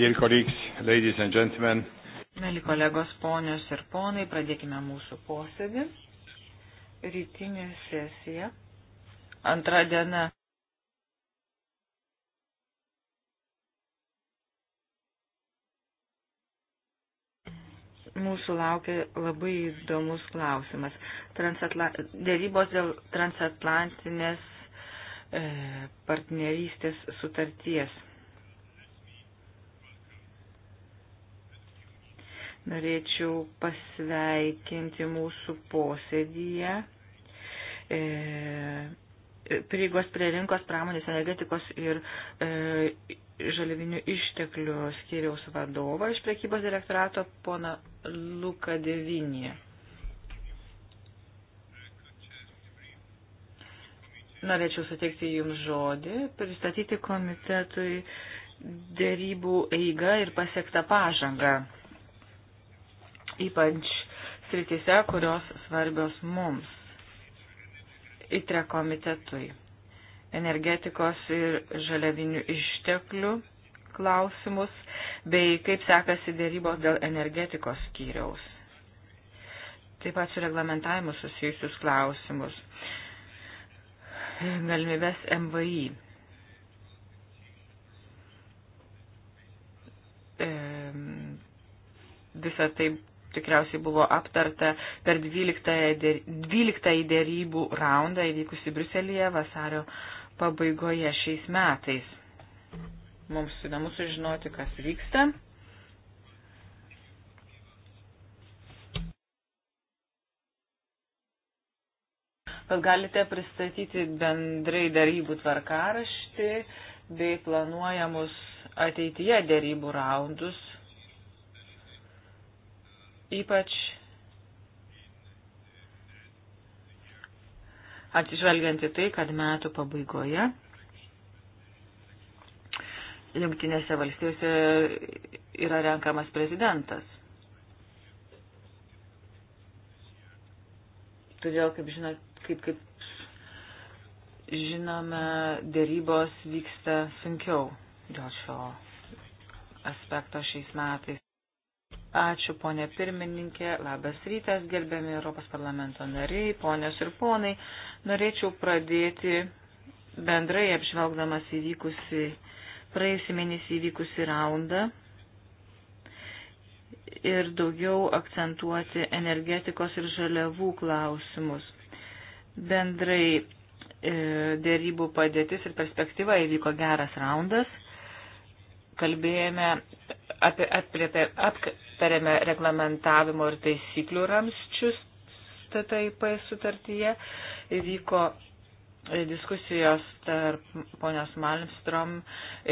Dear colleagues, ladies and gentlemen. Mėly kolegos, ponios ir ponai, pradėkime mūsų posėdį. Rytinė sesija. Antra diena. Mūsų laukia labai įdomus klausimas. Transatla... Dėrybos dėl transatlantinės e, partnerystės sutarties Norėčiau pasveikinti mūsų posėdyje. E, prieigos prie rinkos pramonės energetikos ir e, žalivinių išteklių skiriaus vadovą iš priekybos direktorato pona Luka Devinė. Norėčiau suteikti Jums žodį, pristatyti komitetui dėrybų eigą ir pasiektą pažangą ypač sritise, kurios svarbios mums, ITRE komitetui, energetikos ir žaliavinių išteklių klausimus, bei kaip sekasi dėrybos dėl energetikos skyriaus. Taip pat su reglamentavimu susijusius klausimus, galimybės MVI. E, visą tai tikriausiai buvo aptarta per 12, 12 dėrybų raundą įvykusi Bruselėje vasario pabaigoje šiais metais. Mums įdomu sužinoti, kas vyksta. Gal galite pristatyti bendrai darybų tvarkaraštį bei planuojamus ateityje darybų raundus Ypač atsižvelgiant į tai, kad metų pabaigoje Jungtinėse valstijose yra renkamas prezidentas. Todėl, kaip, žino, kaip, kaip žinome, dėrybos vyksta sunkiau dėl šio aspekto šiais metais. Ačiū, ponė pirmininkė. Labas rytas, gerbiami Europos parlamento nariai, ponios ir ponai. Norėčiau pradėti bendrai apžvelgdamas įvykusi, praėjusį mėnesį įvykusi raundą ir daugiau akcentuoti energetikos ir žaliavų klausimus. Bendrai e, dėrybų padėtis ir perspektyva įvyko geras raundas. Kalbėjome apie, apie, apie, apie aptarėme reglamentavimo ir taisyklių ramščius TTIP sutartyje. Įvyko diskusijos tarp ponios Malmstrom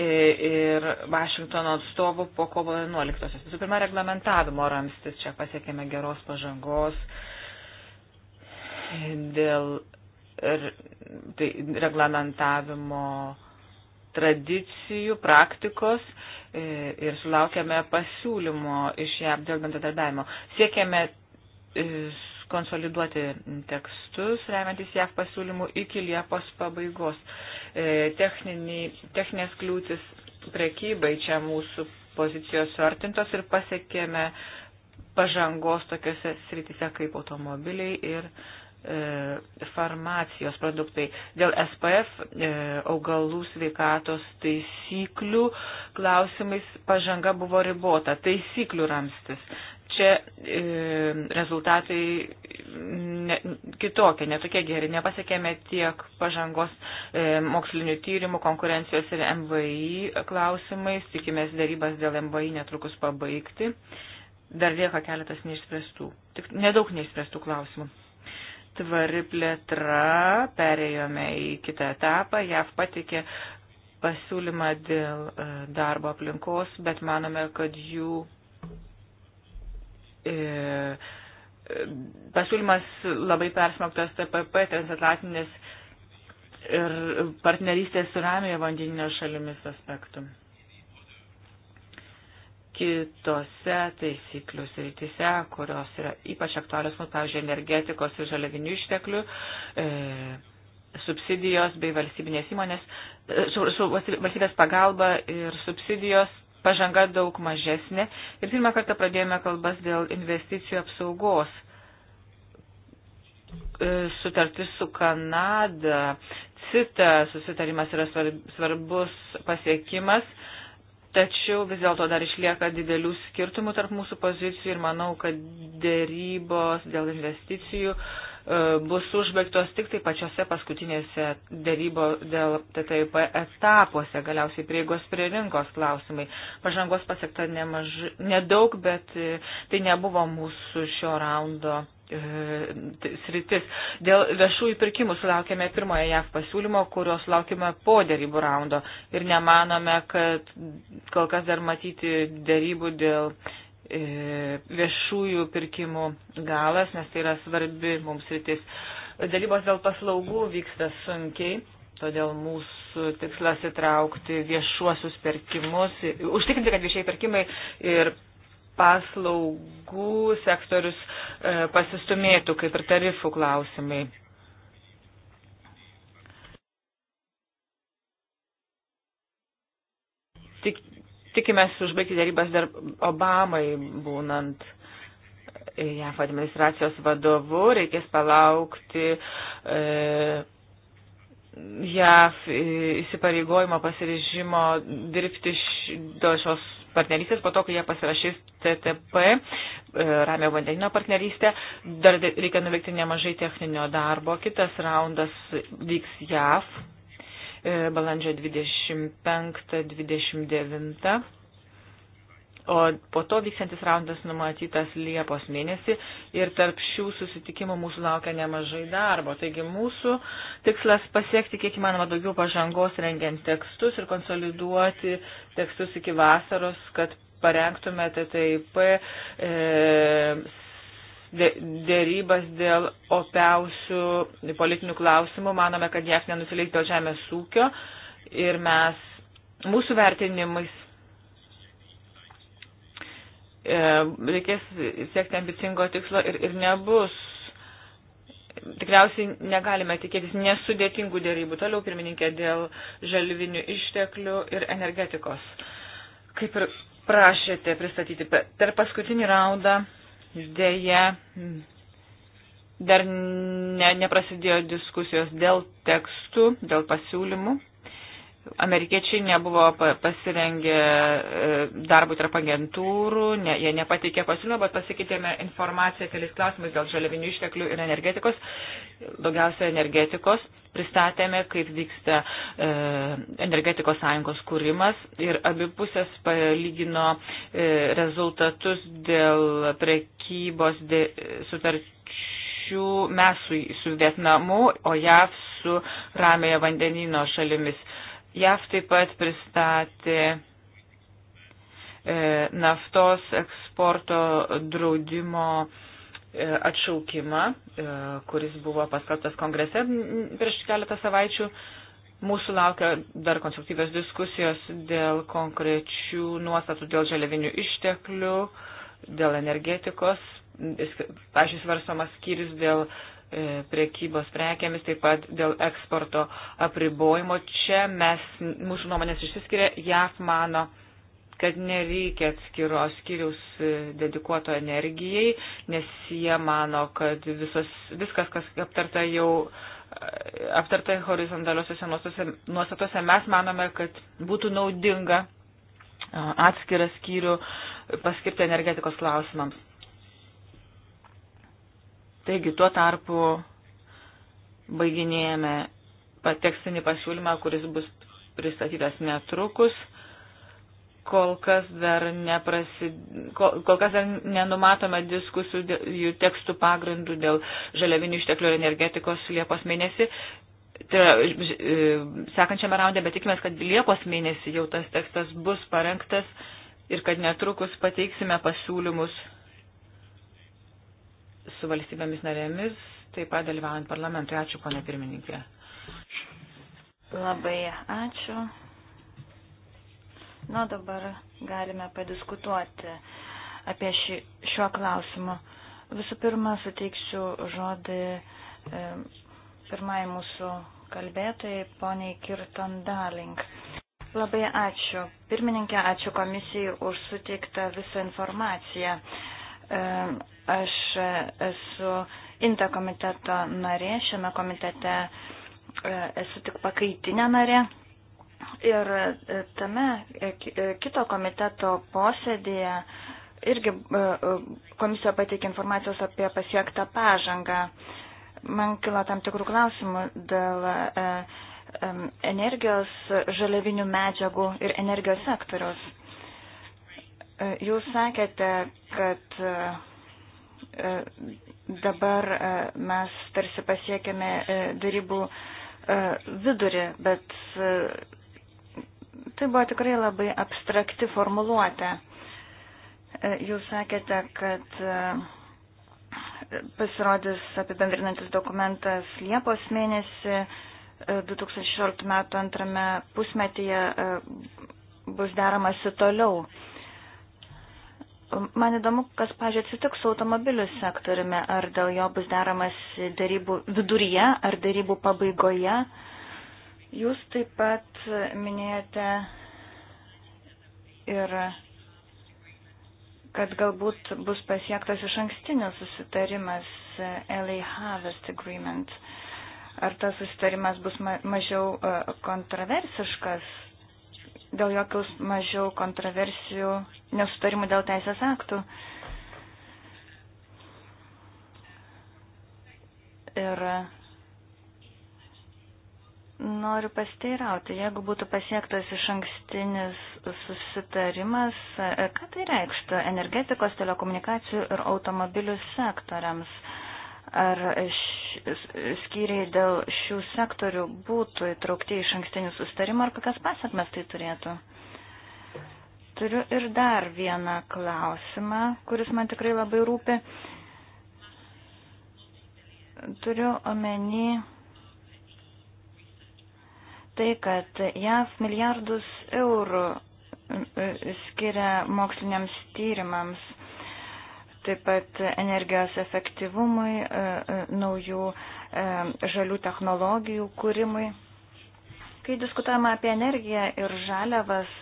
ir Vašingtono atstovų po kovo 11-osios. Visų pirma, reglamentavimo ramstis. Čia pasiekėme geros pažangos dėl tai reglamentavimo tradicijų, praktikos e, ir sulaukėme pasiūlymo iš JAV dėl bendradarbiavimo. Siekėme e, konsoliduoti tekstus, remiantis JAV pasiūlymų iki Liepos pabaigos. E, Techniniai, techninės kliūtis prekybai čia mūsų pozicijos suartintos ir pasiekėme pažangos tokiuose srityse kaip automobiliai ir e, E, farmacijos produktai. Dėl SPF e, augalų sveikatos taisyklių klausimais pažanga buvo ribota. Taisyklių ramstis. Čia e, rezultatai ne, kitokie, netokie geri. Nepasiekėme tiek pažangos e, mokslinių tyrimų, konkurencijos ir MVI klausimais. Tikimės darybas dėl MVI netrukus pabaigti. Dar lieka keletas neišspręstų. Tik nedaug neišspręstų klausimų tvari plėtra, perėjome į kitą etapą, JAV patikė pasiūlymą dėl e, darbo aplinkos, bet manome, kad jų e, pasiūlymas labai persmauktas TPP, transatlantinės ir partnerystės su ramėjo vandeninio šalimis aspektu kitose taisyklių srityse, kurios yra ypač aktualios, nu, pavyzdžiui, energetikos ir žaliavinių išteklių, e, subsidijos bei valstybinės įmonės, e, su, su, valstybės pagalba ir subsidijos pažanga daug mažesnė. Ir pirmą kartą pradėjome kalbas dėl investicijų apsaugos. E, sutartis su Kanada, CITA susitarimas yra svarbus pasiekimas Tačiau vis dėlto dar išlieka didelių skirtumų tarp mūsų pozicijų ir manau, kad dėrybos dėl investicijų e, bus užbaigtos tik tai pačiose paskutinėse dėrybo dėl TTIP etapuose, galiausiai prieigos prie rinkos klausimai. Pažangos pasiekta nemaž, nedaug, bet e, tai nebuvo mūsų šio raundo E, sritis. Dėl viešųjų pirkimų sulaukėme pirmojo JAV pasiūlymo, kurios laukime po dėrybų raundo ir nemanome, kad kol kas dar matyti dėrybų dėl e, viešųjų pirkimų galas, nes tai yra svarbi mums sritis. Dėrybos dėl paslaugų vyksta sunkiai, todėl mūsų tikslas įtraukti viešuosius pirkimus, užtikrinti, kad viešiai pirkimai ir paslaugų sektorius e, pasistumėtų, kaip ir tarifų klausimai. Tik, tikimės užbaigti darybas dar Obamai būnant. JAF administracijos vadovu reikės palaukti e, JAF įsipareigojimo pasirežimo dirbti š, dėl šios partnerystės, po to, kai jie pasirašys CTP, e, Ramio vandenino partnerystę, dar reikia nuveikti nemažai techninio darbo. Kitas raundas vyks JAV e, balandžio 25-29 o po to vyksiantis raundas numatytas Liepos mėnesį ir tarp šių susitikimų mūsų laukia nemažai darbo. Taigi mūsų tikslas pasiekti kiek įmanoma daugiau pažangos rengiant tekstus ir konsoliduoti tekstus iki vasaros, kad parengtume TTIP e, dėrybas dėl opiausių politinių klausimų. Manome, kad JAF nenusileis dėl žemės ūkio ir mes mūsų vertinimais E, reikės siekti ambicingo tikslo ir, ir nebus. Tikriausiai negalime tikėtis nesudėtingų dėrybų. Toliau, pirmininkė, dėl žalvinių išteklių ir energetikos. Kaip ir prašėte pristatyti, per paskutinį raundą dėja dar ne, neprasidėjo diskusijos dėl tekstų, dėl pasiūlymų. Amerikiečiai nebuvo pasirengę e, darbų tarp agentūrų, ne, jie nepateikė pasiūlymą, bet pasikeitėme informaciją keliais klausimais dėl žaliavinių išteklių ir energetikos, daugiausia energetikos. Pristatėme, kaip vyksta e, energetikos sąjungos kūrimas ir abipusės palygino e, rezultatus dėl prekybos de, sutarčių mes su, su Vietnamu, o JAV su Ramėje vandenino šalimis. E, JAV taip pat pristatė e, naftos eksporto draudimo e, atšaukimą, e, kuris buvo paskelbtas kongrese prieš keletą savaičių. Mūsų laukia dar konstruktyvios diskusijos dėl konkrečių nuostatų dėl žaliavinių išteklių, dėl energetikos, pažiūrėjus varstomas skyrius dėl uh, E, priekybos prekiamis, taip pat dėl eksporto apribojimo. Čia mes, mūsų nuomonės išsiskiria, JAF mano, kad nereikia atskiros skiriaus e, dedikuoto energijai, nes jie mano, kad visos, viskas, kas aptarta jau e, aptartai horizontaliuose nuostatose, mes manome, kad būtų naudinga atskirą skyrių paskirti energetikos klausimams. Taigi tuo tarpu baiginėjame tekstinį pasiūlymą, kuris bus pristatytas netrukus. Kol kas dar, neprasi, kol, kol kas dar nenumatome diskusijų dėl, jų tekstų pagrindų dėl žaliavinių išteklių ir energetikos Liepos mėnesį. Tai yra, e, sekančiame raunde, bet tikimės, kad Liepos mėnesį jau tas tekstas bus parengtas ir kad netrukus pateiksime pasiūlymus su valstybėmis narėmis, taip pat dalyvaujant parlamentui. Ačiū, ponė pirmininkė. Labai ačiū. Na, dabar galime padiskutuoti apie šį, šiuo klausimu. Visų pirma, suteiksiu žodį e, pirmai mūsų kalbėtojai, poniai Kirton Darling. Labai ačiū. Pirmininkė, ačiū komisijai už suteiktą visą informaciją. E, Aš esu INTA komiteto narė, šiame komitete e, esu tik pakaitinė narė. Ir e, tame e, kito komiteto posėdėje irgi komisija pateikė informacijos apie pasiektą pažangą. Man kilo tam tikrų klausimų dėl energijos žaliavinių medžiagų ir energijos sektoriaus. Jūs sakėte, kad E, dabar e, mes tarsi pasiekėme e, darybų vidurį, bet tai buvo tikrai labai abstrakti formuluotė. Jūs sakėte, kad pasirodys apibendrinantis dokumentas Liepos mėnesį 2016 metų antrame pusmetyje bus deramasi toliau. Man įdomu, kas, pažiūrėjau, atsitiks su automobilių sektoriumi, ar dėl jo bus deramas darybų viduryje ar darybų pabaigoje. Jūs taip pat minėjote ir kad galbūt bus pasiektas iš ankstinio susitarimas LA Harvest Agreement. Ar tas susitarimas bus mažiau e, kontroversiškas dėl jo kils mažiau kontroversijų, nesutarimų dėl teisės aktų. Ir noriu pasteirauti, jeigu būtų pasiektas iš ankstinis susitarimas, ką tai reikštų energetikos, telekomunikacijų ir automobilių sektoriams? Ar skyriai dėl šių sektorių būtų įtraukti iš ankstinių sustarimų ar kokias pasakmes tai turėtų. Turiu ir dar vieną klausimą, kuris man tikrai labai rūpi. Turiu omeny tai, kad JAV milijardus eurų e, e, skiria moksliniams tyrimams taip pat energijos efektyvumui, e, e, naujų e, žalių technologijų kūrimui. Kai diskutuojama apie energiją ir žaliavas,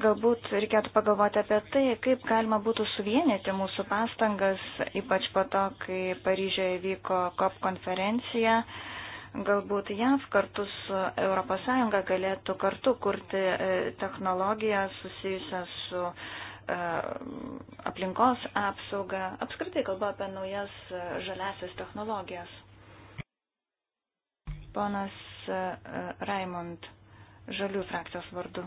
galbūt reikėtų pagalvoti apie tai, kaip galima būtų suvienyti mūsų pastangas, ypač po to, kai Paryžioje vyko COP konferencija. Galbūt JAV kartu su ES galėtų kartu kurti technologiją susijusią su uh, E, aplinkos apsaugą, apskritai kalba apie naujas e, žaliasias technologijas. Ponas e, Raimond, žalių frakcijos vardu.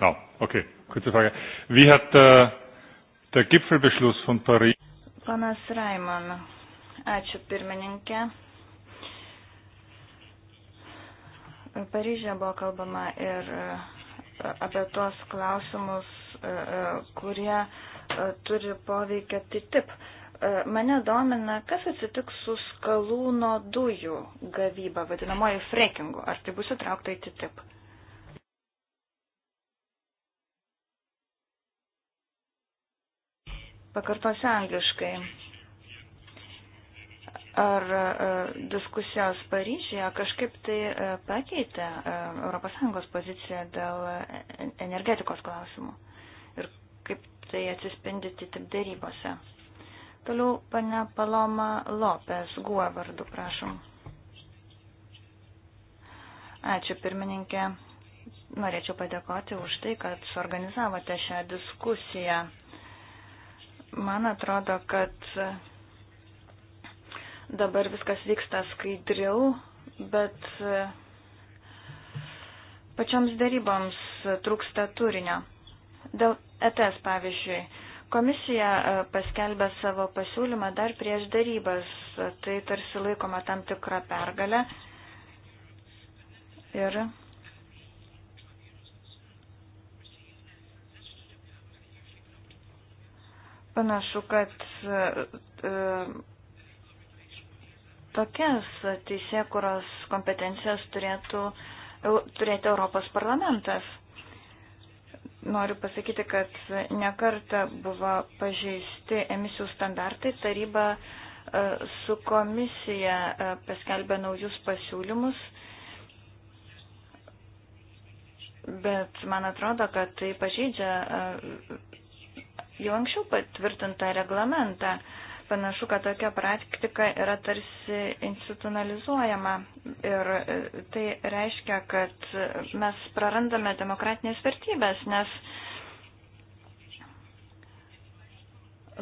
Ja, oh, okay. Kurze Frage. Wie hat äh, der Gipfelbeschluss von Paris? Ponas Raimon, ačiū pirmininkė. Paryžė buvo kalbama ir e, apie tuos klausimus, e, e, kurie turi poveikia TTIP. Mane domina, kas atsitiks su skalūno dujų gavyba, vadinamoji frekingu. Ar tai bus įtraukta į TTIP? Pakartosiu angliškai. Ar e, diskusijos Paryžyje kažkaip tai e, pakeitė ES poziciją dėl e, energetikos klausimų ir kaip tai atsispindi tik darybose? Toliau pane Paloma Lopes, guo vardu, prašom. Ačiū pirmininkė. Norėčiau padėkoti už tai, kad suorganizavote šią diskusiją. Man atrodo, kad Dabar viskas vyksta skaidriau, bet e, pačioms daryboms trūksta turinio. Dėl ETS, pavyzdžiui, komisija e, paskelbė savo pasiūlymą dar prieš darybas, tai tarsi laikoma tam tikrą pergalę. Ir panašu, kad e, Tokias teisėkuros kompetencijas turėtų turėti Europos parlamentas. Noriu pasakyti, kad nekarta buvo pažeisti emisijų standartai, taryba e, su komisija e, paskelbė naujus pasiūlymus, bet man atrodo, kad tai pažeidžia e, jau anksčiau patvirtintą reglamentą panašu, kad tokia praktika yra tarsi institucionalizuojama ir e, tai reiškia, kad mes prarandame demokratinės vertybės, nes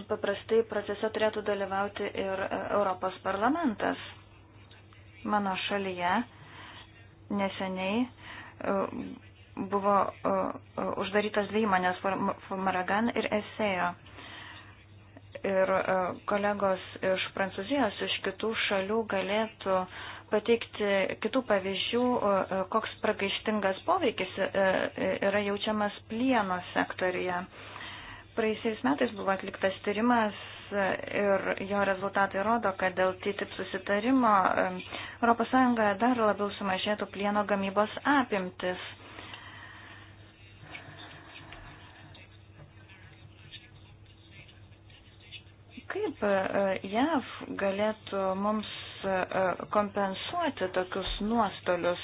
paprastai procese turėtų dalyvauti ir e, Europos parlamentas. Mano šalyje neseniai e, buvo uždarytas dvi įmonės Maragan ir Esėjo ir e, kolegos iš Prancūzijos, iš kitų šalių galėtų pateikti kitų pavyzdžių, e, e, koks pragaištingas poveikis yra jaučiamas plieno sektorija. Praeisiais metais buvo atliktas tyrimas ir jo rezultatai rodo, kad dėl TTIP susitarimo ES dar labiau sumažėtų plieno gamybos apimtis. Kaip e, JAV galėtų mums e, kompensuoti tokius nuostolius?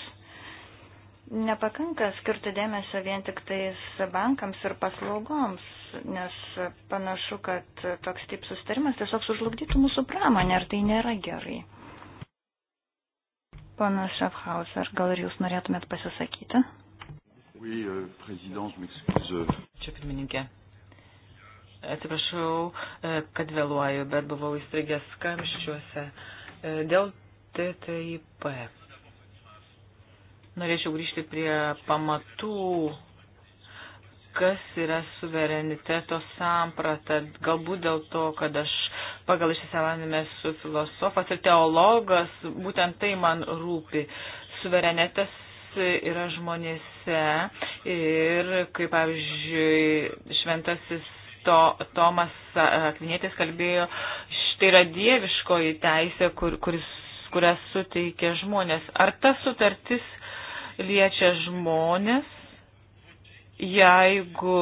Nepakanka skirti dėmesio vien tik tais bankams ir paslaugoms, nes panašu, kad toks taip sustarimas tiesiog sužlugdytų mūsų pramonę ir tai nėra gerai. Panas Šafhauser, gal ir jūs norėtumėt pasisakyti? Oui, euh, président, je m'excuse. Čia pirmininkė, Atsiprašau, e, kad vėluoju, bet buvau įstrigęs kamščiuose. E, dėl TTIP. Norėčiau grįžti prie pamatų, kas yra suvereniteto samprata. Galbūt dėl to, kad aš pagal išsisavinimą esu filosofas ir teologas, būtent tai man rūpi. Suverenitetas yra žmonėse ir, kaip pavyzdžiui, šventasis to, Tomas e, Akvinėtis kalbėjo, štai yra dieviškoji teisė, kur, kuris, kurią suteikia žmonės. Ar ta sutartis liečia žmonės? Jeigu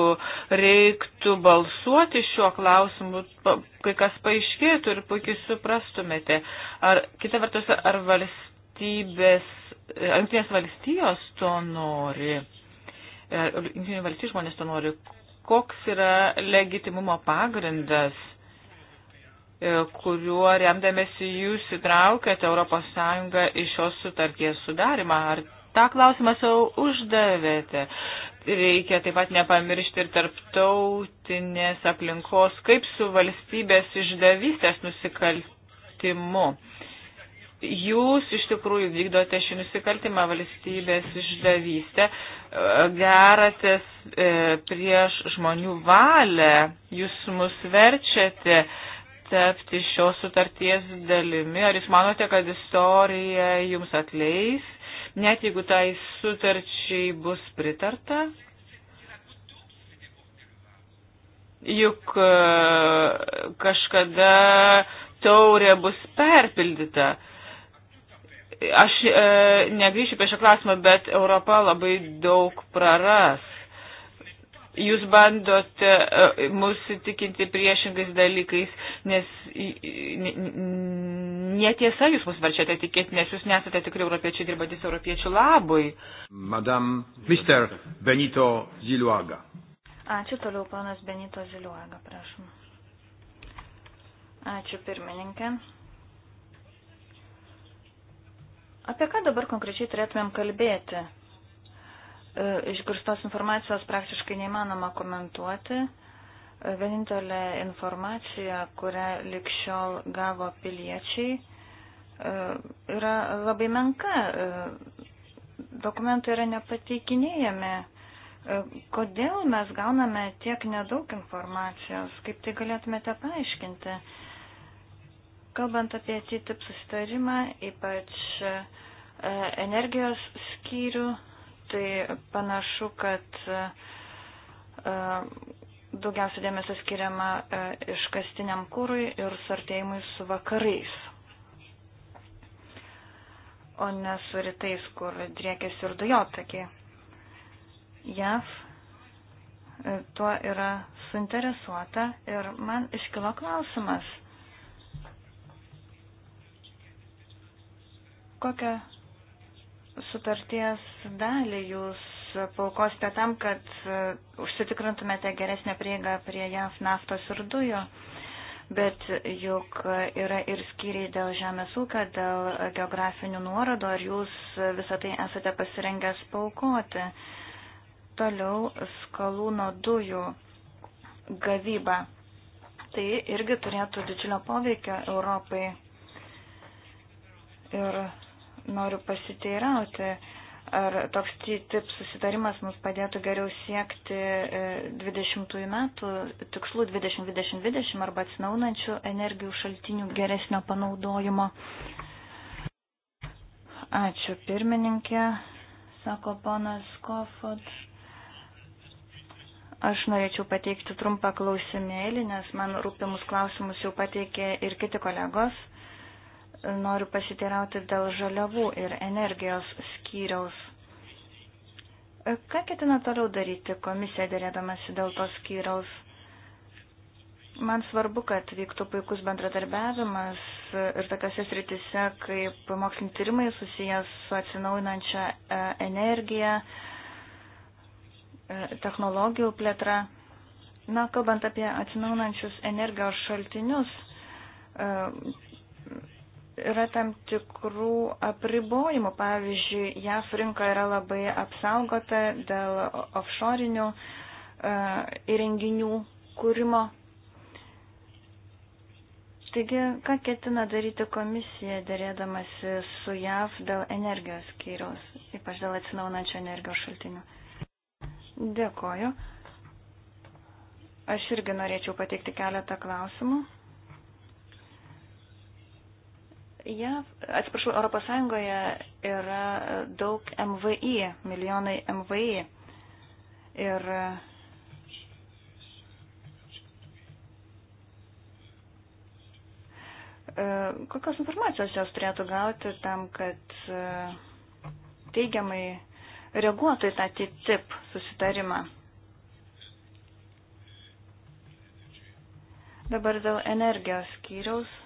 reiktų balsuoti šiuo klausimu, kai kas paaiškėtų ir puikiai suprastumėte. Ar, kita vertus, ar valstybės, jungtinės valstijos to nori? Jungtinių valstybių žmonės to nori, koks yra legitimumo pagrindas, e, kuriuo remdamėsi jūs įtraukėte ES į šios sutarties sudarimą. Ar tą klausimą savo uždavėte? Reikia taip pat nepamiršti ir tarptautinės aplinkos, kaip su valstybės išdavystės nusikaltimu jūs iš tikrųjų vykdote šį nusikaltimą valstybės išdavystę, e, geratės e, prieš žmonių valią, jūs mus verčiate tapti šios sutarties dalimi. Ar jūs manote, kad istorija jums atleis, net jeigu tai sutarčiai bus pritarta? Juk e, kažkada taurė bus perpildyta. Uh, Aš e, negryšiu prie šio klausimo, bet Europa labai daug praras. Jūs bandote e, mus įtikinti priešingais dalykais, nes netiesa jūs mus verčiate tikėti, nes jūs nesate tikri europiečiai dirbantis europiečių labui. Madam, Mr. Benito Ziluaga. Ačiū toliau, panas Benito Ziluaga, prašom. Ačiū pirmininkė. Apie ką dabar konkrečiai turėtumėm kalbėti? E, išgirstos informacijos praktiškai neįmanoma komentuoti. E, vienintelė informacija, kurią likščiol gavo piliečiai, e, yra labai menka. Dokumentai yra nepateikinėjami. Kodėl mes gauname tiek nedaug informacijos? Kaip tai galėtumėte paaiškinti? Kalbant apie TTIP susitarimą, ypač e, energijos skyrių, tai panašu, kad e, e, daugiausia dėmesio skiriama iškastiniam kūrui ir sartėjimui su vakarais, o ne su rytais, kur driekės ir dujotakiai. JAV tuo yra suinteresuota ir man iškilo klausimas – Kokią sutarties dalį jūs paukosite tam, kad e, užsitikrintumėte geresnę prieigą prie JAF naftos ir dujo, bet juk yra ir skyriai dėl žemės ūkio, dėl geografinių nuorodų, ar jūs visą tai esate pasirengęs paukoti. Toliau skalūno dujų gavyba. Tai irgi turėtų didžiulio poveikio Europai. Ir Noriu pasiteirauti, ar toks TTIP susitarimas mums padėtų geriau siekti 20 e, metų tikslų 2020-2020 arba atsinaunančių energijų šaltinių geresnio panaudojimo. Ačiū pirmininkė, sako ponas Kofod. Aš norėčiau pateikti trumpą klausimėlį, nes man rūpimus klausimus jau pateikė ir kiti kolegos noriu pasiteirauti dėl žaliavų ir energijos skyriaus. Ką ketina toliau daryti komisija dėrėdamasi dėl to skyriaus? Man svarbu, kad vyktų puikus bendradarbiavimas ir tokiose sritise, kaip moksliniai tyrimai susijęs su atsinaujinančia e, energija, e, technologijų plėtra. Na, kalbant apie atsinaujinančius energijos šaltinius, e, yra tam tikrų apribojimų. Pavyzdžiui, JAF rinka yra labai apsaugota dėl offshore'inių e, įrenginių kūrimo. Taigi, ką ketina daryti komisija dėrėdamasi su JAV dėl energijos skyriaus, ypač dėl atsinaunančio energijos šaltinių? Dėkoju. Aš irgi norėčiau pateikti keletą klausimų. JAV, atsiprašau, Europos Sąjungoje yra daug MVI, milijonai MVI. Ir e, kokios informacijos jos turėtų gauti tam, kad e, teigiamai reaguotų į tą TTIP susitarimą. Dabar dėl energijos skyriaus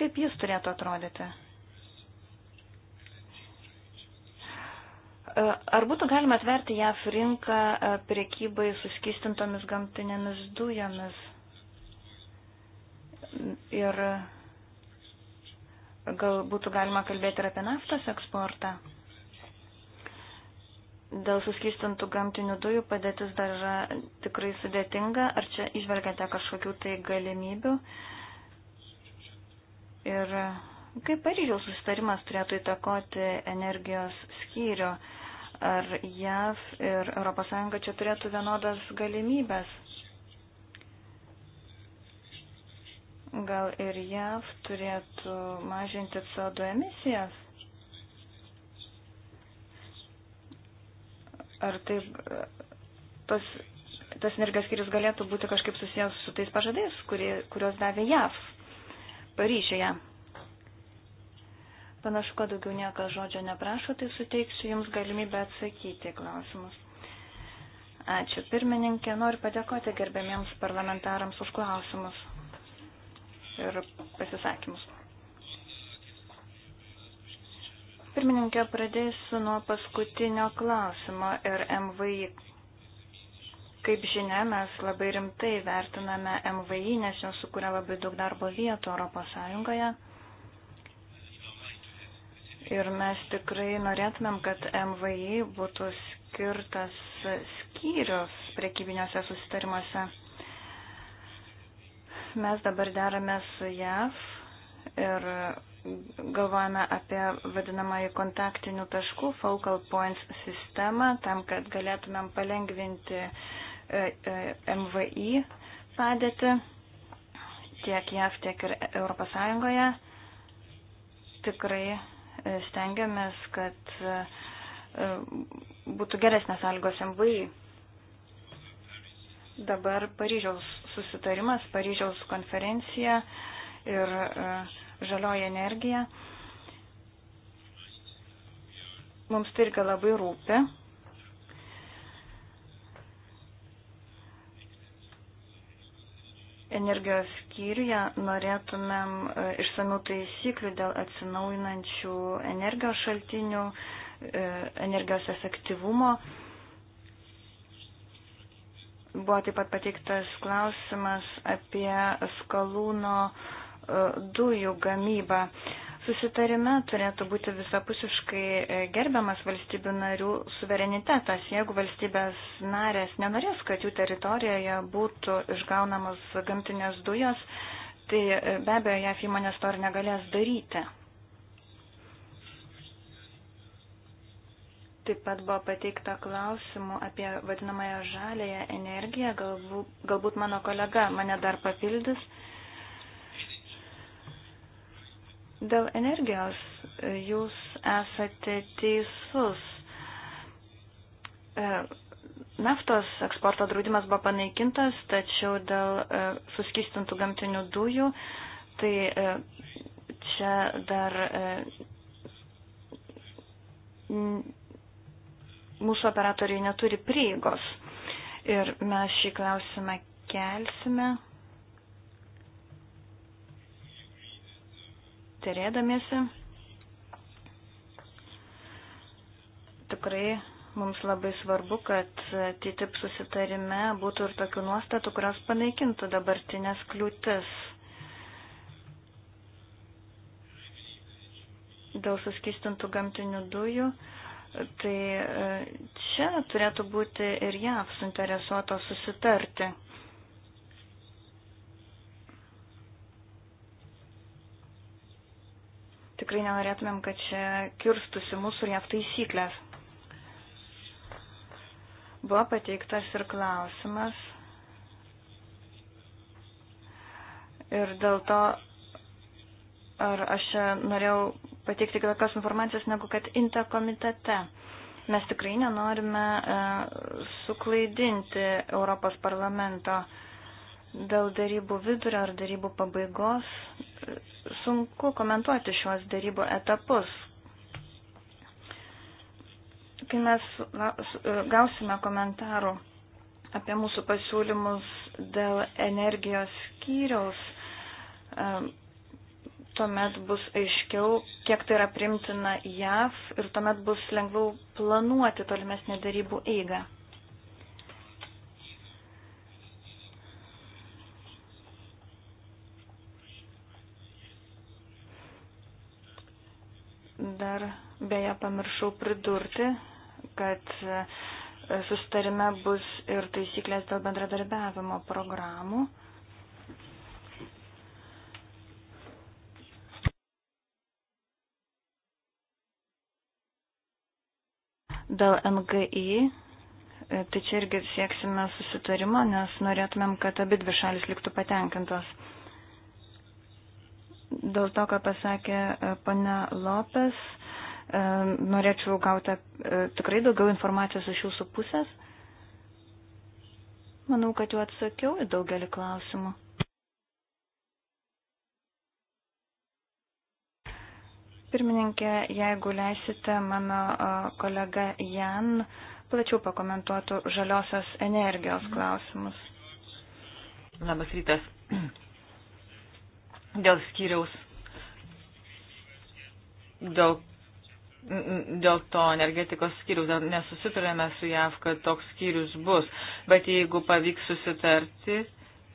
Kaip jis turėtų atrodyti? E, ar būtų galima atverti JAF rinką e, priekybai suskistintomis gamtinėmis dujomis? Ir gal būtų galima kalbėti ir apie naftos eksportą? Dėl suskistintų gamtinių dujų padėtis dar yra tikrai sudėtinga. Ar čia išvelgiate kažkokių tai galimybių? Uh, Ir kaip Paryžiaus susitarimas turėtų įtakoti energijos skyrių? Ar JAV ir ES čia turėtų vienodas galimybės? Gal ir JAV turėtų mažinti CO2 emisijas? Ar taip tos, tas energijos skyrius galėtų būti kažkaip susijęs su tais pažadais, kurie, kuriuos davė JAV? Paryžiuje. Panašu, kad daugiau niekas žodžio neprašo, tai suteiksiu Jums galimybę atsakyti klausimus. Ačiū pirmininkė, noriu padėkoti gerbėmiems parlamentarams už klausimus ir pasisakymus. Pirmininkė, pradėsiu nuo paskutinio klausimo ir MVI Kaip žinia, mes labai rimtai vertiname MVI, nes jos sukuria labai daug darbo vietų Europos Sąjungoje. Ir mes tikrai norėtumėm, kad MVI būtų skirtas skyrius prekybiniuose susitarimuose. Mes dabar derame su JAV ir galvojame apie vadinamąjį kontaktinių taškų, focal points sistemą, tam, kad galėtumėm palengvinti uh, E, e, MVI padėtį tiek JAV, tiek ir ES. Tikrai e, stengiamės, kad būtų geresnės sąlygos MVI. Dabar Paryžiaus susitarimas, Paryžiaus konferencija ir žalioji energija. Mums tai irgi labai rūpi. energijos skyriuje norėtumėm e, išsamių taisyklių dėl atsinaujinančių energijos šaltinių, e, energijos efektyvumo. Buvo taip pat pateiktas klausimas apie skalūno e, dujų gamybą. Susitarime turėtų būti visapusiškai e, gerbiamas valstybių narių suverenitetas. Jeigu valstybės narės nenorės, kad jų teritorijoje būtų išgaunamos gamtinės dujos, tai e, be abejo, JAF įmonės to ir negalės daryti. Taip pat buvo pateikta klausimų apie vadinamąją žalėją energiją. Galbūt, galbūt mano kolega mane dar papildys. Dėl energijos e, jūs esate teisus. E, naftos eksporto draudimas buvo panaikintas, tačiau dėl e, suskistintų gamtinių dujų, tai čia dar mūsų operatoriai neturi prieigos. Ir mes šį klausimą kelsime. terėdamiesi. Tikrai mums labai svarbu, kad TTIP susitarime būtų ir tokių nuostatų, kurios panaikintų dabartinės kliūtis. Dėl suskistintų gamtinių dujų, tai e, čia turėtų būti ir JAV suinteresuoto susitarti. Tikrai nenorėtumėm, kad čia kirstusi mūsų ir jav taisyklės. Buvo pateiktas ir klausimas. Ir dėl to, ar aš norėjau pateikti kitokios informacijos negu kad INTA komitete. Mes tikrai nenorime e, suklaidinti Europos parlamento. E, Dėl darybų vidurio ar darybų pabaigos sunku komentuoti šiuos darybų etapus. Kai mes gausime komentarų apie mūsų pasiūlymus dėl energijos skyriaus, e, tuomet bus aiškiau, kiek tai yra primtina JAV ir tuomet bus lengviau planuoti tolimesnį darybų eigą. dar beje pamiršau pridurti, kad e, sustarime bus ir taisyklės dėl bendradarbiavimo programų. Dėl NGI, e, tai čia irgi sieksime susitarimo, nes norėtumėm, kad abi dvi šalis liktų patenkintos dėl to, ką pasakė e, pana Lopes, e, norėčiau gauti e, tikrai daugiau informacijos iš jūsų pusės. Manau, kad jau atsakiau į daugelį klausimų. Pirmininkė, jeigu leisite, mano kolega Jan plačiau pakomentuotų žaliosios energijos klausimus. Labas rytas dėl skyriaus, dėl, dėl to energetikos skyriaus, nesusitarėme su JAV, kad toks skyrius bus, bet jeigu pavyks susitarti,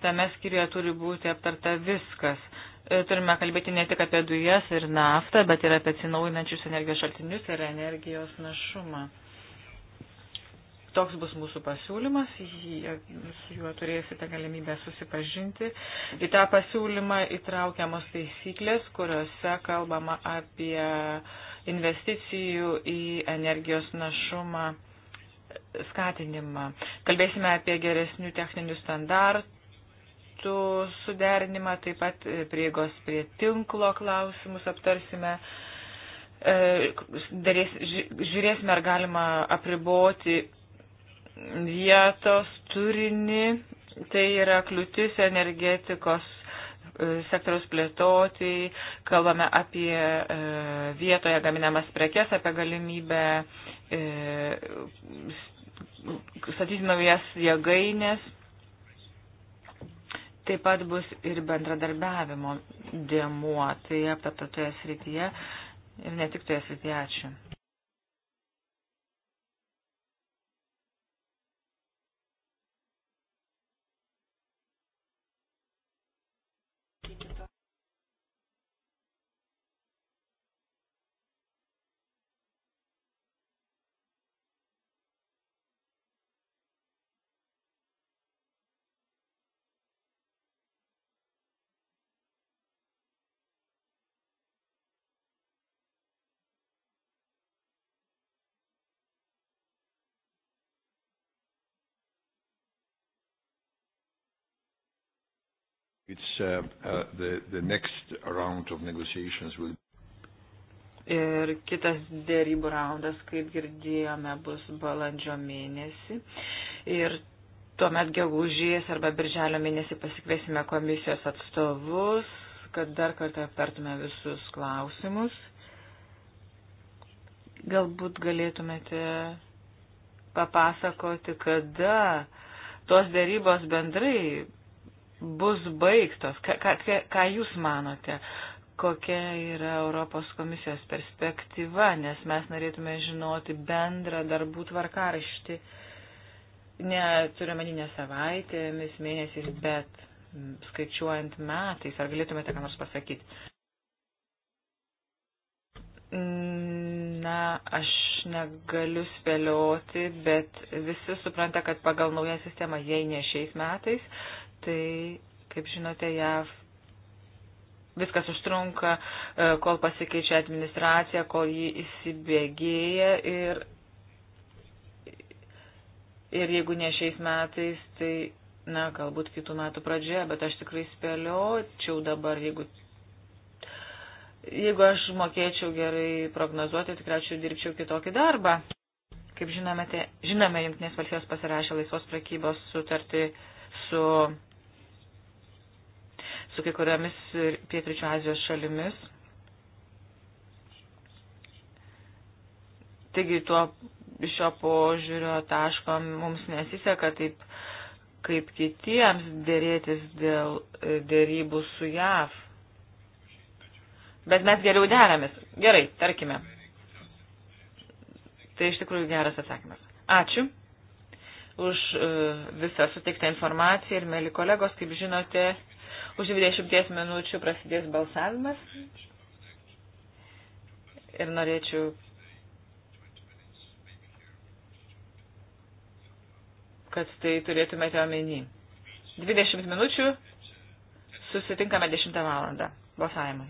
tame skyriuje turi būti aptarta viskas. E, turime kalbėti ne tik apie dujas ir naftą, bet ir apie atsinaujinančius energijos šaltinius ir energijos našumą. Toks bus mūsų pasiūlymas, jį, su juo turėsite galimybę susipažinti. Į tą pasiūlymą įtraukiamos taisyklės, kuriuose kalbama apie investicijų į energijos našumą skatinimą. Kalbėsime apie geresnių techninių standartų suderinimą, taip pat prieigos prie tinklo klausimus aptarsime e, darės, žiūrėsime, ar galima apriboti vietos turinį, tai yra kliūtis energetikos e, sektoriaus plėtoti, kalbame apie e, vietoje gaminamas prekes, apie galimybę e, statyti naujas jėgainės. Taip pat bus ir bendradarbiavimo dėmuo, tai aptapta toje srityje ir ne tik toje srityje. Ačiū. It's, uh, uh, the, the next round of negotiations will Ir kitas dėrybų raundas, kaip girdėjome, bus balandžio mėnesį. Ir tuomet gegužės arba birželio mėnesį pasikviesime komisijos atstovus, kad dar kartą aptartume visus klausimus. Galbūt galėtumėte papasakoti, kada tos dėrybos bendrai bus baigtos? Ką, ką, ką Jūs manote? Kokia yra Europos komisijos perspektyva, nes mes norėtume žinoti bendrą darbų tvarkaraštį, neturiu maninę savaitėmis, mėnesiais, bet skaičiuojant metais, ar galėtumėte ką nors pasakyti? Na, aš negaliu spėlioti, bet visi supranta, kad pagal naują sistemą, jei ne šiais metais, tai, kaip žinote, JAV viskas užtrunka, e, kol pasikeičia administracija, kol jį įsibėgėja ir, ir jeigu ne šiais metais, tai, na, galbūt kitų metų pradžioje, bet aš tikrai spėliočiau dabar, jeigu, jeigu aš mokėčiau gerai prognozuoti, tikriausiai dirbčiau kitokį darbą. Kaip žinome, te, tai, žinome, Junktinės valstijos pasirašė laisvos prekybos sutartį su su kai kuriomis Pietričio Azijos šalimis. Taigi tuo šio požiūrio taško mums nesiseka taip kaip kitiems dėrėtis dėl e, dėrybų su JAV. Bet mes geriau deramės. Gerai, tarkime. Tai iš tikrųjų geras atsakymas. Ačiū už e, visą suteiktą informaciją ir, mėly kolegos, kaip žinote, Už 20 minučių prasidės balsavimas ir norėčiau kad tai turėtumėte omeny. 20 minučių susitinkame 10 valandą balsavimui.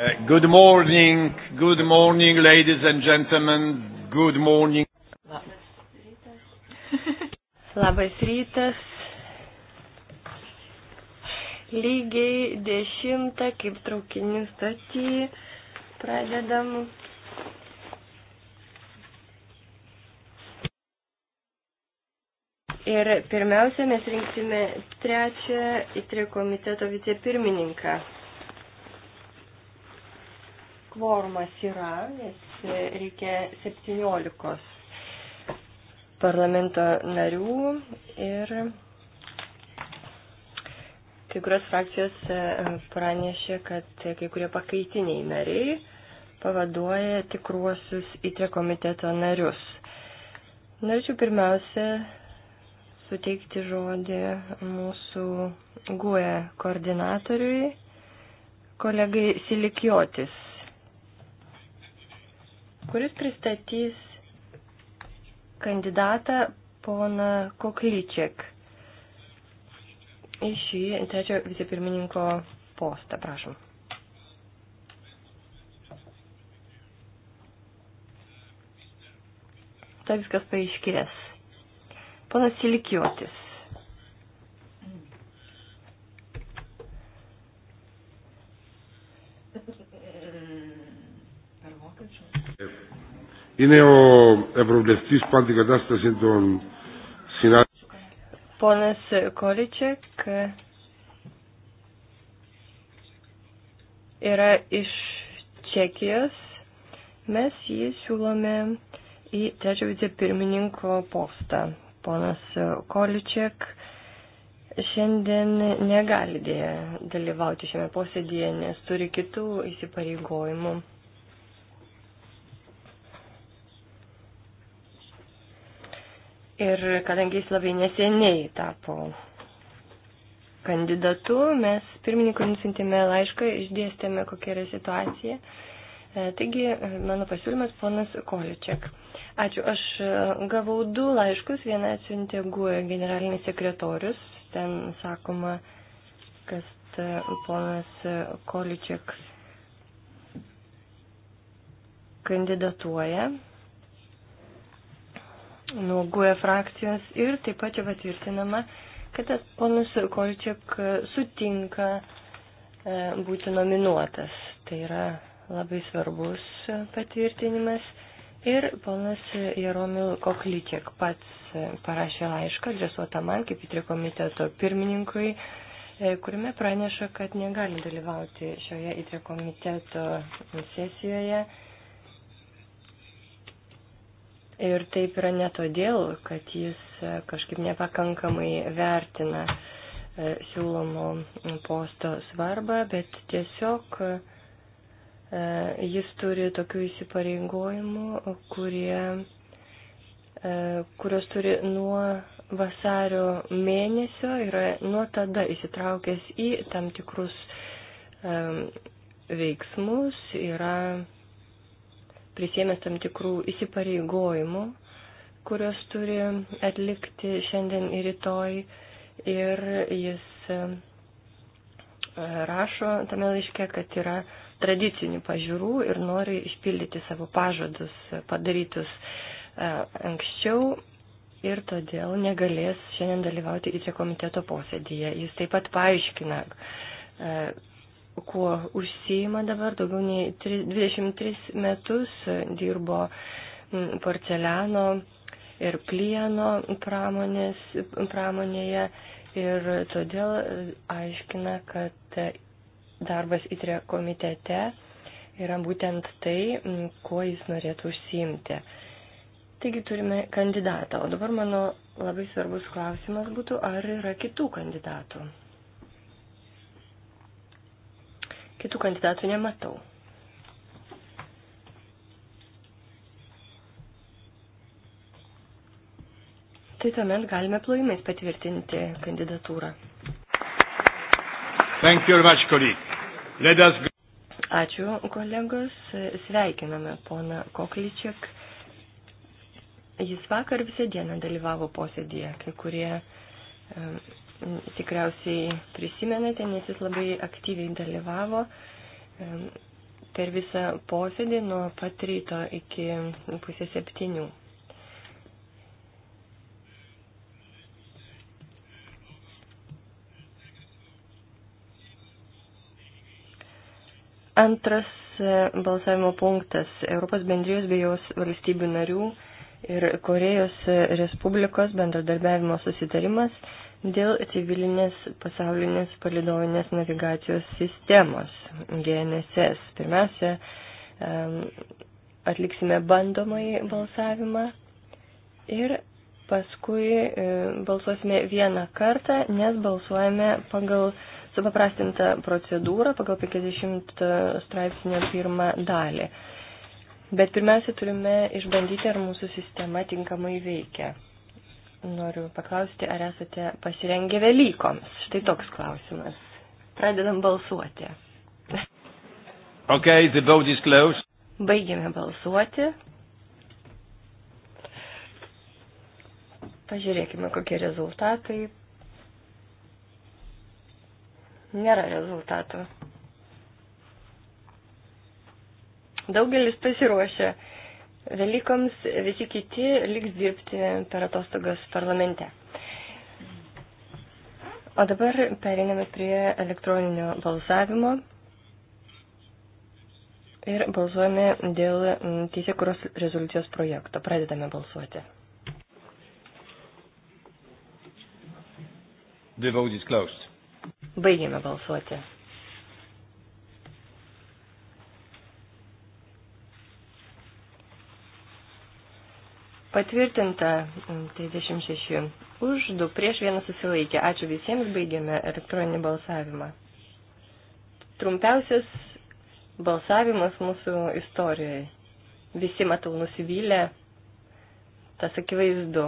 Uh, good morning, good morning, ladies and gentlemen, good morning. Labas rytas. Lygiai dešimtą, kaip traukinių stotį, pradedam. Ir pirmiausia, mes rinksime trečią į tri komiteto vicepirmininką. pirmininką kvorumas yra, nes e, reikia 17 parlamento narių ir kai kurios frakcijos e, pranešė, kad kai kurie pakaitiniai nariai pavaduoja tikruosius įtė komiteto narius. Norėčiau pirmiausia suteikti žodį mūsų GUE koordinatoriui, kolegai Silikiotis kuris pristatys kandidatą poną Koklyčiek į šį trečio vicepirmininko postą. Prašom. Ta viskas paaiškės. Ponas Silikiotis. Είναι ο Ευρωβουλευτής που αντικατάσταση των συνάδελφων. Ponas Količiak yra iš Čekijos. Mes jį siūlome į trečio vicepirmininko postą. Ponas Količiak šiandien negali dalyvauti šiame posėdėje, nes turi kitų įsipareigojimų. Ir kadangi jis labai neseniai tapo kandidatu, mes pirmininkui nusintėme laišką, išdėstėme, kokia yra situacija. E, taigi, e, mano pasiūlymas ponas Količiak. Ačiū. Aš e, gavau du laiškus. Vieną atsiuntė GUE generalinis sekretorius. Ten sakoma, kad ponas Količiak kandidatuoja nuo GUE frakcijos ir taip pat jau patvirtinama, kad ponas Kolčiak sutinka e, būti nominuotas. Tai yra labai svarbus patvirtinimas. Ir ponas Jaromil Koklyčiak pats e, parašė laišką, adresuotą man kaip įtrio komiteto pirmininkui, e, kuriame praneša, kad negali dalyvauti šioje įtrio komiteto sesijoje Ir taip yra ne todėl, kad jis e, kažkaip nepakankamai vertina e, siūlomo posto svarbą, bet tiesiog e, jis turi tokių įsipareigojimų, kurie, kurios turi nuo vasario mėnesio, yra nuo tada įsitraukęs į tam tikrus veiksmus, yra prisėmęs tam tikrų įsipareigojimų, kuriuos turi atlikti šiandien ir rytoj. Ir jis e, rašo tame laiške, kad yra tradicinių pažiūrų ir nori išpildyti savo pažadus padarytus e, anksčiau ir todėl negalės šiandien dalyvauti įtrio komiteto posėdėje. Jis taip pat paaiškina, e, kuo užsijima dabar, daugiau nei 23 metus dirbo porceliano ir plieno pramonės, pramonėje ir todėl e, aiškina, kad e, darbas įtrė komitete yra būtent tai, kuo jis norėtų užsiimti. Taigi turime kandidatą, o dabar mano labai svarbus klausimas būtų, ar yra kitų kandidatų. Kitų kandidatų nematau. Tai tuomet galime plojimais patvirtinti kandidatūrą. Thank you very much, colleague. Let us go. Ačiū, kolegos. Sveikiname poną Koklyčiak. Jis vakar visą dieną dalyvavo posėdėje. Kai kurie tikriausiai prisimenate, nes jis labai aktyviai dalyvavo per visą posėdį nuo pat ryto iki pusės septynių. Antras e, balsavimo punktas - Europos bendrijos bei jos valstybių narių ir Korejos e, Respublikos bendradarbiavimo susitarimas dėl civilinės pasaulinės palidovinės navigacijos sistemos GNSS. Pirmiausia, atliksime bandomąjį balsavimą ir paskui e, balsuosime vieną kartą, nes balsuojame pagal supaprastintą procedūrą, pagal 50 straipsnio pirmą dalį. Bet pirmiausia, turime išbandyti, ar mūsų sistema tinkamai veikia. Noriu paklausti, ar esate pasirengę Velykoms? Štai toks klausimas. Pradedam balsuoti. Okay, the vote is closed. Baigėme balsuoti. Pažiūrėkime, kokie rezultatai. Nėra rezultatų. Daugelis pasiruošė Velikoms visi kiti liks dirbti per atostogas parlamente. O dabar periname prie elektroninio balsavimo ir balsuojame dėl teisėkuros rezoliucijos projekto. Pradedame balsuoti. The vote is closed. Baigėme balsuoti. Patvirtinta 36 mm, už, 2 prieš, 1 susilaikė. Ačiū visiems, baigėme elektroninį balsavimą. Trumpiausias balsavimas mūsų istorijoje. Visi, matau, nusivylę, tas akivaizdu.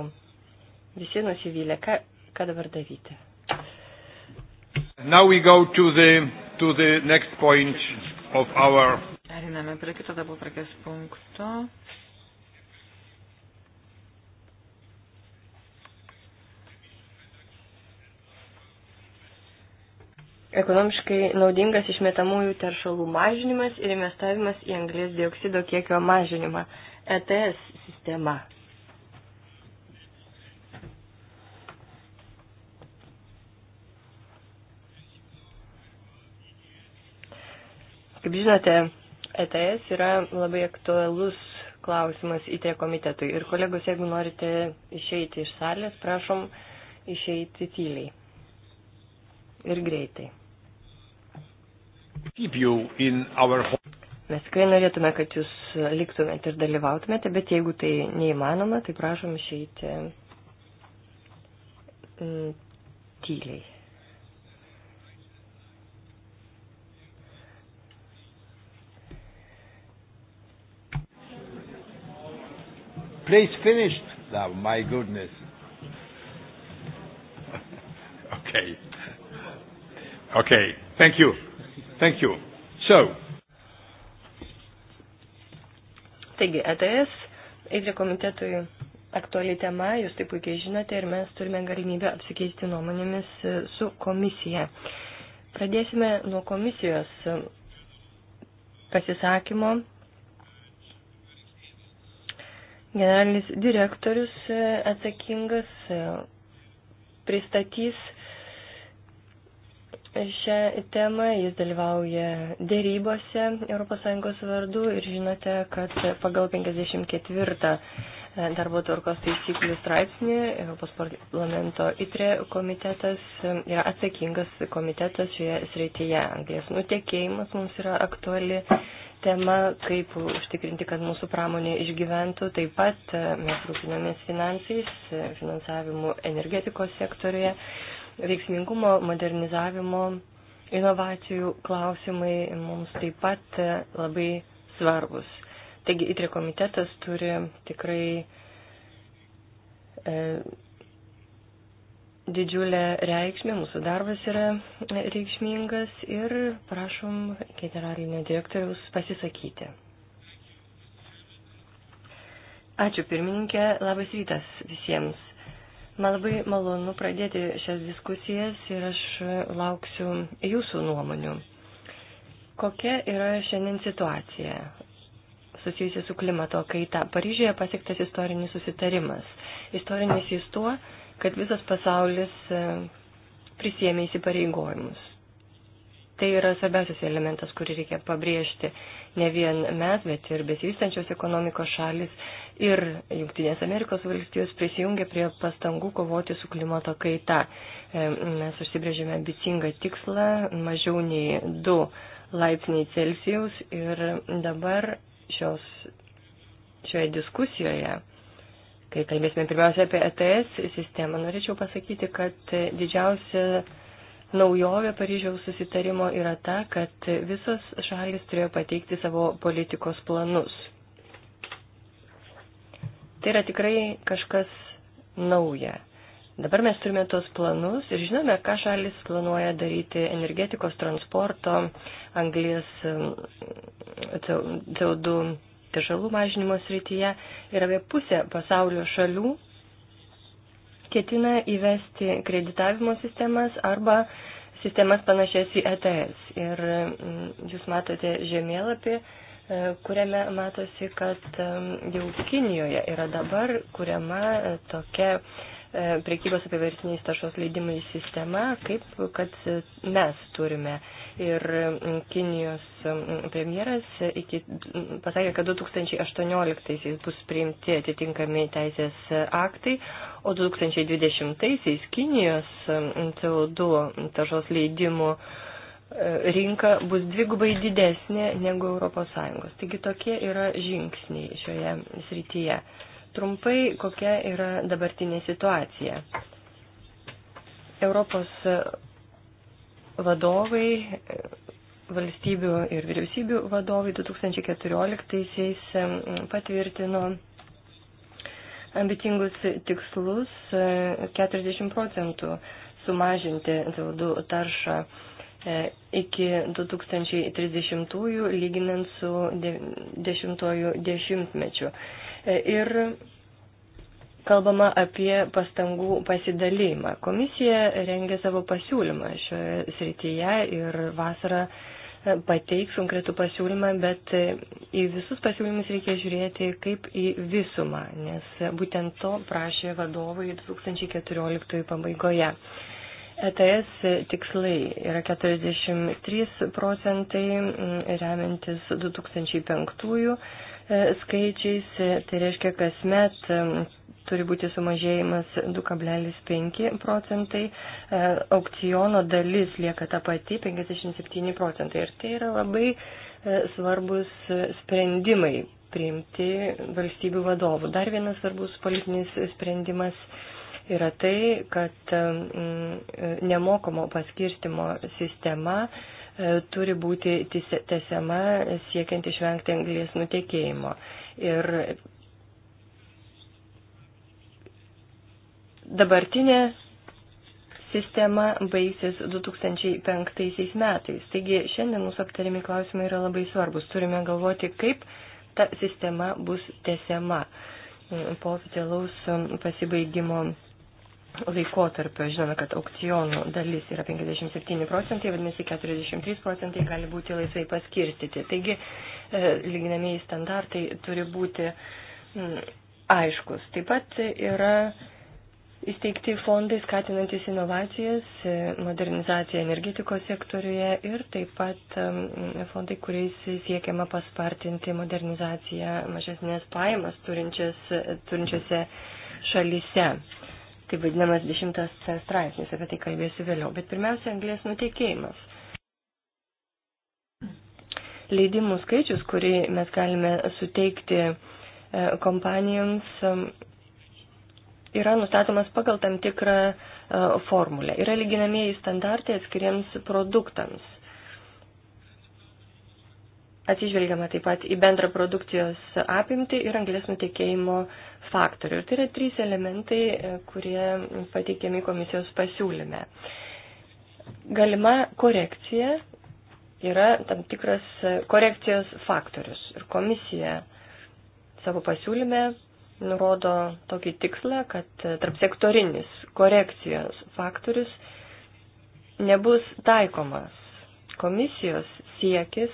Visi nusivylę, ką, ką dabar daryti. Now we go to the, to the next point of our. Periname prie kito dabar prakės punkto. ekonomiškai naudingas išmetamųjų teršalų mažinimas ir investavimas į anglės dioksido kiekio mažinimą e - ETS sistema. Kaip žinote, ETS yra labai aktualus klausimas į tie komitetui. Ir kolegos, jeigu norite išeiti iš salės, prašom išeiti tyliai ir greitai. Mes tikrai norėtume, kad jūs liktumėte ir dalyvautumėte, bet jeigu tai neįmanoma, tai prašom išeiti mm, tyliai. place finished now, oh, my goodness. okay. Okay, thank you. Thank you. So. Taigi, ETS, EIDRE komitetui aktuali tema, jūs tai puikiai žinote ir mes turime galimybę apsikeisti nuomonėmis e, su komisija. Pradėsime nuo komisijos e, pasisakymo. Generalinis direktorius e, atsakingas pristatys šią temą, jis dalyvauja dėrybose ES vardu ir žinote, kad pagal 54 e, darbo tvarkos taisyklių straipsnį Europos parlamento ITRE komitetas e, yra atsakingas komitetas šioje srityje. Anglės nutekėjimas mums yra aktuali tema, kaip užtikrinti, kad mūsų pramonė išgyventų. Taip pat e, mes rūpinamės finansais, finansavimu energetikos sektorioje veiksmingumo, modernizavimo, inovacijų klausimai mums taip pat labai svarbus. Taigi ITRE komitetas turi tikrai e, didžiulę reikšmę, mūsų darbas yra reikšmingas ir prašom generalinio direktoriaus pasisakyti. Ačiū pirmininkė, labas rytas visiems. Man labai malonu pradėti šias diskusijas ir aš lauksiu jūsų nuomonių. Kokia yra šiandien situacija susijusi su klimato kaita? Paryžėje pasiektas istorinis susitarimas. Istorinis jis tuo, kad visas pasaulis e, prisėmė įsipareigojimus. Tai yra svarbiausias elementas, kurį reikia pabrėžti ne vien mes, bet ir besivystančios ekonomikos šalis ir Junktinės Amerikos valstijos prisijungia prie pastangų kovoti su klimato kaita. E, mes užsibrėžėme ambicingą tikslą mažiau nei 2 laipsniai Celsijaus ir dabar šios, šioje diskusijoje kai kalbėsime pirmiausia apie ETS sistemą, norėčiau pasakyti, kad didžiausia naujovė Paryžiaus susitarimo yra ta, kad visos šalis turėjo pateikti savo politikos planus. Tai yra tikrai kažkas nauja. Dabar mes turime tos planus ir žinome, ką šalis planuoja daryti energetikos, transporto, anglės CO2 teršalų mažinimo srityje. Ir apie pusę pasaulio šalių ketina įvesti kreditavimo sistemas arba sistemas panašias į ETS. Ir mm, jūs matote žemėlapį, e, kuriame matosi, kad e, jau Kinijoje yra dabar kuriama e, tokia E, prekybos apiversiniais taršos leidimai sistema, kaip kad mes turime. Ir Kinijos premjeras iki, pasakė, kad 2018-aisiais bus priimti atitinkami teisės aktai, o 2020-aisiais Kinijos CO2 taršos leidimų e, rinka bus dvigubai didesnė negu ES. Taigi tokie yra žingsniai šioje srityje. Trumpai, kokia yra dabartinė situacija. Europos vadovai, valstybių ir vyriausybių vadovai 2014 patvirtino ambicingus tikslus 40 procentų sumažinti CO2 taršą e, iki 2030-ųjų lyginant su 10-ojų dešimtmečiu. E, ir kalbama apie pastangų pasidalymą. Komisija rengia savo pasiūlymą šioje srityje ir vasarą e, pateiks konkretų pasiūlymą, bet e, į visus pasiūlymus reikia žiūrėti kaip į visumą, nes būtent to prašė vadovai 2014 pabaigoje. ETS tikslai yra 43 procentai mm, remiantis 2005 E, skaičiais, e, tai reiškia, kasmet e, turi būti sumažėjimas 2,5 procentai, aukciono dalis lieka ta pati 57 procentai. Ir tai yra labai svarbus sprendimai priimti valstybių vadovų. Dar vienas svarbus politinis sprendimas yra tai, kad nemokamo paskirstimo sistema E, turi būti tesiama siekiant išvengti anglės nutekėjimo. Ir dabartinė sistema baigsis 2005 metais. Taigi šiandien mūsų aptariami klausimai yra labai svarbus. Turime galvoti, kaip ta sistema bus tesiama po oficialaus pasibaigimo laikotarpio žinome, kad aukcionų dalis yra 57 procentai, vadinasi 43 procentai gali būti laisvai paskirstyti. Taigi, e, lyginamieji standartai turi būti mm, aiškus. Taip pat yra įsteigti fondai skatinantis inovacijas, e, modernizaciją energetikos sektoriuje ir taip pat mm, fondai, kuriais siekiama paspartinti modernizaciją mažesnės pajamas turinčiose šalyse taip vadinamas dešimtas straipsnis, apie tai kalbėsiu vėliau. Bet pirmiausia, anglės nutekėjimas. Leidimų skaičius, kurį mes galime suteikti e, kompanijoms, e, yra nustatomas pagal tam tikrą e, formulę. Yra lyginamieji standartai atskiriems produktams. Atsižvelgiama taip pat į bendrą produkcijos apimtį ir anglės nutekėjimo uh, faktorių. Ir tai yra trys elementai, e, kurie pateikiami komisijos pasiūlyme. Galima korekcija yra tam tikras e, korekcijos faktorius. Ir komisija savo pasiūlyme nurodo tokį tikslą, kad e, tarp sektorinis korekcijos faktorius nebus taikomas. Komisijos siekis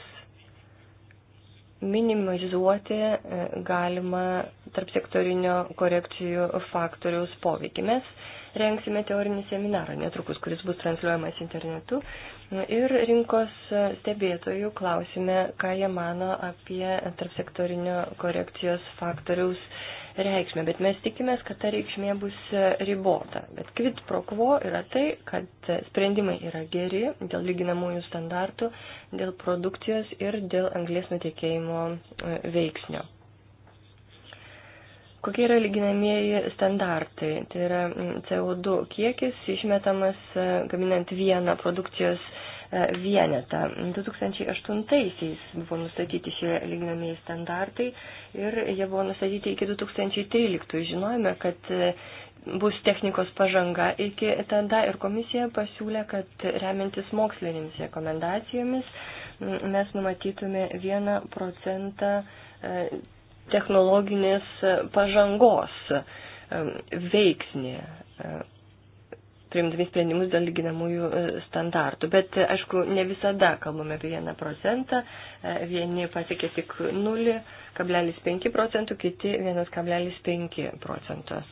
minimizuoti galima tarp sektorinio korekcijų faktoriaus poveikį. Mes rengsime teorinį seminarą netrukus, kuris bus transliuojamas internetu. Ir rinkos stebėtojų klausime, ką jie mano apie tarp sektorinio korekcijos faktoriaus reikšmę. Bet mes tikimės, kad ta reikšmė bus ribota. Bet kvit pro quo yra tai, kad sprendimai yra geri dėl lyginamųjų standartų, dėl produkcijos ir dėl anglės nutekėjimo veiksnio. Kokie yra lyginamieji standartai? Tai yra mm, CO2 kiekis išmetamas e, gaminant vieną produkcijos e, vienetą. 2008-aisiais buvo nustatyti šie lyginamieji standartai ir jie buvo nustatyti iki 2013. Žinojame, kad e, bus technikos pažanga iki tada ir komisija pasiūlė, kad remiantis mokslinėmis rekomendacijomis mes numatytume 1 procentą technologinės pažangos veiksnį, priimdami sprendimus dėl lyginamųjų e, standartų. Bet, e, aišku, ne visada kalbame apie 1 procentą, e, vieni pasiekė tik 0,5 procentų, kiti 1,5 procentas.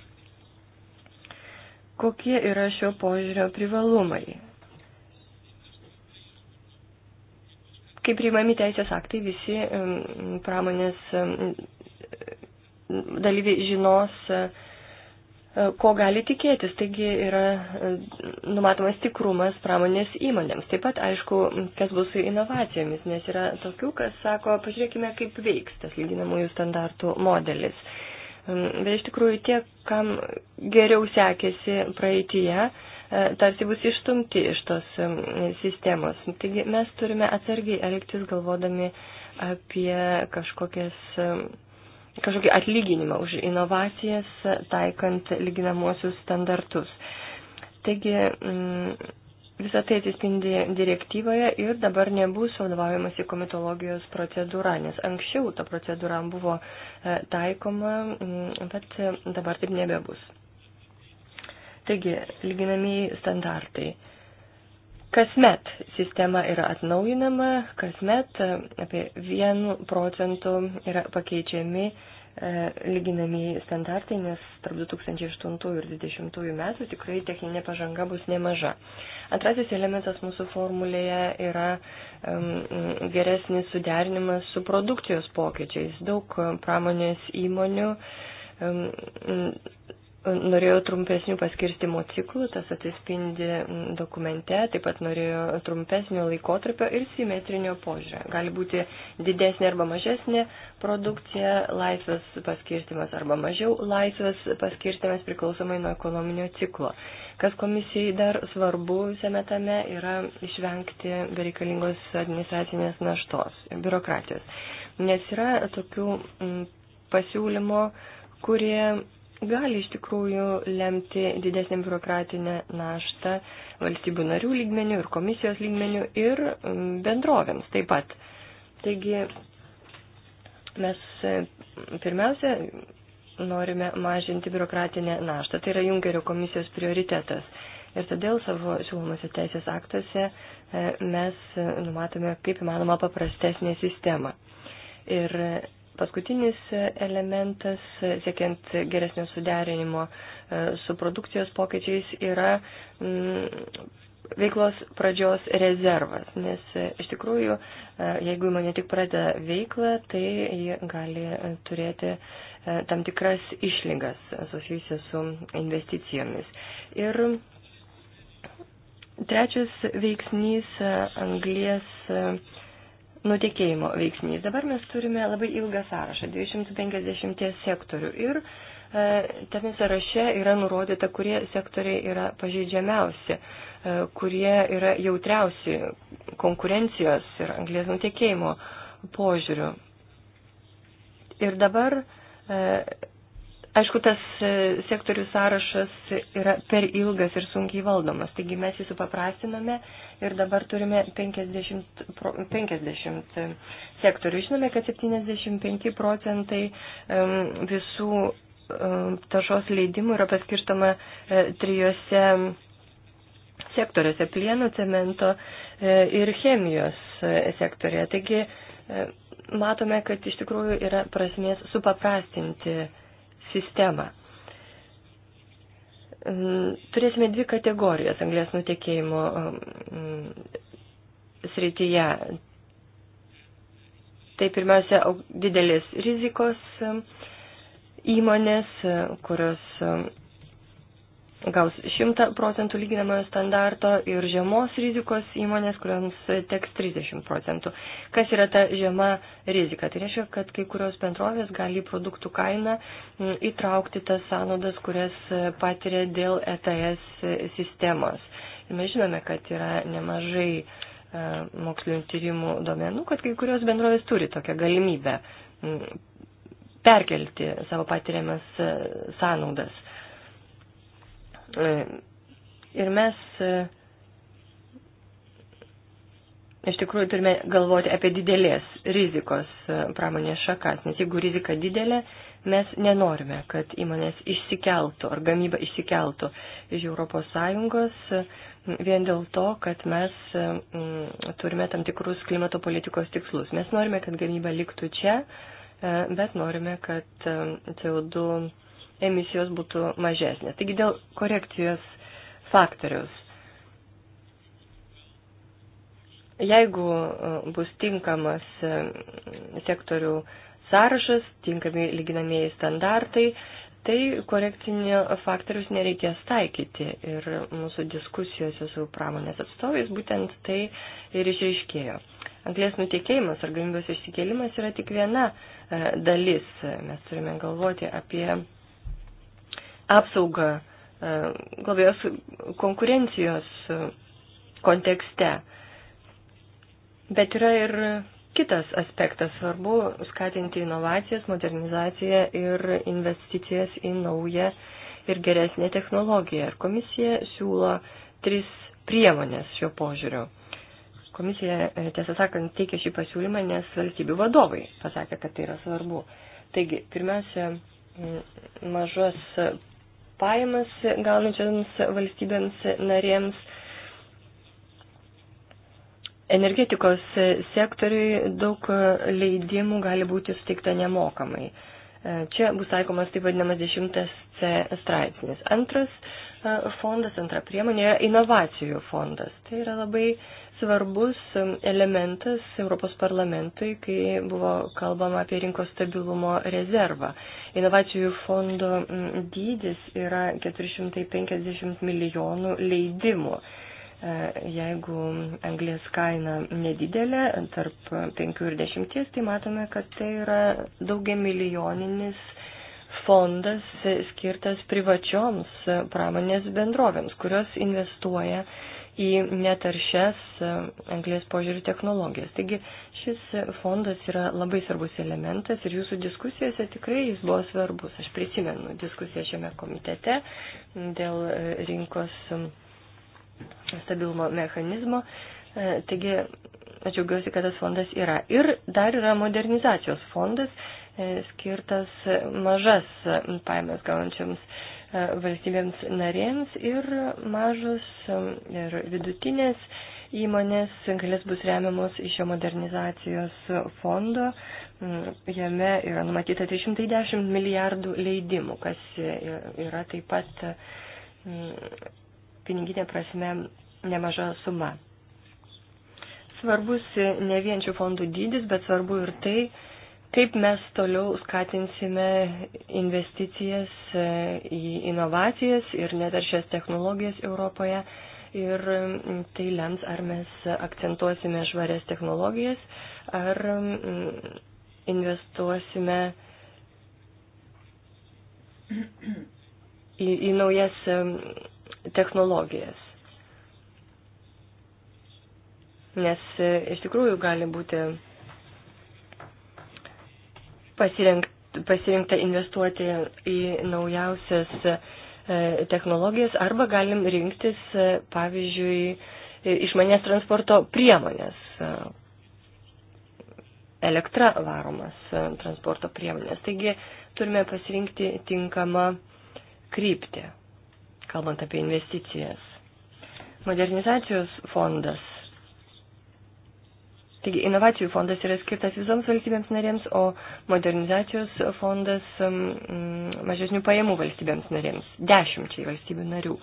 Kokie yra šio požiūrio privalumai? Kai priimami teisės aktai, visi pramonės dalyviai žinos, e, e, ko gali tikėtis. Taigi yra e, numatomas tikrumas pramonės įmonėms. Taip pat aišku, kas bus su inovacijomis, nes yra tokių, kas sako, pažiūrėkime, kaip veiks tas lyginamųjų standartų modelis. Mm, bet iš tikrųjų tie, kam geriau sekėsi praeitie, tarsi bus išstumti iš tos mm, sistemos. Taigi mes turime atsargiai elgtis galvodami apie kažkokias mm, kažkokį atlyginimą už inovacijas taikant lyginamosius standartus. Taigi mm, visą tai atsispindi direktyvoje ir dabar nebus vadovaujamas į komitologijos procedūrą, nes anksčiau ta procedūra buvo e, taikoma, mm, bet dabar taip nebebus. Taigi, lyginamieji standartai. Kasmet sistema yra atnaujinama, kasmet e, apie 1 procentų yra pakeičiami e, lyginamieji standartai, nes tarp 2008 ir 2020 metų tikrai techninė pažanga bus nemaža. Antrasis elementas mūsų formulėje yra um, geresnis suderinimas su produkcijos pokyčiais. Daug pramonės įmonių um, norėjo trumpesnių paskirstimų ciklų, tas atsispindi dokumente, taip pat norėjo trumpesnio laikotarpio ir simetrinio požiūrio. Gali būti didesnė arba mažesnė produkcija, laisvas paskirstimas arba mažiau laisvas paskirstimas priklausomai nuo ekonominio ciklo. Kas komisijai dar svarbu visame tame yra išvengti bereikalingos administracinės naštos, biurokratijos. Nes yra tokių mm, pasiūlymo, kurie gali iš tikrųjų lemti didesnį biurokratinę naštą valstybių narių lygmenių ir komisijos lygmenių ir mm, bendrovėms taip pat. Taigi mes mm, pirmiausia norime mažinti biurokratinę naštą. Tai yra Junkerio komisijos prioritetas. Ir todėl savo siūlomose teisės aktuose e, mes e, numatome kaip įmanoma paprastesnę sistemą. Ir Paskutinis elementas, siekiant geresnio suderinimo e, su produkcijos pokyčiais, yra mm, veiklos pradžios rezervas, nes e, iš tikrųjų, e, jeigu įmonė tik pradeda veiklą, tai ji gali turėti tam tikras išlygas susijusias su investicijomis. Ir trečias veiksnys anglės nutekėjimo veiksnys. Dabar mes turime labai ilgą sąrašą, 250 sektorių ir e, tame sąraše yra nurodyta, kurie sektoriai yra pažeidžiamiausi, e, kurie yra jautriausi konkurencijos ir anglės nutekėjimo požiūrių. Ir dabar e, Aišku, tas e, sektorių sąrašas yra per ilgas ir sunkiai valdomas, taigi mes jį supaprastiname ir dabar turime 50, 50 e, sektorių. Žinome, kad 75 procentai visų taršos leidimų yra paskirstama e, trijose sektoriuose - plieno, cemento ir chemijos sektorėje. Taigi matome, kad iš tikrųjų yra prasmės supaprastinti sistemą. Mm, turėsime dvi kategorijas anglės nutekėjimo mm, srityje. Tai pirmiausia, didelės rizikos mm, įmonės, kurios gaus 100 procentų lyginamojo standarto ir žemos rizikos įmonės, kuriams teks 30 procentų. Kas yra ta žema rizika? Tai reiškia, kad kai kurios bendrovės gali produktų kainą įtraukti tas sąnaudas, kurias patiria dėl ETS sistemos. Ir mes žinome, kad yra nemažai e, mokslinio tyrimų domenų, kad kai kurios bendrovės turi tokią galimybę perkelti savo patiriamas e, sąnaudas. E, ir mes e, iš tikrųjų turime galvoti apie didelės rizikos e, pramonės šakas, nes jeigu rizika didelė, mes nenorime, kad įmonės išsikeltų ar gamyba išsikeltų iš ES vien dėl to, kad mes turime tam tikrus klimato politikos tikslus. Mes norime, kad gamyba liktų čia, bet norime, kad CO2 emisijos būtų mažesnės. Taigi dėl korekcijos faktoriaus. Jeigu e, bus tinkamas e, sektorių sąrašas, tinkami lyginamieji standartai, tai korekcinio faktorius nereikės taikyti. Ir mūsų diskusijose su pramonės atstovais būtent tai ir išaiškėjo. Anglės nutekėjimas ar gamybos išsikėlimas yra tik viena e, dalis. Mes turime galvoti apie apsaugą e, globėjos konkurencijos e, kontekste. Bet yra ir kitas aspektas svarbu - skatinti inovacijas, modernizaciją ir investicijas į naują ir geresnę technologiją. Ir komisija siūlo tris priemonės šio požiūrio. Komisija, e, tiesą sakant, teikia šį pasiūlymą, nes valstybių vadovai pasakė, kad tai yra svarbu. Taigi, pirmiausia, mažos pajamas gaunančiams valstybėms narėms. Energetikos sektoriui daug leidimų gali būti suteikta nemokamai. Čia bus taikomas taip vadinamas 10C straipsnis. Antras fondas, antra priemonė yra inovacijų fondas. Tai yra labai uh, svarbus elementas Europos parlamentui, kai buvo kalbama apie rinkos stabilumo rezervą. Inovacijų fondo mm, dydis yra 450 milijonų leidimų. E, jeigu anglės kaina nedidelė, tarp 5 ir 10, tai matome, kad tai yra daugia milijoninis fondas skirtas privačioms pramonės bendrovėms, kurios investuoja uh, į netaršias e, anglės požiūrių technologijas. Taigi šis fondas yra labai svarbus elementas ir jūsų diskusijose tikrai jis buvo svarbus. Aš prisimenu diskusiją šiame komitete dėl e, rinkos stabilumo mechanizmo. E, taigi aš džiaugiuosi, kad tas fondas yra. Ir dar yra modernizacijos fondas skirtas mažas paėmės gaunančiams E, valstybėms narėms ir mažos e, ir vidutinės įmonės galės bus remiamos iš jo modernizacijos fondo. Mm, jame yra numatyta 310 milijardų leidimų, kas e, yra taip pat mm, piniginė prasme nemaža suma. Svarbus ne vien šių fondų dydis, bet svarbu ir tai, Taip mes toliau skatinsime investicijas e, į inovacijas ir netaršias technologijas Europoje ir tai lems, ar mes akcentuosime švarias technologijas, ar investuosime į, į naujas technologijas. Nes e, iš tikrųjų gali būti pasirink, pasirinkta investuoti į naujausias e, technologijas arba galim rinktis, e, pavyzdžiui, e, išmanės transporto priemonės, elektra varomas transporto priemonės. Taigi turime pasirinkti tinkamą kryptį, kalbant apie investicijas. Modernizacijos fondas Taigi inovacijų fondas yra skirtas visoms valstybėms narėms, o modernizacijos fondas um, mm, mažesnių pajamų valstybėms narėms, dešimčiai valstybių narių.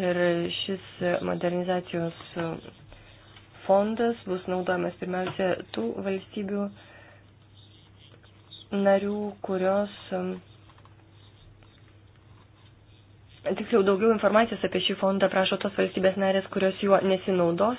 Ir šis modernizacijos um, fondas bus naudojamas pirmiausia tų valstybių narių, kurios. Um, tiksliau, daugiau informacijos apie šį fondą prašo tos valstybės narės, kurios juo nesinaudos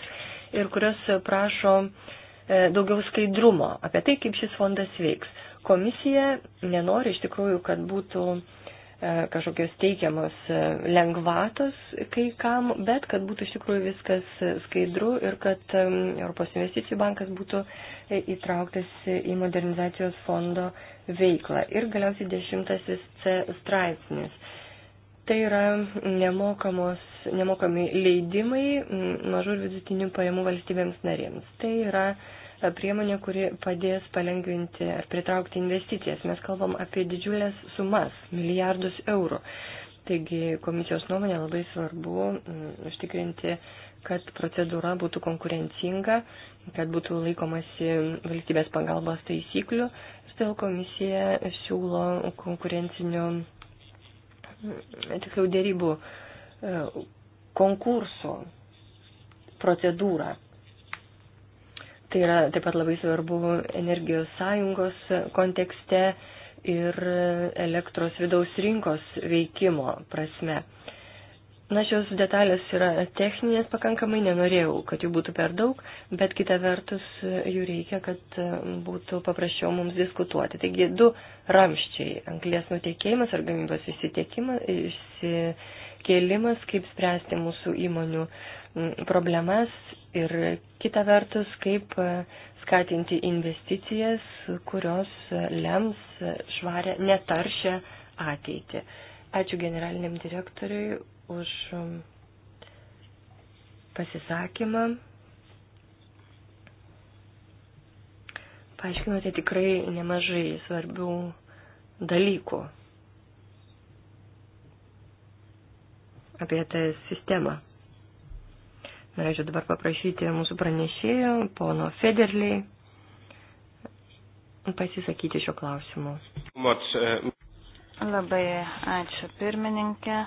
ir kurios prašo uh, E, daugiau skaidrumo apie tai, kaip šis fondas veiks. Komisija nenori iš tikrųjų, kad būtų e, kažkokios teikiamos e, lengvatos kai kam, bet kad būtų iš tikrųjų viskas skaidru ir kad Europos investicijų bankas būtų įtrauktas į modernizacijos fondo veiklą. Ir galiausiai dešimtasis C straipsnis. Tai yra nemokami leidimai mažų ir vidutinių pajamų valstybėms narėms. Tai yra uh, priemonė, kuri padės palengvinti ar pritraukti investicijas. Mes kalbam apie didžiulės sumas, milijardus eurų. Taigi komisijos nuomonė labai svarbu mm, užtikrinti, kad procedūra būtų konkurencinga, kad būtų laikomasi valstybės pagalbos taisyklių. Todėl komisija siūlo konkurencinio, mm, tiksliau dėrybų e, konkurso procedūrą Tai yra taip pat labai svarbu energijos sąjungos kontekste ir elektros vidaus rinkos veikimo prasme. Na, šios detalės yra techninės pakankamai, nenorėjau, kad jų būtų per daug, bet kita vertus jų reikia, kad būtų paprasčiau mums diskutuoti. Taigi, du ramščiai - anglės nutekėjimas ar gamybos išsikėlimas, kaip spręsti mūsų įmonių problemas ir kita vertus, kaip e, skatinti investicijas, kurios lems švarę netaršę ateitį. Ačiū generaliniam direktoriui už um, pasisakymą. Paaiškinote tikrai nemažai svarbių dalykų apie tą sistemą. Norėčiau dabar paprašyti mūsų pranešėjo, pono Federliai, pasisakyti šio klausimu. Labai ačiū pirmininkė.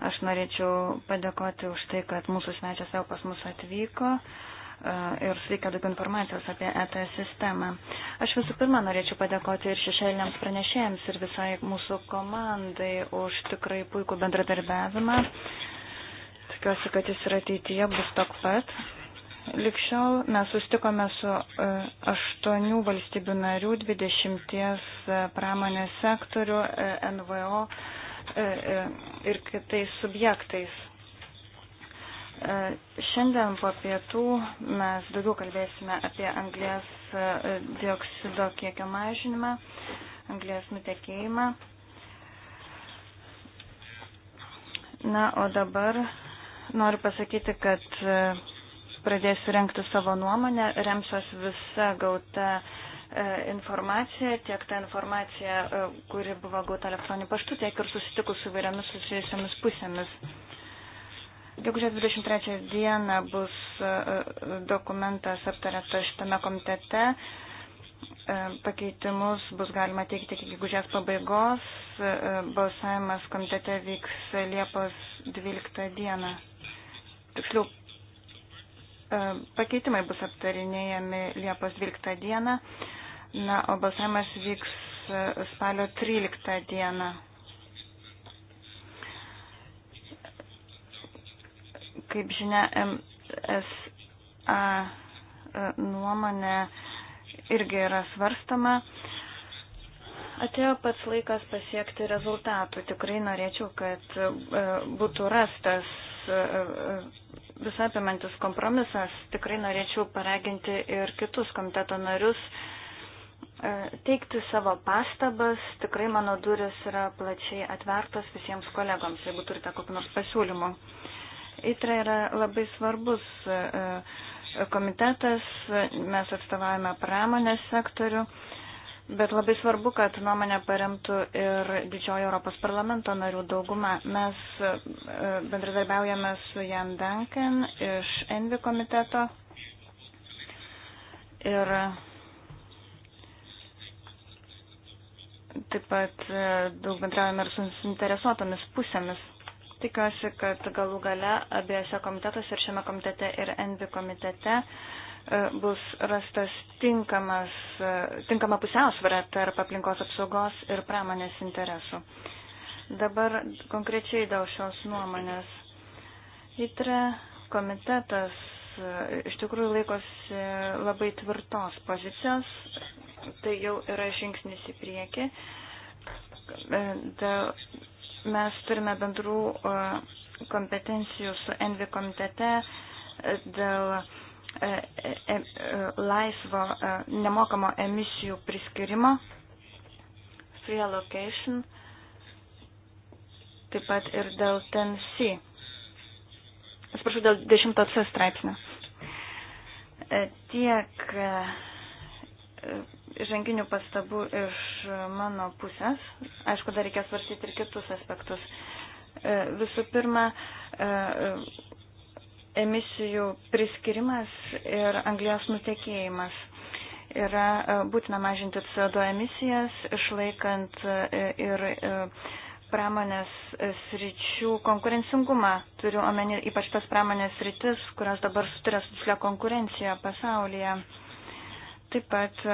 Aš norėčiau padėkoti už tai, kad mūsų svečias jau pas mus atvyko e, ir sveika daug informacijos apie ETS sistemą. Aš visų pirma norėčiau padėkoti ir šešėliniams pranešėjams ir visai mūsų komandai už tikrai puikų bendradarbiavimą. Tikiuosi, kad jis ir ateityje bus toks pat. Likščiau mes sustikome su 8 e, valstybių narių, 20 e, pramonės sektorių, NVO E, e, ir kitais subjektais. E, šiandien po pietų mes daugiau kalbėsime apie anglės dioksido kiekio mažinimą, anglės nutekėjimą. Na, o dabar noriu pasakyti, kad pradėsiu renkti savo nuomonę, remsiuos visa gauta E, informaciją, tiek tą informaciją, e, kuri buvo gauta elektroniniu paštu, tiek ir susitikus su vairiomis susijusiamis pusėmis. Gegužės 23 dieną bus e, dokumentas aptarėtas šitame komitete. Pakeitimus bus galima teikti iki gegužės pabaigos. Balsavimas komitete vyks Liepos 12 dieną. Tiksliau, pakeitimai bus aptarinėjami Liepos 12 dieną. Na, o balsavimas vyks e, spalio 13 dieną. Kaip žinia, MSA e, nuomonė irgi yra svarstama. Atėjo pats laikas pasiekti rezultatų. Tikrai norėčiau, kad e, būtų rastas visapimantis kompromisas. Tikrai norėčiau paraginti ir kitus komiteto narius E, teikti savo pastabas. Tikrai mano duris yra plačiai atvertos visiems kolegoms, jeigu turite kokių nors pasiūlymų. ITRA yra labai svarbus e, e, komitetas, mes atstovavome pramonės sektorių, bet labai svarbu, kad nuomonę paremtų ir didžioji Europos parlamento narių dauguma. Mes bendradarbiaujame su Jan Duncan iš Envi komiteto ir Taip pat e, daug bendravome ir su suinteresuotomis pusėmis. Tikiuosi, kad galų gale abiejose komitetuose ir šiame komitete ir NB komitete e, bus rastas tinkamas, e, tinkama pusiausvara tarp aplinkos apsaugos ir pramonės interesų. Dabar konkrečiai dėl šios nuomonės. ITRE komitetas E, iš tikrųjų laikosi labai tvirtos pozicijos, tai jau yra žingsnis į priekį. E, mes turime bendrų e, kompetencijų su Envi komitete dėl laisvo nemokamo emisijų priskirimo, free allocation, taip pat ir dėl TNC atsiprašau, dėl 10 C straipsnio. E, tiek e, ženginių pastabų iš mano pusės. Aišku, dar reikės svarstyti ir kitus aspektus. E, visų pirma, emisijų priskirimas ir anglės nutekėjimas yra būtina mažinti CO2 emisijas, išlaikant ir pramonės sričių konkurencingumą. Turiu omeny ypač tas pramonės sritis, kurios dabar suturia su didelė konkurencija pasaulyje. Taip pat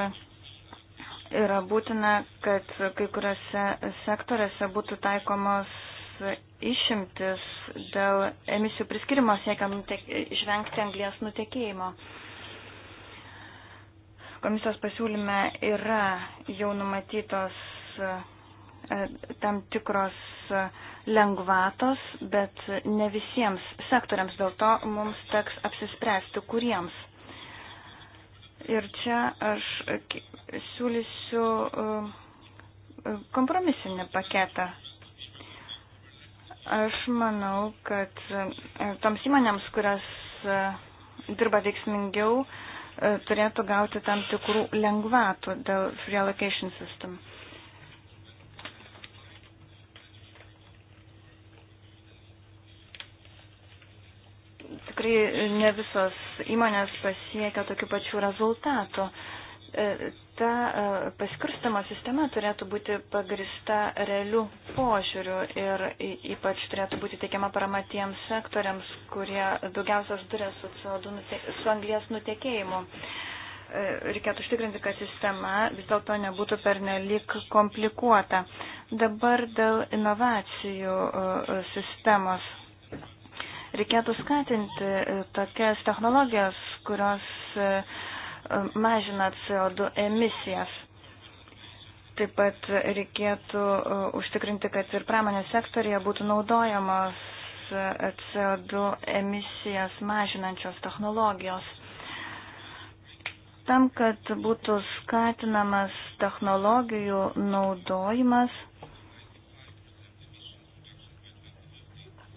yra būtina, kad kai kuriuose sektoriuose būtų taikomos išimtis dėl emisijų priskirimo siekiant išvengti anglės nutekėjimo. Komisijos pasiūlyme yra jau numatytos E, tam tikros e, lengvatos, bet ne visiems sektoriams, dėl to mums teks apsispręsti, kuriems. Ir čia aš siūlysiu e, kompromisinį paketą. Aš manau, kad toms įmonėms, kurios dirba veiksmingiau, turėtų gauti tam tikrų lengvatų dėl relocation system. tikrai ne visos įmonės pasiekia tokių pačių rezultatų. E, ta e, paskirstimo sistema turėtų būti pagrista realių požiūrių ir ypač turėtų būti teikiama parama tiems sektoriams, kurie daugiausias durė su, nute, su anglės nutekėjimu. E, reikėtų užtikrinti, kad sistema vis dėlto nebūtų pernelik komplikuota. Dabar dėl inovacijų sistemos Reikėtų skatinti e, tokias technologijas, kurios e, e, mažina CO2 emisijas. Taip pat reikėtų užtikrinti, kad ir pramonės sektorija būtų naudojamos CO2 emisijas mažinančios technologijos. Tam, kad būtų skatinamas technologijų naudojimas,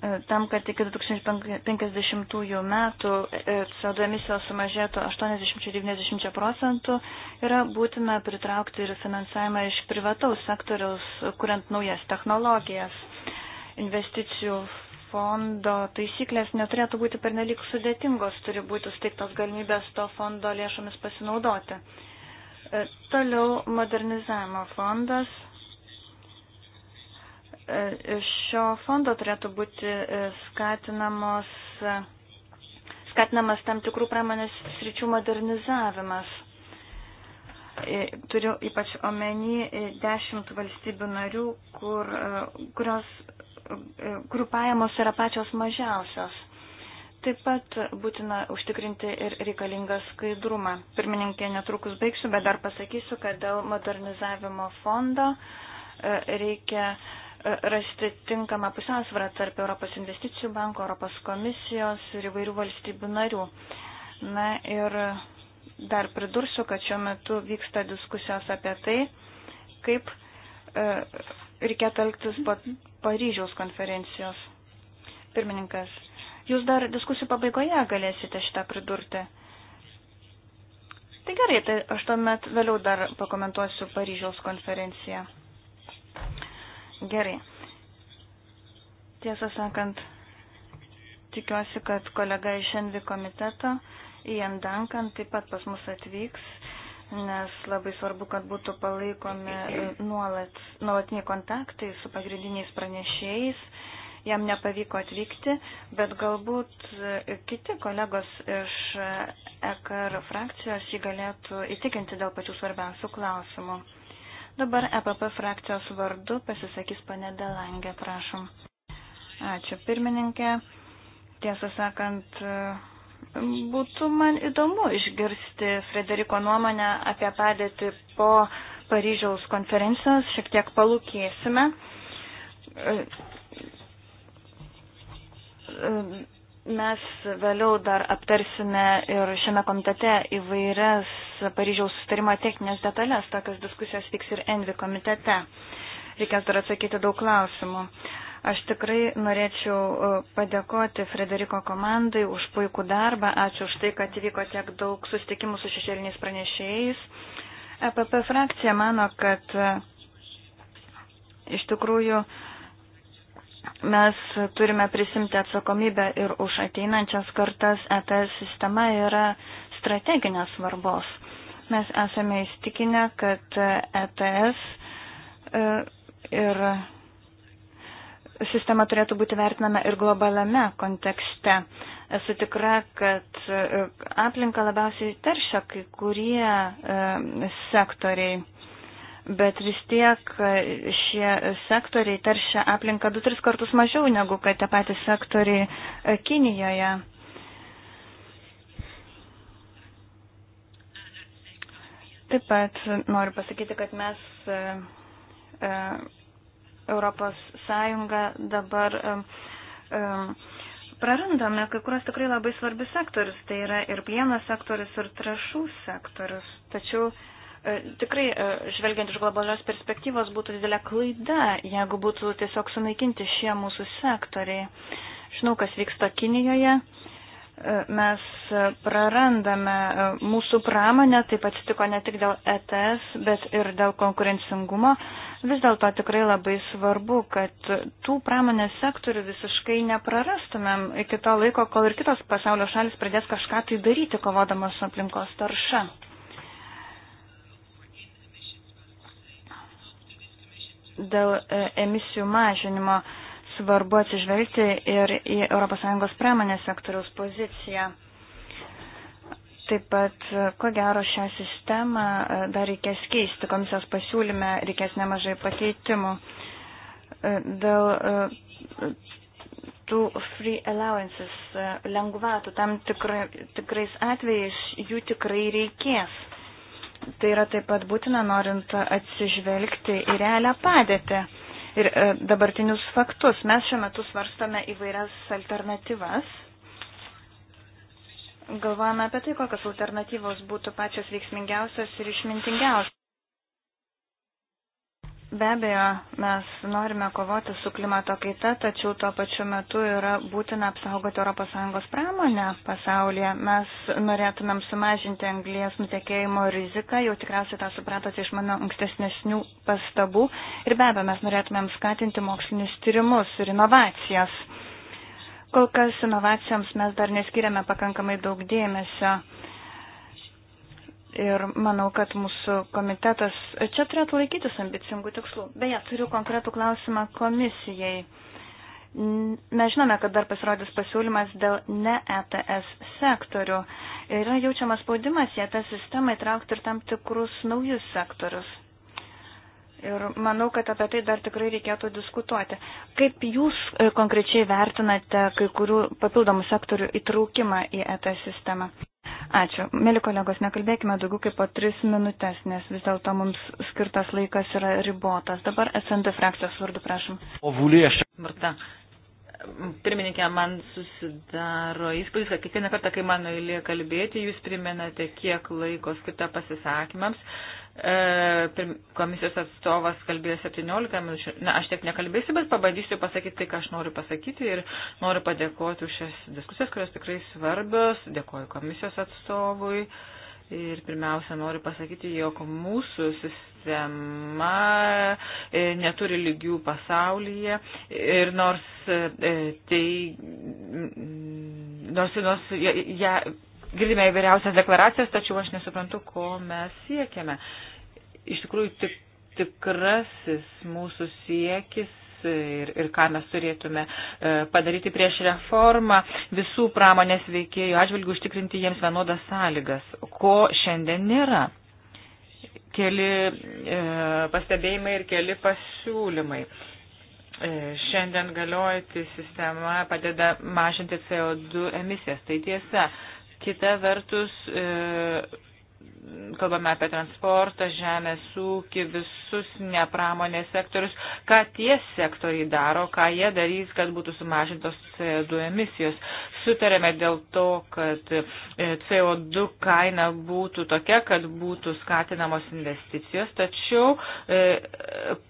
E, tam, kad iki 2050 metų e, CO2 emisijos sumažėtų 80-90 procentų, yra būtina pritraukti ir finansavimą iš privataus sektoriaus, kuriant naujas technologijas. Investicijų fondo taisyklės neturėtų būti pernelyg sudėtingos, turi būti suteiktos galimybės to fondo lėšomis pasinaudoti. E, toliau modernizavimo fondas E, iš šio fondo turėtų būti e, skatinamos, e, skatinamas tam tikrų pramonės sričių modernizavimas. Turiu ypač omeny dešimt valstybių narių, kur, kurios, kurių pajamos yra pačios mažiausios. Taip pat būtina užtikrinti ir reikalingą skaidrumą. Pirmininkė netrukus baigsiu, bet dar pasakysiu, kad dėl modernizavimo fondo reikia uh, rasti tinkamą pusiausvyrą tarp Europos investicijų banko, Europos komisijos ir įvairių valstybių narių. Na ir dar pridursiu, kad šiuo metu vyksta diskusijos apie tai, kaip e, reikėtų elgtis po Paryžiaus konferencijos. Pirmininkas, jūs dar diskusijų pabaigoje galėsite šitą pridurti. Tai gerai, tai aš tuomet vėliau dar pakomentuosiu Paryžiaus konferenciją. Gerai. Tiesą sakant, tikiuosi, kad kolega iš Envi komiteto, Ian Duncan, taip pat pas mus atvyks, nes labai svarbu, kad būtų palaikomi e, nuolat, nuolatiniai kontaktai su pagrindiniais pranešėjais. Jam nepavyko atvykti, bet galbūt e, kiti kolegos iš EKR e frakcijos jį galėtų įtikinti dėl pačių svarbiausių klausimų. Dabar EPP frakcijos vardu pasisakys pane Delangė, prašom. Ačiū pirmininkė. Tiesą sakant, būtų man įdomu išgirsti Frederiko nuomonę apie padėtį po Paryžiaus konferencijos. Šiek tiek palūkėsime Mes vėliau dar aptarsime ir šiame komitete įvairias Paryžiaus sustarimo techninės detalės, tokios diskusijos vyks ir Envi komitete. Reikės dar atsakyti daug klausimų. Aš tikrai norėčiau e, padėkoti Frederiko komandai už puikų darbą. Ačiū už tai, kad įvyko tiek daug sustikimų su šešėliniais pranešėjais. EPP frakcija mano, kad e, iš tikrųjų mes turime prisimti atsakomybę ir už ateinančias kartas ETS sistema yra strateginės svarbos. Mes esame įstikinę, kad ETS e, ir sistema turėtų būti vertinama ir globaliame kontekste. Esu tikra, kad e, aplinką labiausiai teršia kai kurie e, sektoriai bet vis tiek e, šie sektoriai taršia aplinką 2-3 kartus mažiau negu kad tie patys sektoriai e, Kinijoje. Taip pat noriu pasakyti, kad mes e, Europos Sąjunga dabar prarandame kai kurios tikrai labai svarbius sektorius. Tai yra ir plieno sektorius, ir trašų sektorius. Tačiau E, tikrai, e, žvelgiant iš globalios perspektyvos, būtų didelė klaida, jeigu būtų tiesiog sunaikinti šie mūsų sektoriai. Žinau, kas vyksta Kinijoje. E, mes prarandame mūsų pramonę, taip atsitiko ne tik dėl ETS, bet ir dėl konkurencingumo. Vis dėlto tikrai labai svarbu, kad tų pramonės sektorių visiškai neprarastumėm iki to laiko, kol ir kitos pasaulio šalis pradės kažką tai daryti, kovodamas su aplinkos tarša. dėl e, emisijų mažinimo svarbu atsižvelgti ir į ES pramonės sektoriaus poziciją. Taip pat, e, ko gero, šią sistemą e, dar reikės keisti. Komisijos pasiūlyme reikės nemažai pakeitimų. Dėl tų free allowances, lengvatų, tam tikra, tikrais atvejais jų tikrai reikės. Tai yra taip pat būtina norint atsižvelgti į realią padėtį ir e, dabartinius faktus. Mes šiuo metu svarstame įvairias alternatyvas. Galvojame apie tai, kokios alternatyvos būtų pačios veiksmingiausios ir išmintingiausios. Be abejo, mes norime kovoti su klimato kaita, tačiau tuo pačiu metu yra būtina apsaugoti ES pramonę pasaulyje. Mes norėtumėm sumažinti anglijas nutekėjimo riziką, jau tikriausiai tą supratote iš mano ankstesnių pastabų. Ir be abejo, mes norėtumėm skatinti mokslinius tyrimus ir inovacijas. Kol kas inovacijoms mes dar neskiriame pakankamai daug dėmesio. Ir manau, kad mūsų komitetas čia turėtų laikytis ambicingų tikslų. Beje, turiu konkretų klausimą komisijai. Mes žinome, kad dar pasirodys pasiūlymas dėl ne ETS sektorių. Yra jaučiamas spaudimas į ETS sistemą įtraukti ir tam tikrus naujus sektorius. Ir manau, kad apie tai dar tikrai reikėtų diskutuoti. Kaip jūs e, konkrečiai vertinate kai kurių papildomų sektorių įtraukimą į ETS sistemą? Ačiū. Mėly kolegos, nekalbėkime daugiau kaip po tris minutės, nes vis dėlto mums skirtas laikas yra ribotas. Dabar SND frakcijos vardu prašom. O vulėje aš. Marta. Pirmininkė, man susidaro įspūdis, kad kiekvieną kartą, kai mano eilė kalbėti, jūs primenate, kiek laiko skirta pasisakymams E, komisijos atstovas kalbėjo 17 minučių. Na, aš tiek nekalbėsiu, bet pabandysiu pasakyti tai, ką aš noriu pasakyti ir noriu padėkoti už šias diskusijas, kurios tikrai svarbios. Dėkoju komisijos atstovui. Ir pirmiausia, noriu pasakyti, jog mūsų sistema e, neturi lygių pasaulyje ir nors, tai, nors, nors ja, ja, girdime įvairiausias deklaracijas, tačiau aš nesuprantu, ko mes siekiame. Iš tikrųjų, tik, tikrasis mūsų siekis ir, ir ką mes turėtume e, padaryti prieš reformą visų pramonės veikėjų atžvilgių užtikrinti jiems vienodas sąlygas, ko šiandien nėra. Keli e, pastebėjimai ir keli pasiūlymai. E, šiandien galiojanti sistema padeda mažinti CO2 emisijas. Tai tiesa, Kita vertus, e, kalbame apie transportą, žemės ūkį, visus nepramonės sektorius, ką tie sektoriai daro, ką jie darys, kad būtų sumažintos CO2 emisijos. Sutarėme dėl to, kad e, CO2 kaina būtų tokia, kad būtų skatinamos investicijos, tačiau e,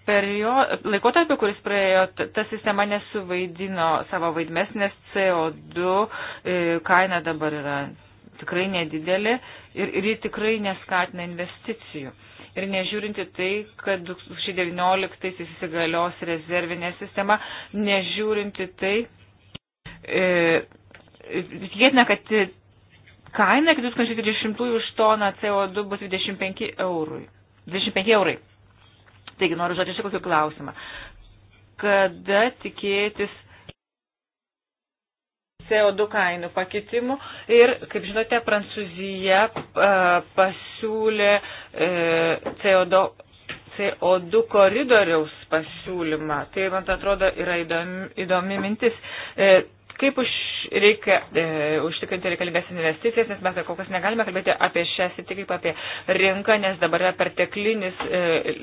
perio, laikotarpį, kuris praėjo, ta sistema nesuvaidino savo vaidmės, nes CO2 e, kaina dabar yra tikrai nedidelė ir, ir ji tikrai neskatina investicijų. Ir nežiūrinti tai, kad 2019 įsigalios rezervinė sistema, nežiūrinti tai, e, tikėtina, kad kaina iki 2030 už toną CO2 bus 25 eurų. 25 eurai. Taigi noriu žodžiu šį kokį klausimą. Kada tikėtis CO2 kainų pakitimų ir, kaip žinote, Prancūzija pasiūlė CO2, e, CO2 koridoriaus pasiūlymą. Tai, man tai atrodo, yra įdomi, įdomi mintis e, kaip už, reikia e, užtikrinti reikalingas investicijas, nes mes kol kas negalime kalbėti apie šią sritį kaip apie rinką, nes dabar yra perteklinis e,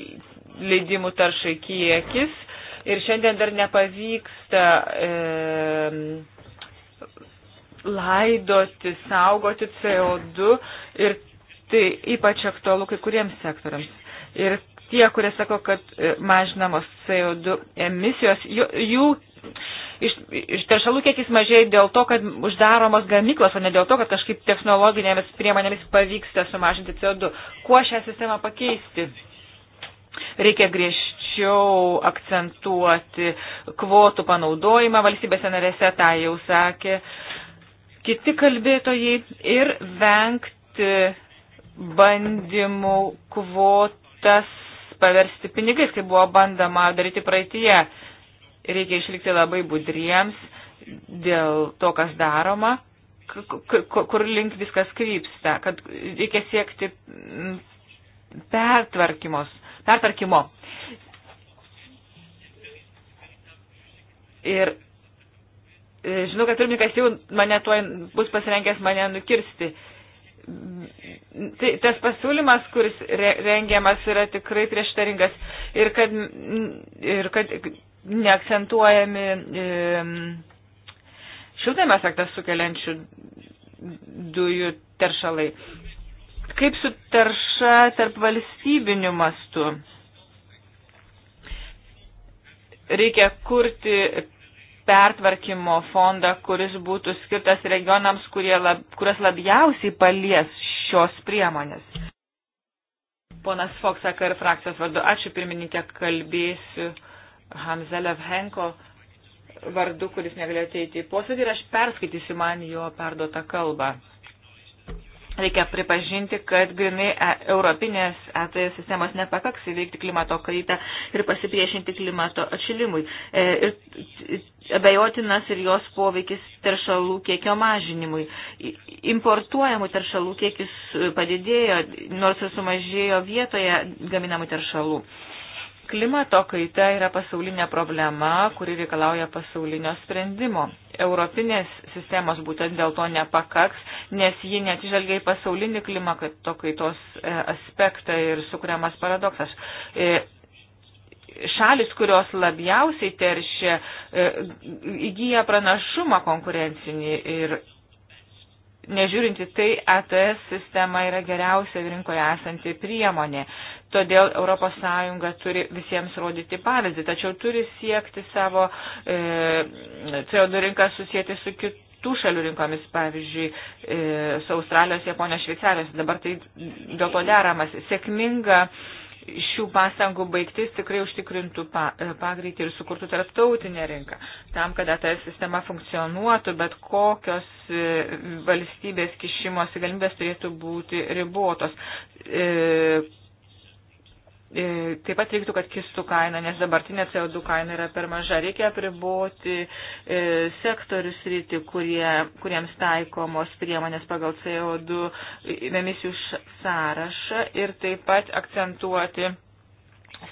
leidimų taršai kiekis ir šiandien dar nepavyksta. E, laidoti, saugoti CO2 ir tai ypač aktualu kai kuriems sektoriams. Ir tie, kurie sako, kad e, mažinamos CO2 emisijos, jų, jų iš, iš teršalų kiekis mažėja dėl to, kad uždaromos gamyklos, o ne dėl to, kad kažkaip technologinėmis priemonėmis pavyksta sumažinti CO2. Kuo šią sistemą pakeisti? Reikia griež, griežčiau akcentuoti kvotų panaudojimą valstybėse narėse, tą jau sakė kiti kalbėtojai, ir vengti bandymų kvotas paversti pinigais, kaip buvo bandama daryti praeitie. Reikia išlikti labai budriems dėl to, kas daroma, kur link viskas krypsta, kad reikia siekti pertvarkymos, pertvarkymo. Ir e, žinau, kad pirmininkas jau mane tuo bus pasirengęs mane nukirsti. Tai tas pasiūlymas, kuris rengiamas, yra tikrai prieštaringas ir kad, ir kad neakcentuojami e, šiltame efektą sukeliančių dujų teršalai. Kaip su tarša tarp valstybinių mastų? Reikia kurti pertvarkymo fondą, kuris būtų skirtas regionams, lab, kurias labiausiai palies šios priemonės. Ponas Foksaka ir frakcijos vardu, ačiū pirmininkė, kalbėsiu Hamzelev Henko vardu, kuris negalėjo ateiti į posėdį ir aš perskaitysiu man jo perduotą kalbą. Reikia pripažinti, kad grinai e, europinės ETS sistemos nepakaks įveikti klimato kaitą ir pasipriešinti klimato atšilimui. E, ir abejotinas ir jos poveikis teršalų kiekio mažinimui. Importuojamų teršalų kiekis padidėjo, nors ir sumažėjo vietoje gaminamų teršalų. E, Klimato kaita yra pasaulinė problema, kuri reikalauja pasaulinio sprendimo. Europinės sistemos būtent dėl to nepakaks, nes ji netižvelgia į pasaulinį klimato kaitos e, aspektą ir sukuriamas paradoksas. E, šalis, kurios labiausiai teršia, e, įgyja pranašumą konkurencinį ir Nežiūrinti tai, ATS sistema yra geriausia rinkoje esanti priemonė. Todėl ES turi visiems rodyti pavyzdį, tačiau turi siekti savo e, CO2 rinką susijęti su kitu kitų šalių rinkomis, pavyzdžiui, e, su Australijos, Japonijos, Šveicarijos. Dabar tai dėl to deramas. Sėkminga šių pastangų baigtis tikrai užtikrintų pa, e, pagreitį ir sukurtų tarptautinę rinką. Tam, kad ATS sistema funkcionuotų, bet kokios e, valstybės kišimosi galimybės turėtų būti ribotos. E, taip pat reiktų, kad kistų kaina, nes dabartinė CO2 kaina yra per maža. Reikia apriboti e, sektorius rytį, kurie, kuriems taikomos priemonės pagal CO2 emisijų sąrašą ir taip pat akcentuoti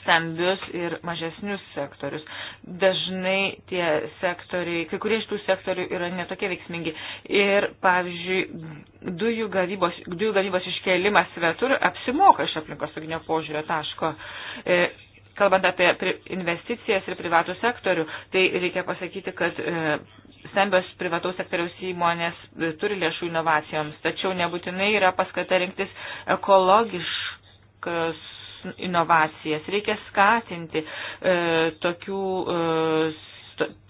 stambius ir mažesnius sektorius. Dažnai tie sektoriai, kai kurie iš tų sektorių yra netokie veiksmingi. Ir, pavyzdžiui, dujų gavybos, dujų gavybos iškelimas svetur apsimoka iš aplinkosauginio požiūrio taško. E, kalbant apie investicijas ir privatų sektorių, tai reikia pasakyti, kad e, stambios privataus sektoriaus įmonės e, turi lėšų inovacijoms, tačiau nebūtinai yra paskata rinktis ekologiškas inovacijas, reikia skatinti e, tokių e,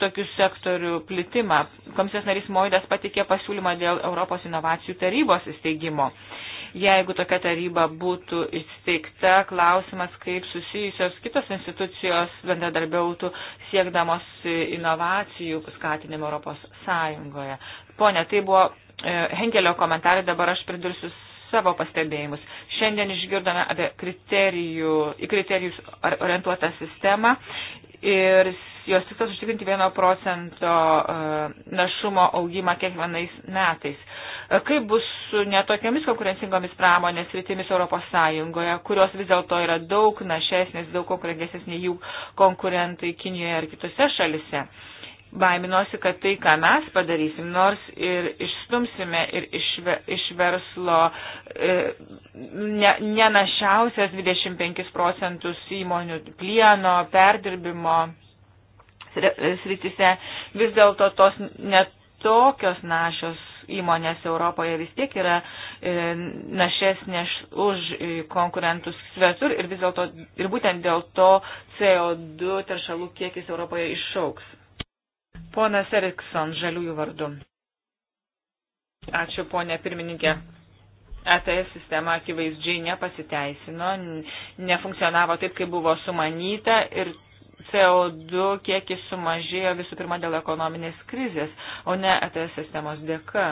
tokių sektorių plitimą. Komisijos narys Moidas patikė pasiūlymą dėl Europos inovacijų tarybos įsteigimo. Jeigu tokia taryba būtų įsteigta, klausimas, kaip susijusios kitos institucijos bendradarbiautų siekdamos inovacijų skatinimo Europos Sąjungoje. Pone, tai buvo e, Henkelio komentarai, dabar aš pridursiu savo pastebėjimus. Šiandien išgirdome apie kriterijų, į kriterijus orientuotą sistemą ir jos tikslas užtikrinti 1 procento e, našumo augimą kiekvienais metais. E, kaip bus su netokiamis konkurencingomis pramonės rytimis Europos Sąjungoje, kurios vis dėlto yra daug našesnės, daug konkurengesnės nei jų konkurentai Kinijoje ar kitose šalise? baiminosi, kad tai, ką mes padarysim, nors ir išstumsime ir iš, iš verslo e, ne, nenašiausias 25 procentus įmonių plieno, perdirbimo e, sritise, vis dėlto tos netokios našios įmonės Europoje vis tiek yra e, našesnės už konkurentus svetur ir vis dėlto ir būtent dėl to CO2 teršalų kiekis Europoje išauks. Ponas Erikson, žaliųjų vardu. Ačiū, ponė pirmininkė. ETS sistema akivaizdžiai nepasiteisino, nefunkcionavo taip, kaip buvo sumanyta ir CO2 kiekis sumažėjo visų pirma dėl ekonominės krizės, o ne ETS sistemos dėka.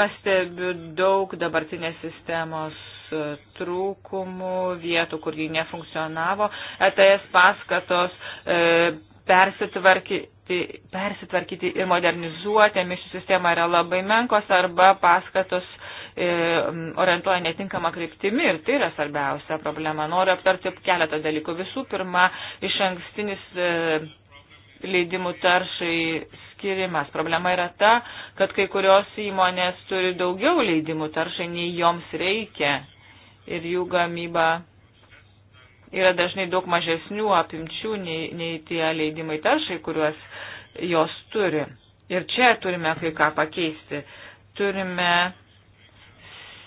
Pastebiu daug dabartinės sistemos E, trūkumų, vietų, kur jį nefunkcionavo, ETS paskatos e, persitvarkyti, persitvarkyti ir modernizuoti emisijų sistemą yra labai menkos arba paskatos e, orientuoja netinkamą kryptimį ir tai yra svarbiausia problema. Noriu aptarti keletą dalykų. Visų pirma, iš ankstinis leidimų taršai skirimas. Problema yra ta, kad kai kurios įmonės turi daugiau leidimų taršai, nei joms reikia ir jų gamyba yra dažnai daug mažesnių apimčių nei, nei tie leidimai taršai, kuriuos jos turi. Ir čia turime kai ką pakeisti. Turime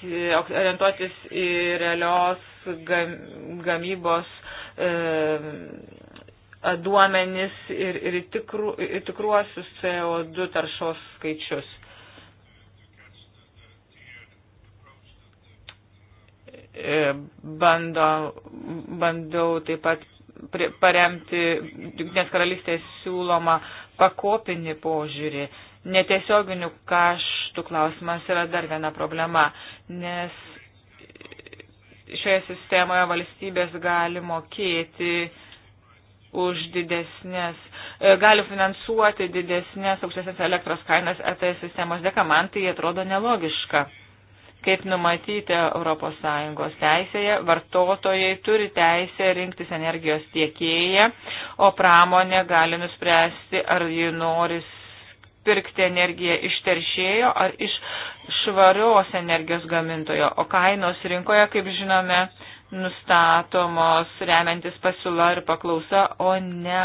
orientuotis į realios gamybos e, duomenis ir, ir tikru, tikruosius CO2 taršos skaičius. E, bando, bandau taip pat paremti Junktinės karalystės siūlomą pakopinį požiūrį. Netiesioginių kaštų klausimas yra dar viena problema, nes šioje sistemoje valstybės gali mokėti už didesnės, e, gali finansuoti didesnės aukštesnės elektros kainas ETS sistemos dėka. Man tai atrodo nelogiška. Kaip numatyti ES teisėje, vartotojai turi teisę rinktis energijos tiekėją, o pramonė gali nuspręsti, ar ji nori pirkti energiją iš teršėjo ar iš švarios energijos gamintojo, o kainos rinkoje, kaip žinome, nustatomos remiantis pasiūla ir paklausa, o ne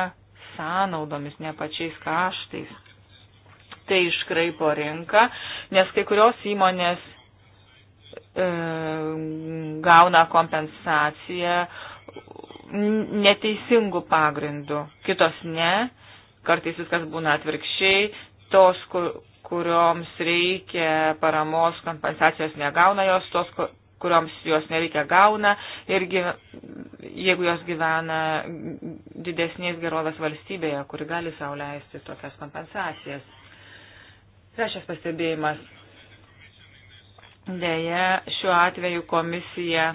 sąnaudomis, ne pačiais kaštais. Tai iškraipo rinką, nes kai kurios įmonės E, gauna kompensaciją neteisingų pagrindų, kitos ne, kartais viskas būna atvirkščiai, tos, kurioms reikia paramos kompensacijos negauna jos, tos, kurioms jos nereikia gauna irgi jeigu jos gyvena didesnės gerovės valstybėje, kuri gali sau leisti tokias kompensacijas. Trečias pastebėjimas Deja, šiuo atveju komisija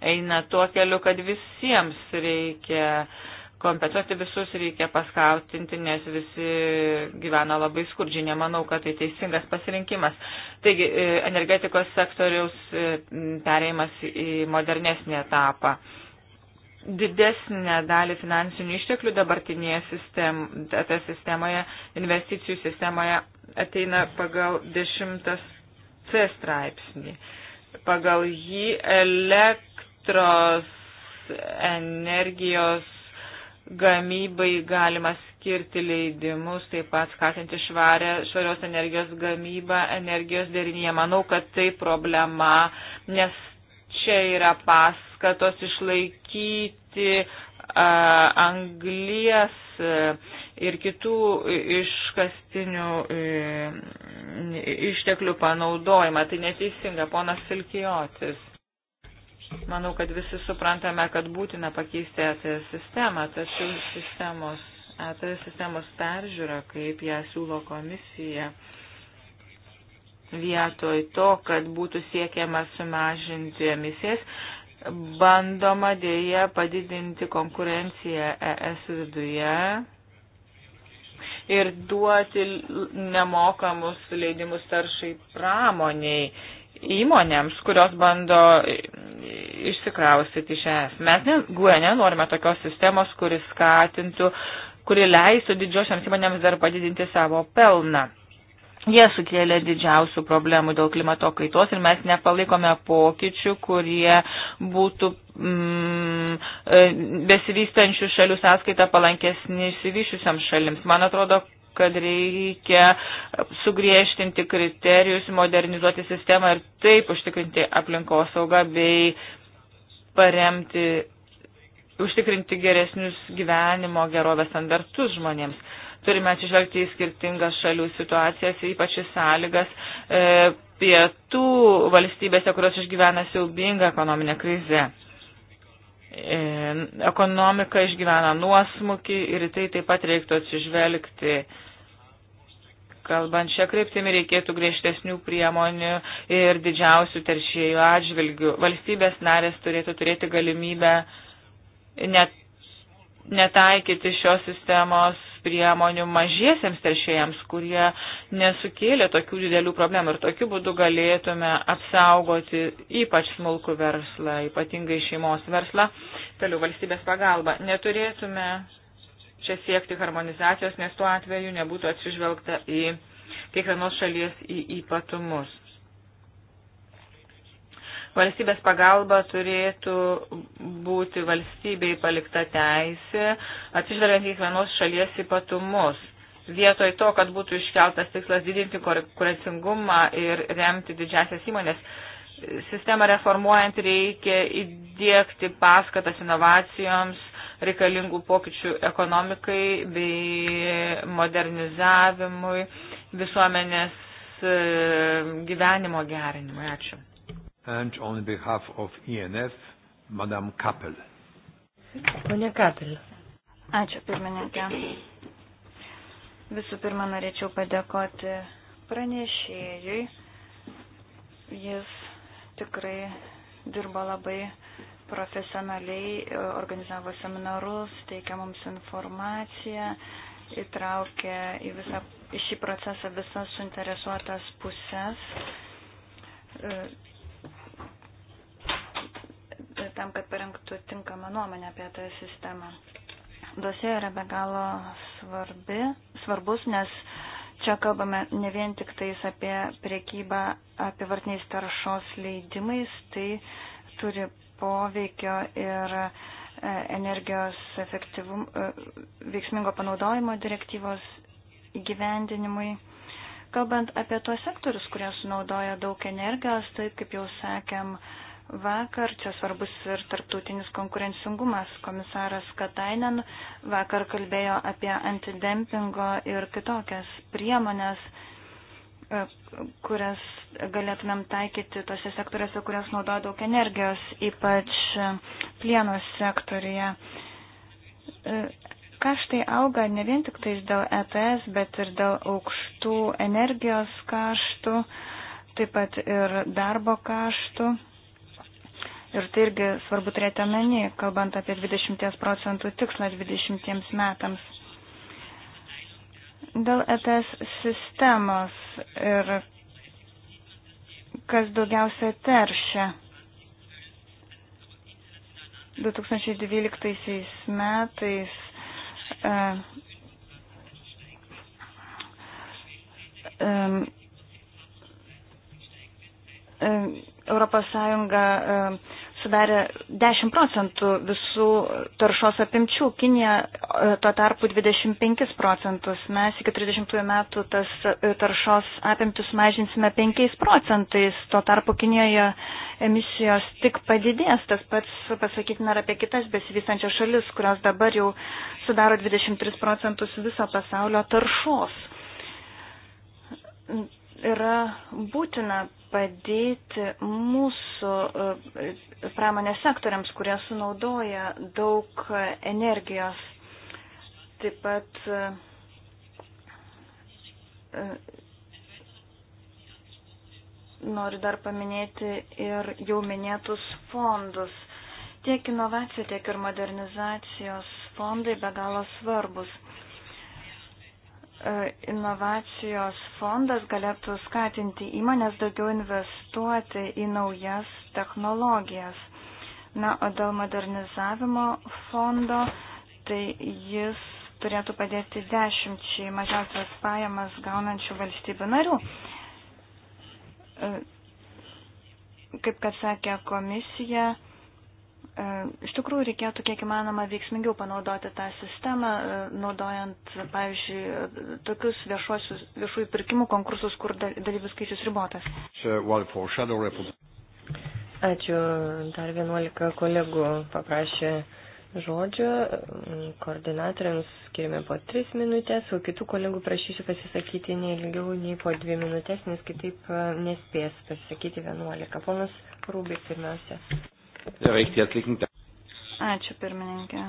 eina tuo keliu, kad visiems reikia kompensuoti visus, reikia paskautinti, nes visi gyvena labai skurdžiai. Nemanau, kad tai teisingas pasirinkimas. Taigi, e, energetikos sektoriaus e, pereimas į modernesnį etapą. Didesnę dalį finansinių išteklių dabartinėje sistem, sistemoje, investicijų sistemoje ateina pagal dešimtas C straipsnį. Pagal jį elektros energijos gamybai galima skirti leidimus, taip pat skatinti švarę, švarios energijos gamybą, energijos derinyje. Manau, kad tai problema, nes čia yra paskatos išlaikyti uh, anglies uh, ir kitų iškastinių e, išteklių panaudojimą. Tai neteisinga, ponas Silkijotis. Manau, kad visi suprantame, kad būtina pakeisti ETS sistemą, tačiau sistemos, ETS sistemos peržiūra, kaip ją siūlo komisija, vietoj to, kad būtų siekiama sumažinti emisijas, bandoma dėja padidinti konkurenciją ES viduje ir duoti nemokamus leidimus taršai pramoniai įmonėms, kurios bando išsikraustyti šią. Mes ne, GUE nenorime tokios sistemos, kuris skatintų, kuri leistų didžiosiams įmonėms dar padidinti savo pelną. Jie sukėlė didžiausių problemų dėl klimato kaitos ir mes nepalaikome pokyčių, kurie būtų mm, e, besivystančių šalių sąskaita palankesni išsivyšiusiam šalims. Man atrodo, kad reikia sugriežtinti kriterijus, modernizuoti sistemą ir taip užtikrinti aplinkosaugą bei paremti, užtikrinti geresnius gyvenimo gerovės standartus žmonėms. Turime atsižvelgti į skirtingas šalių situacijas, ypač į sąlygas e, pietų valstybėse, kurios išgyvena siaubingą ekonominę krizę. E, ekonomika išgyvena nuosmukį ir tai taip pat reiktų atsižvelgti. E, kalbant šią kryptimį reikėtų griežtesnių priemonių ir didžiausių teršėjų atžvilgių. Valstybės narės turėtų turėti galimybę net, netaikyti šios sistemos priemonių mažiesiems teršėjams, kurie nesukėlė tokių didelių problemų ir tokiu būdu galėtume apsaugoti ypač smulkų verslą, ypatingai šeimos verslą, toliau valstybės pagalba. Neturėtume čia siekti harmonizacijos, nes tuo atveju nebūtų atsižvelgta į kiekvienos šalies į ypatumus valstybės pagalba turėtų būti valstybei palikta teisė, atsižvelgiant kiekvienos šalies ypatumus. Vietoj to, kad būtų iškeltas tikslas didinti konkurencingumą ir remti didžiasias įmonės, sistemą reformuojant reikia įdėkti paskatas inovacijoms, reikalingų pokyčių ekonomikai bei modernizavimui, visuomenės e, gyvenimo gerinimui. Ačiū and on behalf of INF, e Madam Kapel. Pone Kapel. Ačiū, pirmininkė. Visų pirma, norėčiau padėkoti pranešėjui. Jis tikrai dirbo labai profesionaliai, organizavo seminarus, teikė mums informaciją, įtraukė į, visą, į šį procesą visas suinteresuotas puses tam, kad parengtų tinkamą nuomonę apie tą sistemą. Dosė yra be galo svarbi, svarbus, nes čia kalbame ne vien tik tais apie priekybą apivartiniais taršos leidimais, tai turi poveikio ir e, energijos efektyvum, e, veiksmingo panaudojimo direktyvos įgyvendinimui. Kalbant apie tuos sektorius, kurie sunaudoja daug energijos, taip kaip jau sakėm, uh, vakar, čia svarbus ir tarptautinis konkurencingumas. Komisaras Katainen vakar kalbėjo apie antidempingo ir kitokias priemonės, e, kurias galėtumėm taikyti tose sektoriuose, kurios naudoja daug energijos, ypač plieno sektorija. E, kaštai auga ne vien tik tais dėl ETS, bet ir dėl aukštų energijos kaštų, taip pat ir darbo kaštų Ir tai irgi svarbu turėti omeny, kalbant apie 20 procentų tikslą 20 metams. Dėl ETS sistemos ir kas daugiausia teršia. 2012 metais e, e, e, Europos Sąjunga e, sudarė 10 procentų visų taršos apimčių, Kinija e, tuo tarpu 25 procentus. Mes iki 30 metų tas e, taršos apimtis mažinsime 5 procentais, tuo tarpu Kinijoje emisijos tik padidės. Tas pats pasakytina ir apie kitas besivystančias šalis, kurios dabar jau sudaro 23 procentus viso pasaulio taršos. Yra būtina padėti mūsų e, pramonės sektoriams, kurie sunaudoja daug energijos. Taip pat e, e, noriu dar paminėti ir jau minėtus fondus. Tiek inovacijų, tiek ir modernizacijos fondai be galo svarbus. E, inovacijos fondas galėtų skatinti įmonės daugiau investuoti į naujas technologijas. Na, o dėl modernizavimo fondo, tai jis turėtų padėti dešimčiai mažiausias pajamas gaunančių valstybių narių. E, kaip kad sakė komisija, E, iš tikrųjų, reikėtų kiek įmanoma veiksmingiau panaudoti tą sistemą, e, naudojant, pavyzdžiui, tokius viešuosius, viešųjų pirkimų konkursus, kur dalyvių skaičius ribotas. Ačiū. Dar 11 kolegų paprašė žodžio. Koordinatoriams skirime po 3 minutės, o kitų kolegų prašysiu pasisakyti ne ilgiau nei po 2 minutės, nes kitaip e, nespės pasisakyti 11. Ponas Rūbik pirmiausia. Ačiū pirmininkė.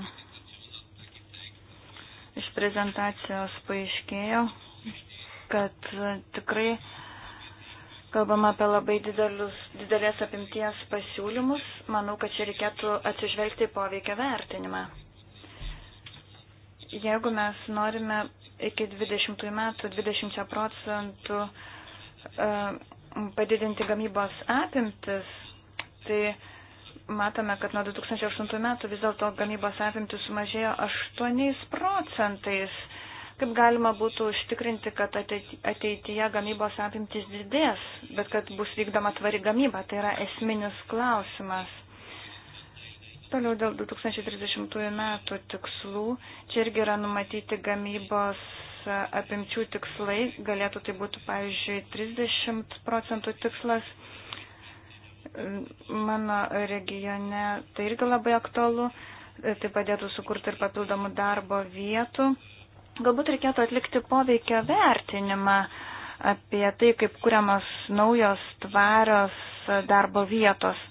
Iš prezentacijos paaiškėjo, kad tikrai Kalbam apie labai didelius, didelės apimties pasiūlymus. Manau, kad čia reikėtų atsižvelgti į poveikio vertinimą. Jeigu mes norime iki 20 metų 20 procentų e, padidinti gamybos apimtis, tai matome, kad nuo 2008 metų vis dėlto gamybos apimtis sumažėjo 8 procentais. Kaip galima būtų užtikrinti, kad ateityje gamybos apimtis didės, bet kad bus vykdoma tvari gamyba, tai yra esminis klausimas. Toliau dėl 2030 metų tikslų, čia irgi yra numatyti gamybos apimčių tikslai, galėtų tai būtų, pavyzdžiui, 30 procentų tikslas Mano regione tai irgi labai aktualu, tai padėtų sukurti ir papildomų darbo vietų. Galbūt reikėtų atlikti poveikio vertinimą apie tai, kaip kuriamos naujos tvarios darbo vietos.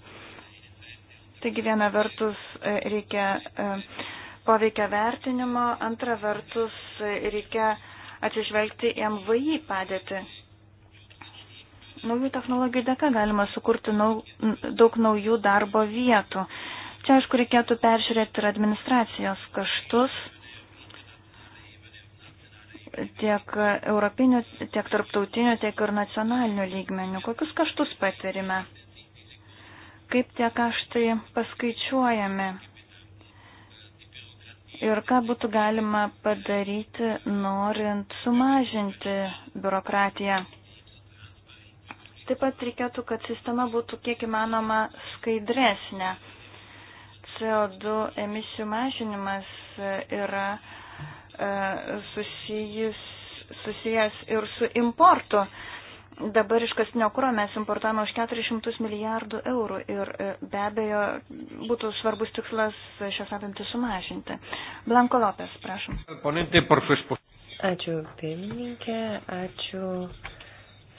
Taigi viena vertus reikia e, poveikio vertinimo, antra vertus reikia atsižvelgti į MVI padėtį. Naujų technologijų dėka galima sukurti nau, daug naujų darbo vietų. Čia, aišku, reikėtų peržiūrėti ir administracijos kaštus tiek europinių, tiek tarptautinių, tiek ir nacionalinių lygmenių. Kokius kaštus patirime? Kaip tie kaštai paskaičiuojami? Ir ką būtų galima padaryti, norint sumažinti biurokratiją? Taip pat reikėtų, kad sistema būtų kiek įmanoma skaidresnė. CO2 emisijų mažinimas yra e, susijus, susijęs ir su importu. Dabar iš kastinio kūro mes importuojame už 400 milijardų eurų ir e, be abejo būtų svarbus tikslas šios apimtis sumažinti. Blanko Lopes, prašom. Ačiū pirmininkė, ačiū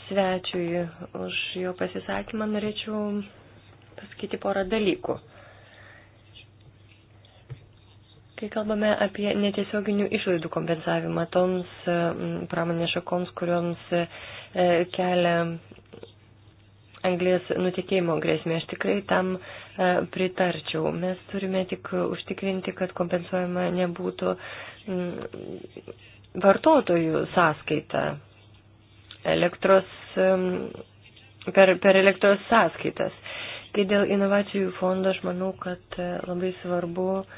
svečiui už jo pasisakymą. Norėčiau pasakyti porą dalykų. Kai kalbame apie netiesioginių išlaidų kompensavimą toms pramonės šakoms, kurioms e, kelia anglės nutikėjimo grėsmė, aš tikrai tam e, pritarčiau. Mes turime tik užtikrinti, kad kompensuojama nebūtų vartotojų sąskaita elektros, per, per elektros sąskaitas. Kai dėl inovacijų fondo aš manau, kad e, labai svarbu uh,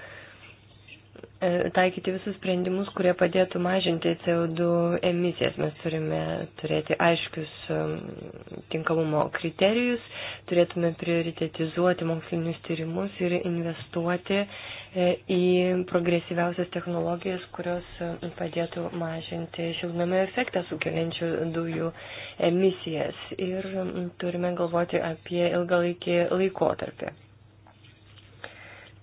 E, taikyti visus sprendimus, kurie padėtų mažinti CO2 emisijas. Mes turime turėti aiškius e, tinkamumo kriterijus, turėtume prioritetizuoti mokslinius tyrimus ir investuoti e, į progresyviausias technologijas, kurios padėtų mažinti šiltnamio efektą sukeliančių dujų emisijas. Ir turime galvoti apie ilgalaikį laikotarpį.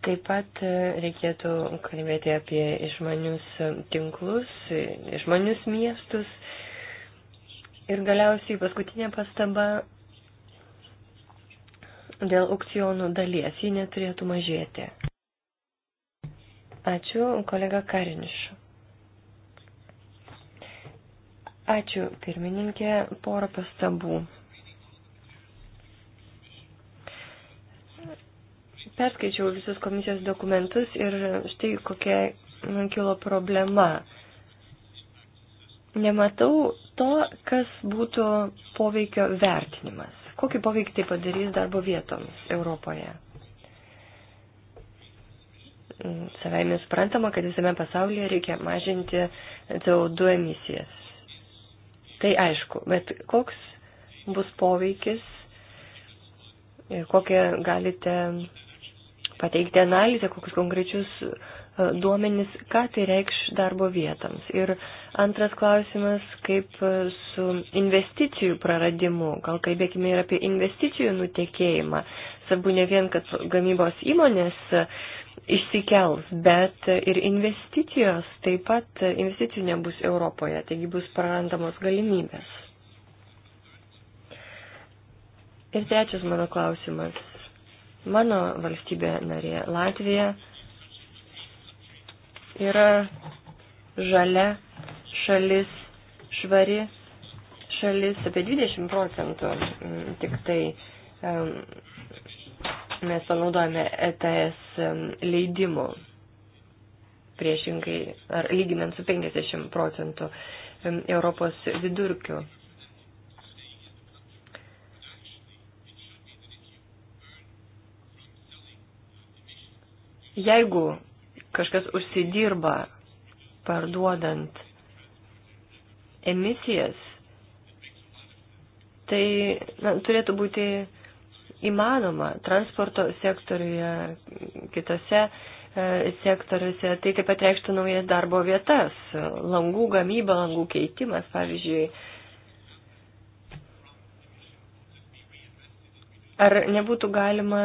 Taip pat e, reikėtų kalbėti apie išmanius tinklus, e, išmanius miestus. Ir galiausiai paskutinė pastaba dėl aukcionų dalies. Ji neturėtų mažėti. Ačiū, kolega Kariniš. Ačiū, pirmininkė, porą pastabų. Perskaičiau visus komisijos dokumentus ir štai kokia man kilo problema. Nematau to, kas būtų poveikio vertinimas. Kokį poveikį tai padarys darbo vietoms Europoje? Savai mes suprantama, kad visame pasaulyje reikia mažinti CO2 emisijas. Tai aišku, bet koks bus poveikis ir kokią galite pateikti analizę, kokius konkrečius e, duomenis, ką tai reikš darbo vietams. Ir antras klausimas, kaip e, su investicijų praradimu, gal kalbėkime ir apie investicijų nutekėjimą. Sabu ne vien, kad gamybos įmonės e, išsikels, bet ir investicijos, taip pat investicijų nebus Europoje, taigi bus prarandamos galimybės. Ir trečias mano klausimas Mano valstybė narė Latvija yra žalia šalis, švari šalis, apie 20 procentų mm, tik tai mes panaudojame ETS leidimų priešingai, ar lyginant su 50 procentų Europos vidurkiu. Jeigu kažkas užsidirba parduodant emisijas, tai na, turėtų būti įmanoma transporto sektoriuje, kitose e, sektoriuose, tai taip pat reikštų naujas darbo vietas, langų gamyba, langų keitimas, pavyzdžiui. Ar nebūtų galima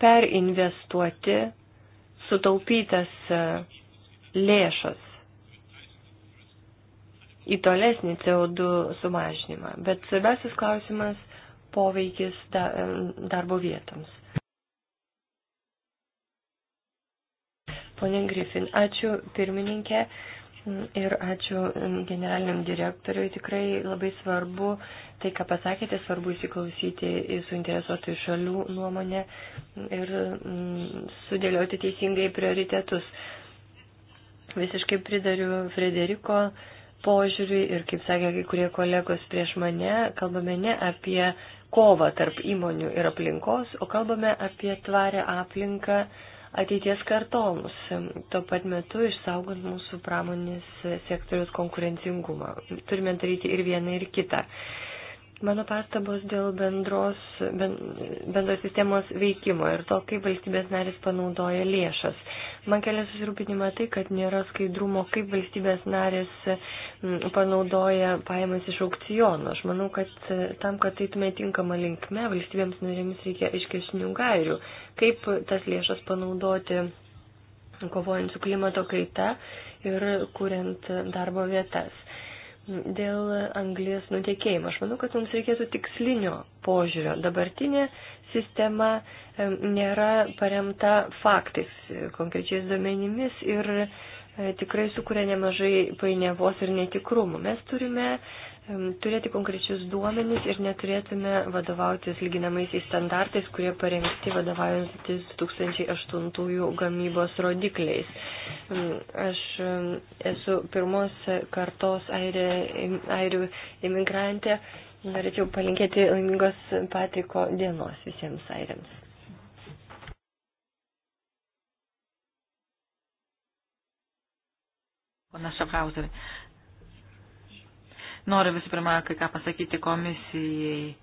perinvestuoti sutaupytas e, lėšas į tolesnį CO2 sumažinimą. Bet svarbiausias klausimas - poveikis e, darbo vietoms. Pone Grifin, ačiū pirmininkė. Ir ačiū generaliniam direktoriui. Tikrai labai svarbu tai, ką pasakėte, svarbu įsiklausyti į suinteresuotų šalių nuomonę ir sudėlioti teisingai prioritetus. Visiškai pridariu Frederiko požiūriui ir, kaip sakė kai kurie kolegos prieš mane, kalbame ne apie kovą tarp įmonių ir aplinkos, o kalbame apie tvarę aplinką ateities kartoms, tuo pat metu išsaugant mūsų pramonės sektoriaus konkurencingumą. Turime daryti ir vieną, ir kitą. Mano pastabos dėl bendros, ben, bendros sistemos veikimo ir to, kaip valstybės narės panaudoja lėšas. Man kelia susirūpinimą tai, kad nėra skaidrumo, kaip valstybės narės panaudoja pajamas iš aukciono. Aš manau, kad e, tam, kad eitume tinkama linkme, valstybėms narėms reikia aiškesnių gairių, kaip tas lėšas panaudoti kovojant su klimato kaita ir kuriant darbo vietas dėl anglės nutekėjimo. Aš manau, kad mums reikėtų tikslinio požiūrio. Dabartinė sistema nėra paremta faktais, konkrečiais duomenimis ir e, tikrai sukuria nemažai painiavos ir netikrumų. Mes turime turėti konkrečius duomenys ir neturėtume vadovautis lyginamaisiais standartais, kurie parengti vadovaujantis 2008 gamybos rodikliais. Aš esu pirmos kartos airių imigrantė. Norėčiau palinkėti laimingos Patriko dienos visiems airiams. Ponas Šafhauseris. Noriu visų pirma kai ką pasakyti komisijai.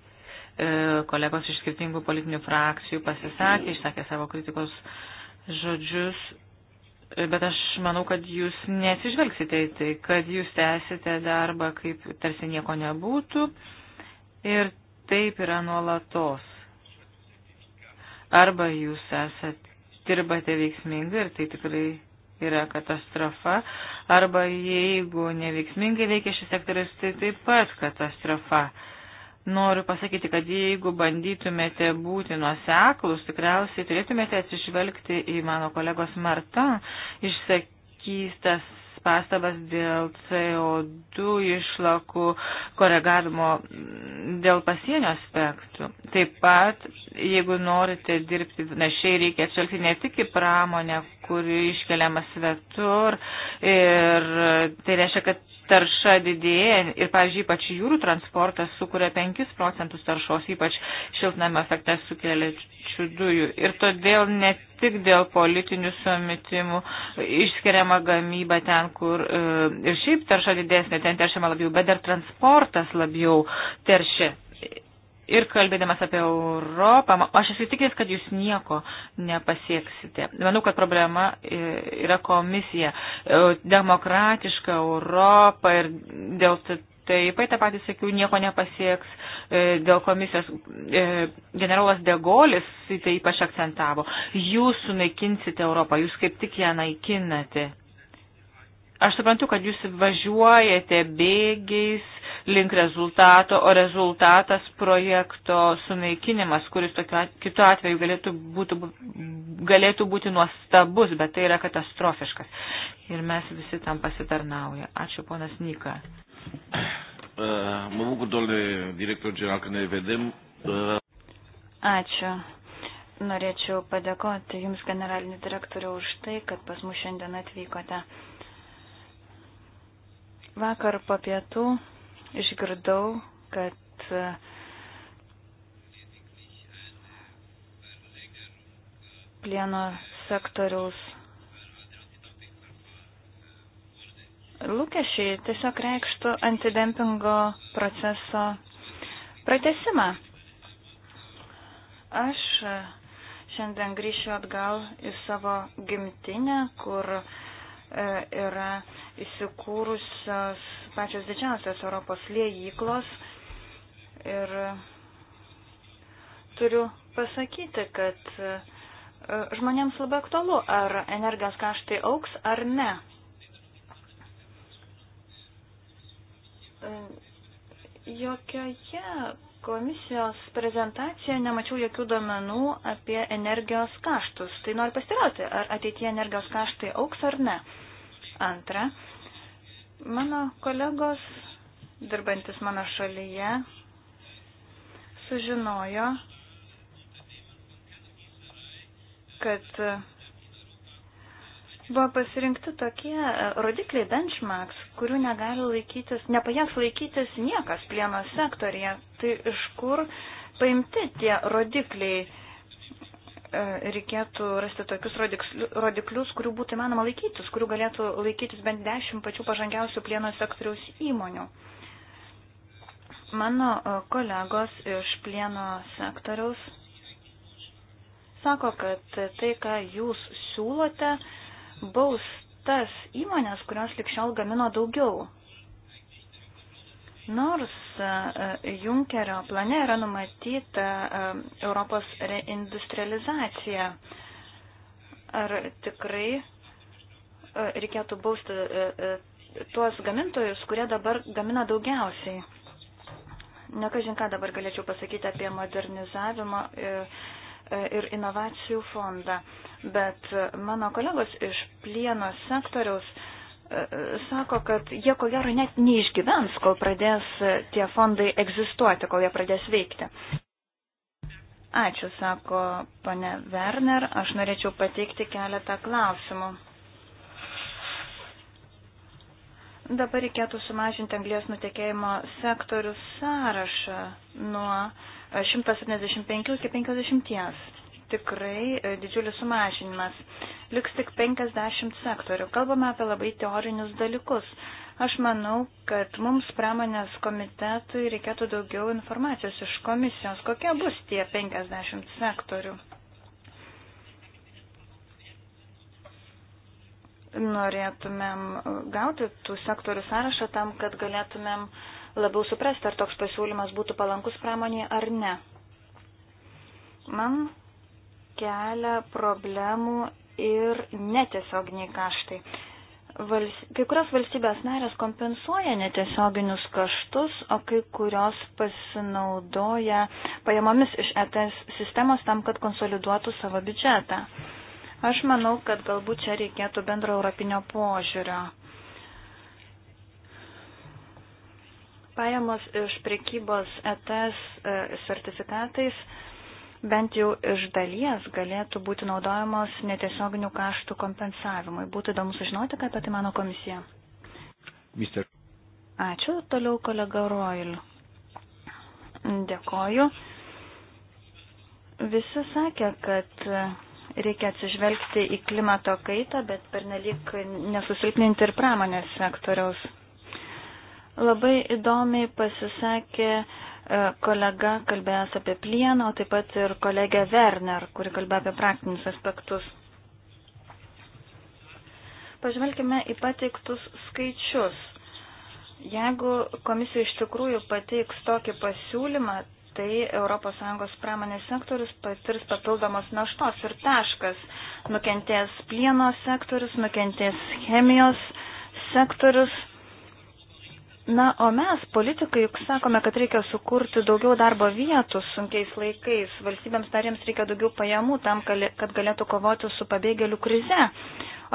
E, kolegos iš skirtingų politinių frakcijų pasisakė, išsakė savo kritikos žodžius, e, bet aš manau, kad jūs nesižvelgsite į tai, kad jūs tęsite darbą kaip tarsi nieko nebūtų ir taip yra nuolatos. Arba jūs esat, dirbate veiksmingai ir tai tikrai yra katastrofa, arba jeigu neveiksmingai veikia šis sektorius, tai taip pat katastrofa. Noriu pasakyti, kad jeigu bandytumėte būti nuoseklus, tikriausiai turėtumėte atsižvelgti į mano kolegos Marta išsakystas pastabas dėl CO2 išlakų koregavimo dėl pasienio aspektų. Taip pat, jeigu norite dirbti našiai, reikia atšvelgti ne tik į pramonę, kuri iškeliamas svetur ir tai reiškia, kad tarša didėja ir, pavyzdžiui, ypač jūrų transportas sukuria 5 procentus taršos, ypač šiltnamio efektą sukeliančių dujų. Ir todėl ne tik dėl politinių sumitimų išskiriama gamyba ten, kur e, ir šiaip tarša didesnė, ten teršiama labiau, bet dar transportas labiau teršia ir kalbėdamas apie Europą, aš esu tikęs, kad jūs nieko nepasieksite. Manau, kad problema e, yra komisija, e, demokratiška Europa ir dėl taip pat tą patį sakiau, nieko nepasieks e, dėl komisijos. Generolas Degolis tai ypač akcentavo. Jūs sunaikinsite Europą, jūs kaip tik ją naikinate. Aš suprantu, kad jūs važiuojate bėgiais link rezultato, o rezultatas projekto sunaikinimas, kuris tokiu at, kitu atveju galėtų, būtų, galėtų būti nuostabus, bet tai yra katastrofiškas. Ir mes visi tam pasitarnauja. Ačiū, ponas Nika. Mă bucur, domnule director general, că ne vedem. Ačiū. Norėčiau padėkoti Jums, generalinį direktorių, už tai, kad pas mus šiandien atvykote. Vakar po pietų išgirdau, kad e, plieno sektoriaus lūkesčiai tiesiog reikštų antidempingo proceso pratesimą. Aš e, šiandien grįšiu atgal į savo gimtinę, kur uh, E, yra įsikūrusios pačios didžiausios Europos liejyklos. Ir turiu pasakyti, kad e, žmonėms labai aktualu, ar energijos kaštai auks ar ne. E, jokioje komisijos prezentacijoje nemačiau jokių duomenų apie energijos kaštus. Tai noriu pasirauti, ar ateitie energijos kaštai auks ar ne. Antra, mano kolegos, dirbantis mano šalyje, sužinojo, kad Buvo pasirinkti tokie e, rodikliai benchmarks, kurių negali laikytis, nepajėgs laikytis niekas plieno sektorija. Tai iš kur paimti tie rodikliai? E, reikėtų rasti tokius rodiklius, kurių būtų įmanoma laikytis, kurių galėtų laikytis bent dešimt pačių pažangiausių plieno sektoriaus įmonių. Mano e, kolegos iš plieno sektoriaus sako, kad tai, ką jūs siūlote, baus tas įmonės, kurios likščiol gamino daugiau. Nors e, e, Junkerio plane yra numatyta e, Europos reindustrializacija, ar tikrai reikėtų bausti tuos gamintojus, kurie dabar gamina daugiausiai? Nekažin ką dabar galėčiau pasakyti apie modernizavimą E, ir inovacijų fondą. Bet mano kolegos iš plieno sektoriaus e, e, sako, kad jie ko gero net neišgyvens, kol pradės tie fondai egzistuoti, kol jie pradės veikti. Ačiū, sako pane Werner, aš norėčiau pateikti keletą klausimų. Dabar reikėtų sumažinti anglės nutekėjimo sektorių sąrašą nuo 175 iki 50. Tikrai e, didžiulis sumažinimas. Liks tik 50 sektorių. Kalbame apie labai teorinius dalykus. Aš manau, kad mums pramonės komitetui reikėtų daugiau informacijos iš komisijos, kokie bus tie 50 sektorių. Norėtumėm gauti tų sektorių sąrašą tam, kad galėtumėm uh, labiau suprasti, ar toks pasiūlymas būtų palankus pramonėje ar ne. Man kelia problemų ir netiesioginiai kaštai. Vals, kai kurios valstybės narės kompensuoja netiesioginius kaštus, o kai kurios pasinaudoja pajamomis iš ETS sistemos tam, kad konsoliduotų savo biudžetą. Aš manau, kad galbūt čia reikėtų bendro europinio požiūrio. Pajamos iš prekybos ETS e, sertifikatais bent jau iš dalies galėtų būti naudojamos netiesioginių kaštų kompensavimui. Būtų įdomu sužinoti, ką apie tai mano komisija. Mister. Ačiū. Toliau kolega Roil. Dėkoju. Visi sakė, kad reikia atsižvelgti į klimato kaitą, bet pernelyg nesusilpninti ir pramonės sektoriaus. Labai įdomiai pasisakė e, kolega, kalbėjęs apie plieną, o taip pat ir kolegė Werner, kuri kalbėjo apie praktinius aspektus. Pažvelkime į pateiktus skaičius. Jeigu komisija iš tikrųjų pateiks tokį pasiūlymą, tai ES pramonės sektorius patirs papildomos naštos ir taškas. Nukentės plieno sektorius, nukentės chemijos sektorius Na, o mes, politikai, juk sakome, kad reikia sukurti daugiau darbo vietų sunkiais laikais. Valstybėms narėms reikia daugiau pajamų tam, kad galėtų kovoti su pabėgėlių krize.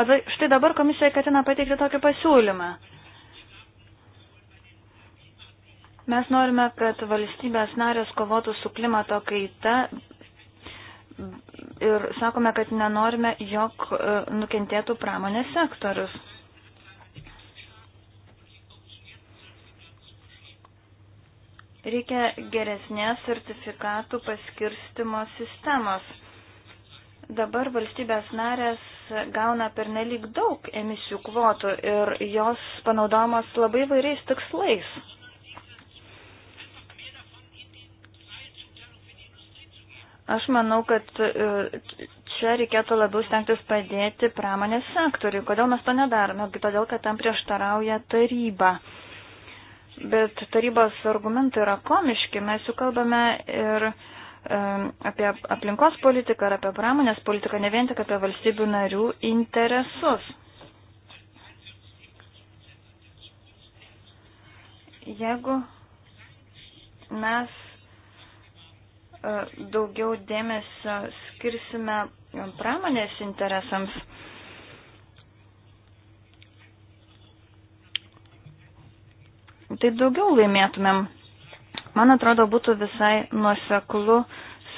O štai dabar komisija ketina pateikti tokį pasiūlymą. Mes norime, kad valstybės narės kovotų su klimato kaita ir sakome, kad nenorime, jog e, nukentėtų pramonės sektorius. Reikia geresnės sertifikatų paskirstimo sistemos. Dabar valstybės narės gauna pernelyg daug emisijų kvotų ir jos panaudojamos labai vairiais tikslais. Aš manau, kad e, čia reikėtų labiau stengtis padėti pramonės sektoriui. Kodėl mes to nedarome? Todėl, kad tam prieštarauja taryba. Bet tarybos argumentai yra komiški. Mes jau kalbame ir e, apie aplinkos politiką, ir apie pramonės politiką, ne vien tik apie valstybių narių interesus. Jeigu mes e, daugiau dėmesio skirsime pramonės interesams, tai daugiau laimėtumėm. Man atrodo, būtų visai nuoseklu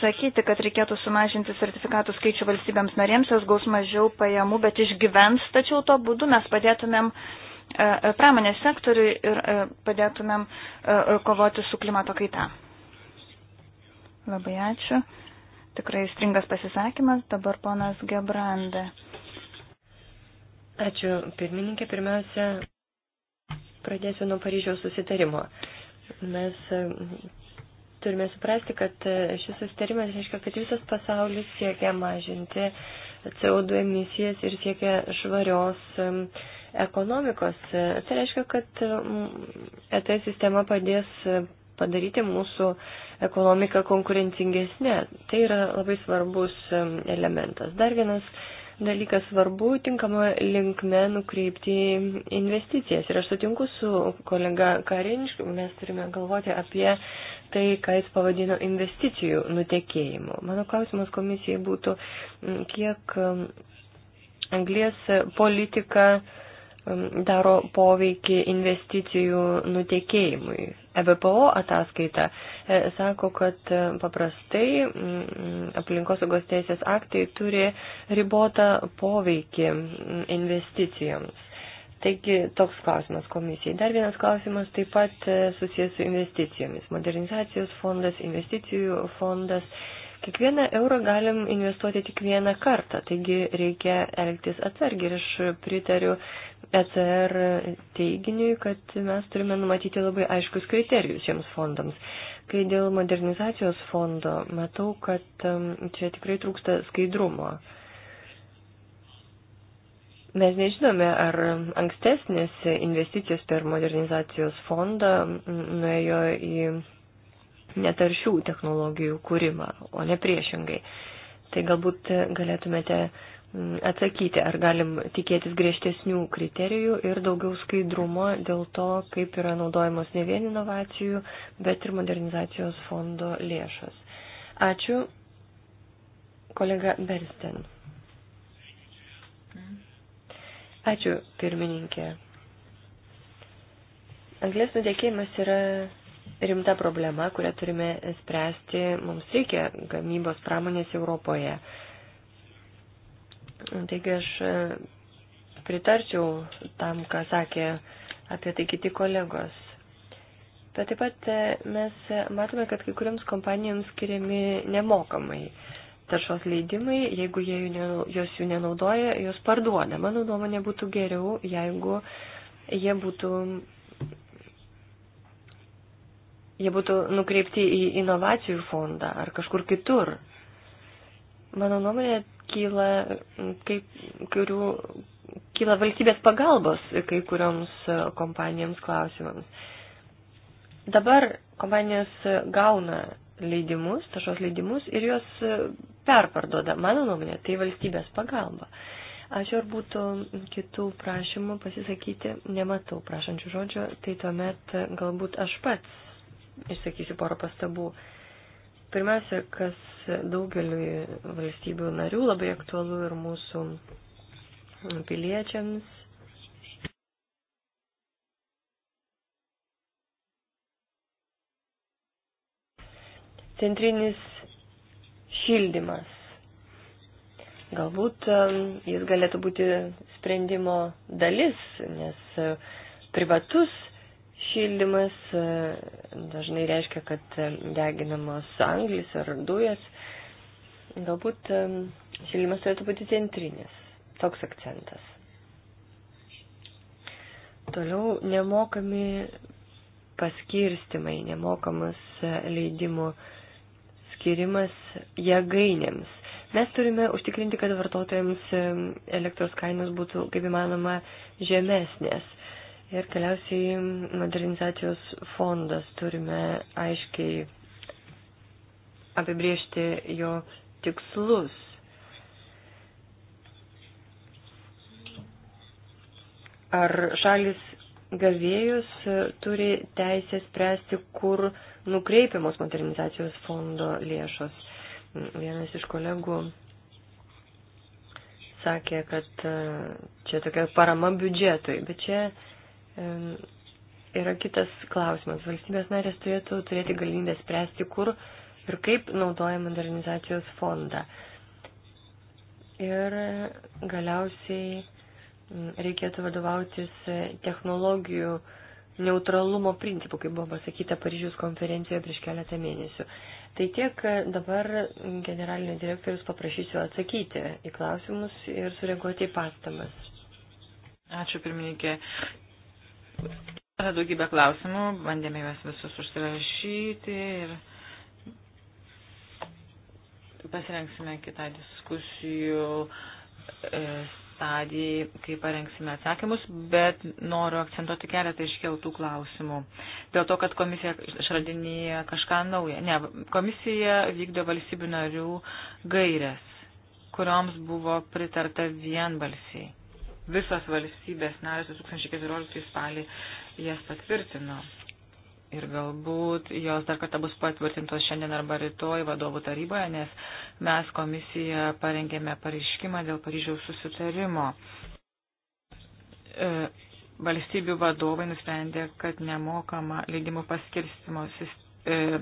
sakyti, kad reikėtų sumažinti sertifikatų skaičių valstybėms narėms, jos gaus mažiau pajamų, bet išgyvens, tačiau to būdu mes padėtumėm e, e, pramonės sektoriui ir e, padėtumėm kovoti su klimato kaita. Labai ačiū. Tikrai stringas pasisakymas. Dabar ponas Gebrande. Ačiū, pirmininkė. Pirmiausia, Pradėsiu nuo Paryžiaus susitarimo. Mes mm, turime suprasti, kad e, šis susitarimas reiškia, kad visas pasaulis siekia mažinti CO2 emisijas ir siekia švarios mm, ekonomikos. E, tai reiškia, kad mm, ET sistema padės e, padaryti mūsų ekonomiką konkurencingesnė. Tai yra labai svarbus elementas. Dar vienas dalykas svarbu tinkama linkme nukreipti investicijas. Ir aš sutinku su kolega Karinškiu, mes turime galvoti apie tai, ką jis pavadino investicijų nutekėjimu. Mano klausimas komisijai būtų, mm, kiek mm, anglės politika Um, daro poveikį investicijų nutekėjimui. EBPO ataskaita e, sako, kad e, paprastai mm, aplinkosaugos teisės aktai turi ribotą poveikį mm, investicijoms. Taigi toks klausimas komisijai. Dar vienas klausimas taip pat e, susijęs su investicijomis. Modernizacijos fondas, investicijų fondas. Kiekvieną eurą galim investuoti tik vieną kartą, taigi reikia elgtis atsargiai ir aš pritariu ECR teiginiui, kad mes turime numatyti labai aiškus kriterijus šiems fondams. Kai dėl modernizacijos fondo matau, kad čia tikrai trūksta skaidrumo. Mes nežinome, ar ankstesnės investicijos per modernizacijos fondą nuėjo į netaršių technologijų kūrimą, o ne priešingai. Tai galbūt galėtumėte atsakyti, ar galim tikėtis griežtesnių kriterijų ir daugiau skaidrumo dėl to, kaip yra naudojamos ne vien inovacijų, bet ir modernizacijos fondo lėšos. Ačiū, kolega Bersten. Ačiū, pirmininkė. Anglės nudėkėjimas yra rimta problema, kurią turime spręsti. Mums reikia gamybos pramonės Europoje. Taigi aš e, pritarčiau tam, ką sakė apie tai kiti kolegos. Bet taip pat e, mes matome, kad kai kuriams kompanijoms skiriami nemokamai taršos leidimai, jeigu jie jų, jos jų nenaudoja, jos parduoda. Mano nuomonė būtų geriau, jeigu jie būtų, jie būtų nukreipti į inovacijų fondą ar kažkur kitur. Mano nuomonė, kyla, kaip, kurių kyla valstybės pagalbos kai kurioms kompanijoms klausimams. Dabar kompanijos gauna leidimus, tašos leidimus ir juos perparduoda. Mano nuomonė, tai valstybės pagalba. Aš ar būtų kitų prašymų pasisakyti, nematau prašančių žodžio, tai tuomet galbūt aš pats išsakysiu porą pastabų. Uh, Pirmiausia, kas daugeliu valstybių narių labai aktualu ir mūsų piliečiams. Centrinis šildymas. Galbūt um, jis galėtų būti sprendimo dalis, nes uh, privatus šildymas e, dažnai reiškia, kad e, deginamos anglis ar dujas. Galbūt e, šildymas turėtų būti centrinis. Toks akcentas. Toliau nemokami paskirstimai, nemokamas leidimų skirimas jėgainėms. Mes turime užtikrinti, kad vartotojams elektros kainos būtų kaip įmanoma žemesnės Ir galiausiai modernizacijos fondas turime aiškiai apibriežti jo tikslus. Ar šalis gavėjus turi teisę spręsti, kur nukreipiamos modernizacijos fondo lėšos? Vienas iš kolegų sakė, kad e, čia tokia parama biudžetui, bet čia yra kitas klausimas. Valstybės narės turėtų turėti galimybę spręsti, kur ir kaip naudoja modernizacijos fondą. Ir galiausiai reikėtų vadovautis e, technologijų neutralumo principu, kaip buvo pasakyta Paryžiaus konferencijoje prieš keletą mėnesių. Tai tiek e, dabar generalinio direktorius paprašysiu atsakyti į klausimus ir sureaguoti į pastamas. Ačiū pirmininkė daugybę klausimų, bandėme juos visus užsirašyti ir pasirengsime kitą diskusijų e, stadijai, kai parengsime atsakymus, bet noriu akcentuoti keletą iškeltų klausimų. Dėl to, kad komisija išradinėja kažką naują. Ne, komisija vykdo valstybių narių gairias, kurioms buvo pritarta vienbalsiai visos valstybės narės 2014 spalį jas patvirtino. Ir galbūt jos dar kartą bus patvirtintos šiandien arba rytoj vadovų taryboje, nes mes komisija parengėme pareiškimą dėl Paryžiaus susitarimo. E, valstybių vadovai nusprendė, kad nemokama leidimų paskirstimo e,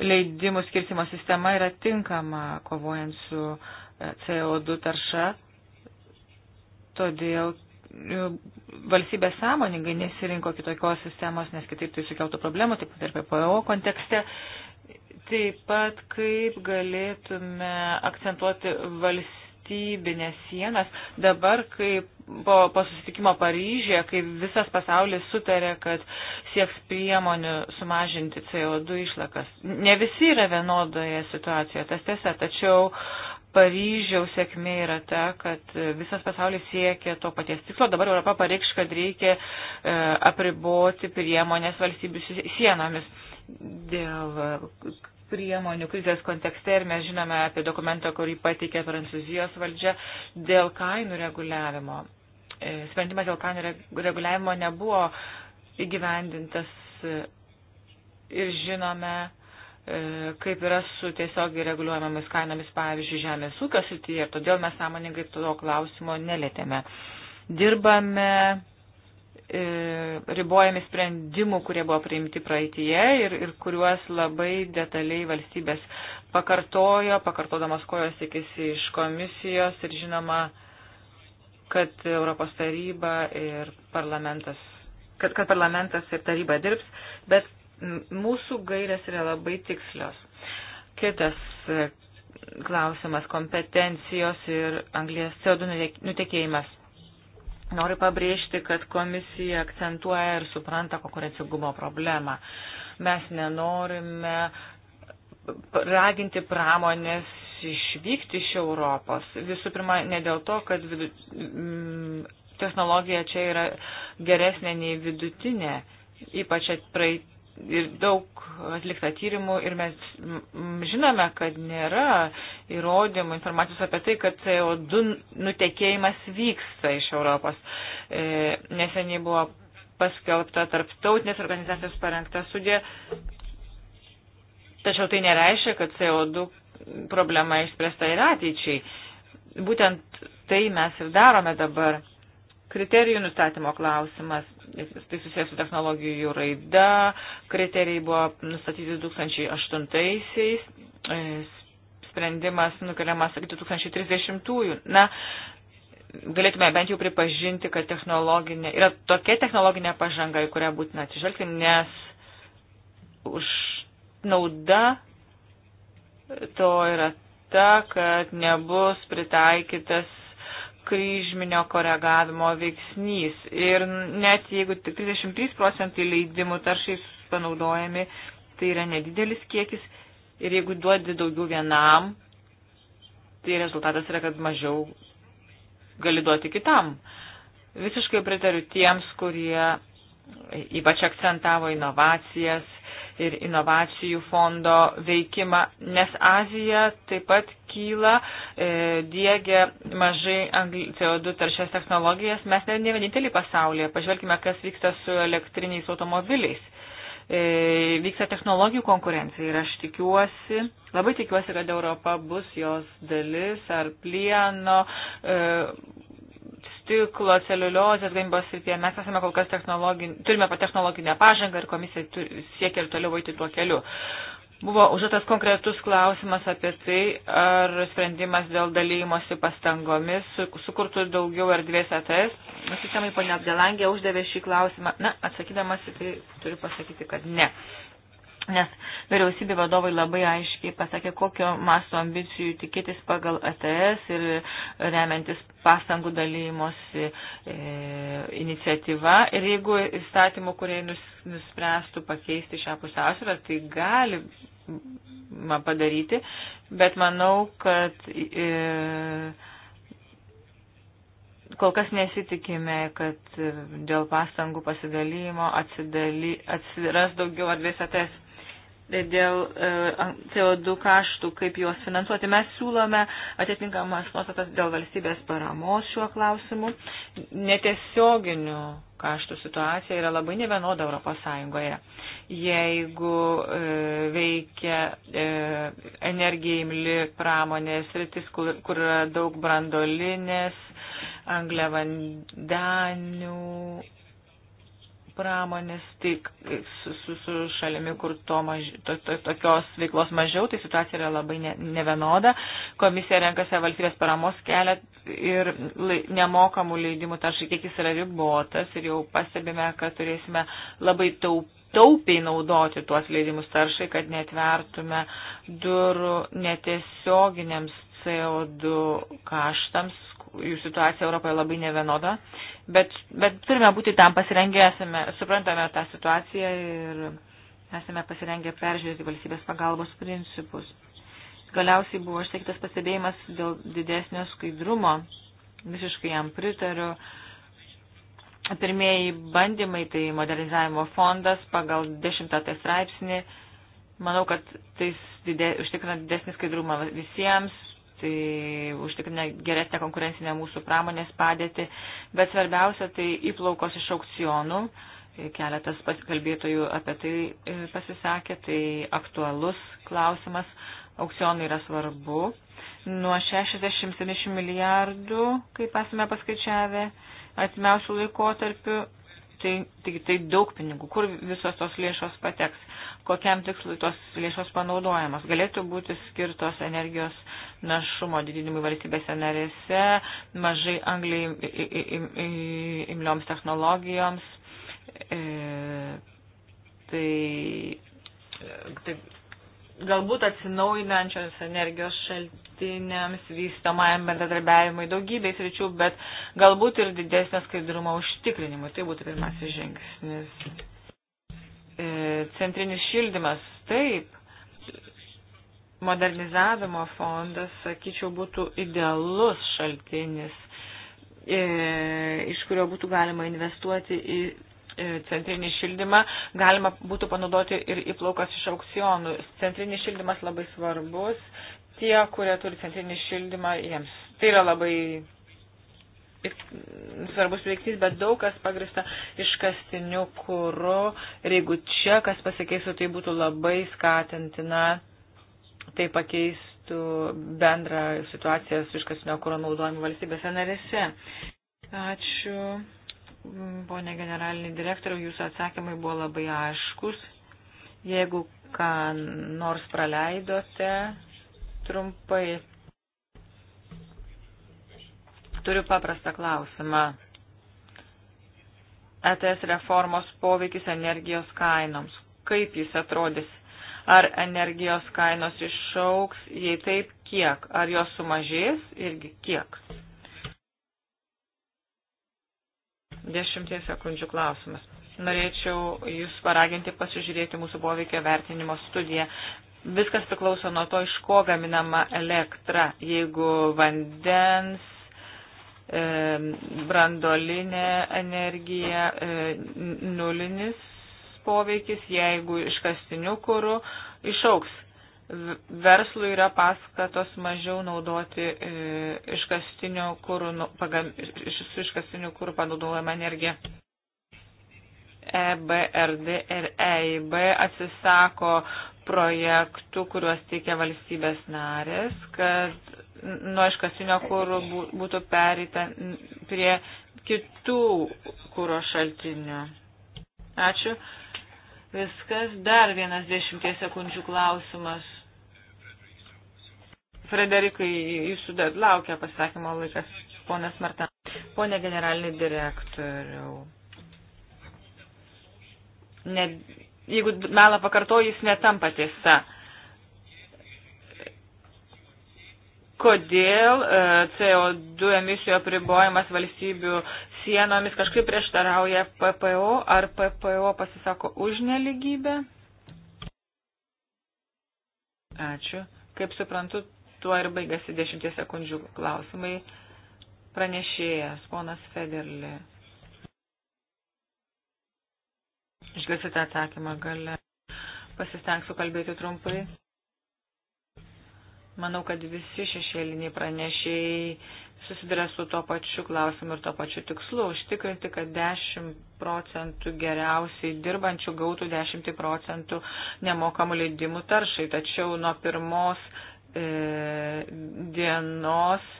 leidimų skirtimo sistema yra tinkama kovojant su e, CO2 tarša Todėl e, valstybė sąmoningai nesirinko kitokios sistemos, nes kitaip tai sukeltų problemų, taip pat ir PPO kontekste. Taip pat kaip galėtume akcentuoti valstybinės sienas dabar, kaip po, po susitikimo Paryžėje, kai visas pasaulis sutarė, kad sieks priemonių sumažinti CO2 išlakas. Ne visi yra vienodoje situacijoje, tas tiesa, tačiau uh, Paryžiaus sėkmė yra ta, kad visas pasaulis siekia to paties tikslo. Dabar Europa pareikš, kad reikia e, apriboti priemonės valstybių sienomis dėl e, priemonių krizės kontekste ir mes žinome apie dokumentą, kurį pateikė Prancūzijos valdžia dėl kainų reguliavimo. E, sprendimas dėl kainų reguliavimo nebuvo įgyvendintas e, ir žinome, E, kaip yra su tiesiogiai reguliuojamomis kainomis, pavyzdžiui, žemės ūkio srityje ir todėl mes sąmoningai to klausimo nelėtėme. Dirbame e, ribojami sprendimų, kurie buvo priimti praeitie ir, ir kuriuos labai detaliai valstybės pakartojo, pakartodamas kojos tikisi iš komisijos ir žinoma, kad Europos taryba ir parlamentas kad, kad parlamentas ir taryba dirbs, bet Mūsų gairės yra labai tikslios. Kitas e, klausimas - kompetencijos ir anglės CO2 nutekėjimas. Noriu pabrėžti, kad komisija akcentuoja ir supranta konkurencingumo problemą. Mes nenorime raginti pramonės išvykti iš Europos. Visų pirma, ne dėl to, kad vidu, technologija čia yra geresnė nei vidutinė, ypač praeit ir daug atlikta tyrimų ir mes žinome, kad nėra įrodymų, informacijos apie tai, kad CO2 nutekėjimas vyksta iš Europos. E, neseniai buvo paskelbta tarptautinės organizacijos parengta studija, tačiau tai nereiškia, kad CO2 problema išspręsta ir ateičiai. Būtent tai mes ir darome dabar. Kriterijų nustatymo klausimas, tai susijęs su technologijų raida, kriterijai buvo nustatyti 2008-aisiais, e, sprendimas nukeliamas iki 2030-ųjų. Na, galėtume bent jau pripažinti, kad technologinė, yra tokia technologinė pažanga, į kurią būtina atsižvelgti, nes už nauda to yra ta, kad nebus pritaikytas kryžminio koregavimo veiksnys. Ir net jeigu tik 33 procentai leidimų taršai panaudojami, tai yra nedidelis kiekis. Ir jeigu duodi daugiau vienam, tai rezultatas yra, kad mažiau gali duoti kitam. Visiškai pritariu tiems, kurie ypač akcentavo inovacijas ir inovacijų fondo veikimą, nes Azija taip pat kyla, e, dėgia mažai CO2 taršias technologijas. Mes ne, ne vieninteliai pasaulyje. Pažvelkime, kas vyksta su elektriniais automobiliais. E, vyksta technologijų konkurencija ir aš tikiuosi, labai tikiuosi, kad Europa bus jos dalis ar plieno, e, stiklo, celiuliozės gamybos srityje. Mes esame kol kas technologin, turime technologinę pažangą ir komisija siekia ir toliau eiti tuo keliu. Buvo užduotas konkretus klausimas apie tai, ar sprendimas dėl dalymosi pastangomis sukurtų daugiau erdvės ATS. Sistemai ponia Abdelangė uždavė šį klausimą. Na, atsakydamas į tai turiu pasakyti, kad ne nes vyriausybė vadovai labai aiškiai pasakė, kokio masto ambicijų tikėtis pagal ATS ir remiantis pastangų dalymosi e, iniciatyva. Ir jeigu įstatymų, kurie nus, nuspręstų pakeisti šią pusiausvyrą, tai gali padaryti, bet manau, kad e, kol kas nesitikime, kad dėl pastangų pasidalymo atsidaly, atsiras daugiau advėsatės dėl e, CO2 kaštų, kaip juos finansuoti. Mes siūlome atitinkamas nuostatas dėl valstybės paramos šiuo klausimu. Netiesioginių kaštų situacija yra labai nevienoda Europos Sąjungoje. Jeigu e, veikia e, energija imli pramonės rytis, kur, kur yra daug brandolinės, angliavandenių pramonės, tik su, su, su šalimi, kur to maž, to, to, tokios veiklos mažiau, tai situacija yra labai ne, nevienoda. Komisija renkasi valstybės paramos kelią ir lai, nemokamų leidimų taršai kiekis yra ribotas ir jau pastebime, kad turėsime labai taup, taupiai naudoti tuos leidimus taršai, kad netvertume durų netiesioginiams CO2 kaštams, jų situacija Europoje labai nevienoda, bet, bet turime būti tam pasirengę, esame, suprantame tą situaciją ir esame pasirengę peržiūrėti valstybės pagalbos principus. Galiausiai buvo išsakytas pastebėjimas dėl didesnio skaidrumo, visiškai jam pritariu. Pirmieji bandymai, tai modernizavimo fondas pagal 10 tai straipsnį, manau, kad tai didė, užtikrina didesnį skaidrumą visiems, tai užtikrina geresnę konkurencinę mūsų pramonės padėtį, bet svarbiausia tai įplaukos iš aukcionų. Keletas pasikalbėtojų apie tai e, pasisakė, tai aktualus klausimas, aukcionai yra svarbu. Nuo 60-70 milijardų, kaip esame paskaičiavę, atimiausių laikotarpių, tai, tai, tai daug pinigų, kur visos tos lėšos pateks kokiam tikslui tos lėšos panaudojamos. Galėtų būti skirtos energijos našumo didinimui valstybėse narėse, mažai angliai imlioms technologijoms. E, tai, tai galbūt atsinaujinančios energijos šaltiniams, vystamajam bendradarbiavimui daugybės ryčių, bet galbūt ir didesnio skaidrumo užtikrinimui. Tai būtų pirmasis žingsnis. E, centrinis šildymas, taip, modernizavimo fondas, sakyčiau, būtų idealus šaltinis, e, iš kurio būtų galima investuoti į e, centrinį šildymą, galima būtų panaudoti ir įplaukas iš aukcionų. Centrinis šildymas labai svarbus, tie, kurie turi centrinį šildymą, jiems tai yra labai tik svarbus veiksnys, bet daug kas pagrista iškastiniu kūru. Ir jeigu čia kas pasikeisų, tai būtų labai skatintina, tai pakeistų bendrą situaciją su iškastinio kūro naudojimu valstybėse narėse. Ačiū, ponė generalinį direktorių, jūsų atsakymai buvo labai aiškus. Jeigu ką nors praleidote, trumpai Turiu paprastą klausimą. ETS reformos poveikis energijos kainoms. Kaip jis atrodys? Ar energijos kainos išauks, jei taip, kiek? Ar jos sumažės irgi kiek? Dešimties sekundžių klausimas. Norėčiau Jūs paraginti pasižiūrėti mūsų poveikio vertinimo studiją. Viskas priklauso nuo to, iš ko gaminama elektra. Jeigu vandens E, brandolinė energija, e, nulinis poveikis, jeigu iškastiniu kūru išauks. Verslui yra paskatos mažiau naudoti e, iškastinių kūrų, nu, su iškastiniu kūru panaudojama energija. EBRD ir EIB atsisako projektų, kuriuos teikia valstybės narės, kad nuo iškasinio kūro būtų perita prie kitų kūro šaltinių. Ačiū. Viskas. Dar vienas dešimties sekundžių klausimas. Frederikai, jūsų dar laukia pasakymo laikas, ponas Martan. Pone generalinį direktoriau. Ne, jeigu melą pakartoji, jis netampa tiesa. Kodėl e, CO2 emisijų apribojimas valstybių sienomis kažkaip prieštarauja PPO, ar PPO pasisako už neligybę? Ačiū. Kaip suprantu, tuo ir baigėsi dešimties sekundžių klausimai pranešėjas, ponas Federlė. Išgirsite atsakymą gale. Pasistengsiu kalbėti trumpai. Manau, kad visi šešėliniai pranešiai susiduria su to pačiu klausimu ir to pačiu tikslu - užtikrinti, kad 10 procentų geriausiai dirbančių gautų 10 procentų nemokamų leidimų taršai. Tačiau nuo pirmos e, dienos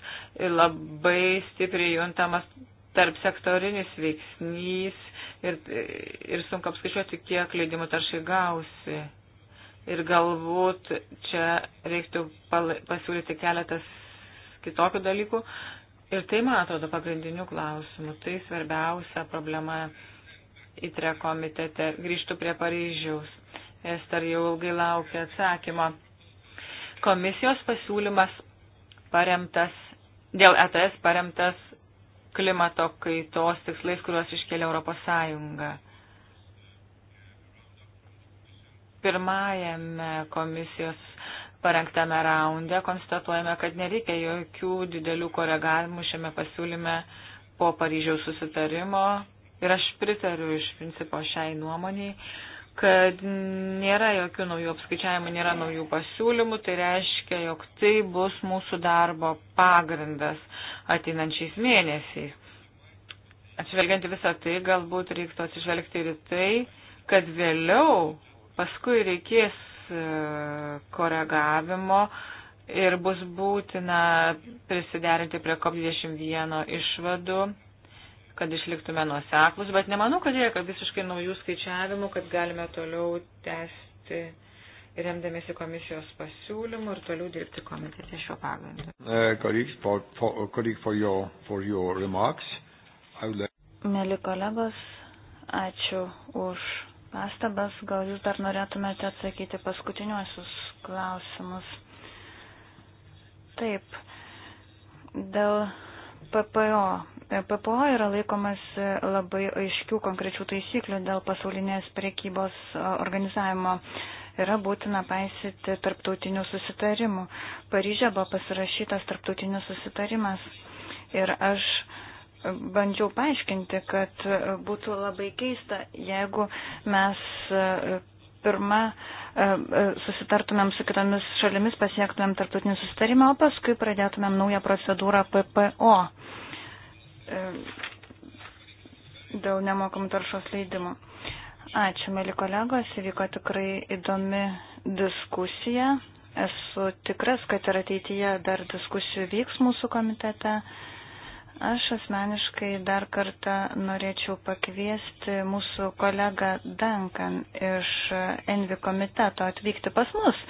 labai stipriai juntamas tarp sektorinis veiksnys ir, ir sunku apskaičiuoti, kiek leidimų taršai gausi. Ir galbūt čia reiktų pasiūlyti keletas kitokių dalykų. Ir tai, man atrodo, pagrindinių klausimų. Tai svarbiausia problema įtre komitete. Grįžtų prie Paryžiaus. Ester jau ilgai laukia atsakymo. Komisijos pasiūlymas paremtas, dėl ETS paremtas klimato kaitos tikslais, kuriuos iškelia Europos Sąjunga. Pirmajame komisijos parengtame raunde konstatuojame, kad nereikia jokių didelių koregavimų šiame pasiūlyme po Paryžiaus susitarimo. Ir aš pritariu iš principo šiai nuomoniai kad nėra jokių naujų apskaičiavimų, nėra naujų pasiūlymų, tai reiškia, jog tai bus mūsų darbo pagrindas ateinančiais mėnesiais. Atsižvelgiant visą tai, galbūt reiktų atsižvelgti ir tai, kad vėliau paskui reikės e, koregavimo ir bus būtina prisiderinti prie COP21 išvadų kad išliktume nuoseklus, bet nemanau, kad reikia visiškai naujų skaičiavimų, kad galime toliau tęsti remdamėsi komisijos pasiūlymų ir toliau dirbti komitete šiuo pagrindu. Mėly kolegos, ačiū už pastabas. Gal jūs dar norėtumėte atsakyti paskutiniuosius klausimus? Taip. Dėl PPO PPO yra laikomas labai aiškių konkrečių taisyklių dėl pasaulinės priekybos e, organizavimo. Yra būtina paisyti tarptautinių susitarimų. Paryžė buvo pasirašytas tarptautinis susitarimas. Ir aš bandžiau paaiškinti, kad būtų labai keista, jeigu mes e, pirmą e, susitartumėm su kitomis šalimis, pasiektumėm tarptautinį susitarimą, o paskui pradėtumėm naują procedūrą PPO. E, dėl nemokamų taršos leidimo. Ačiū, mėly kolegos, įvyko tikrai įdomi diskusija. Esu tikras, kad ir ateityje dar diskusijų vyks mūsų komitete. Aš asmeniškai dar kartą norėčiau pakviesti mūsų kolegą Duncan iš Envi komiteto atvykti pas mus.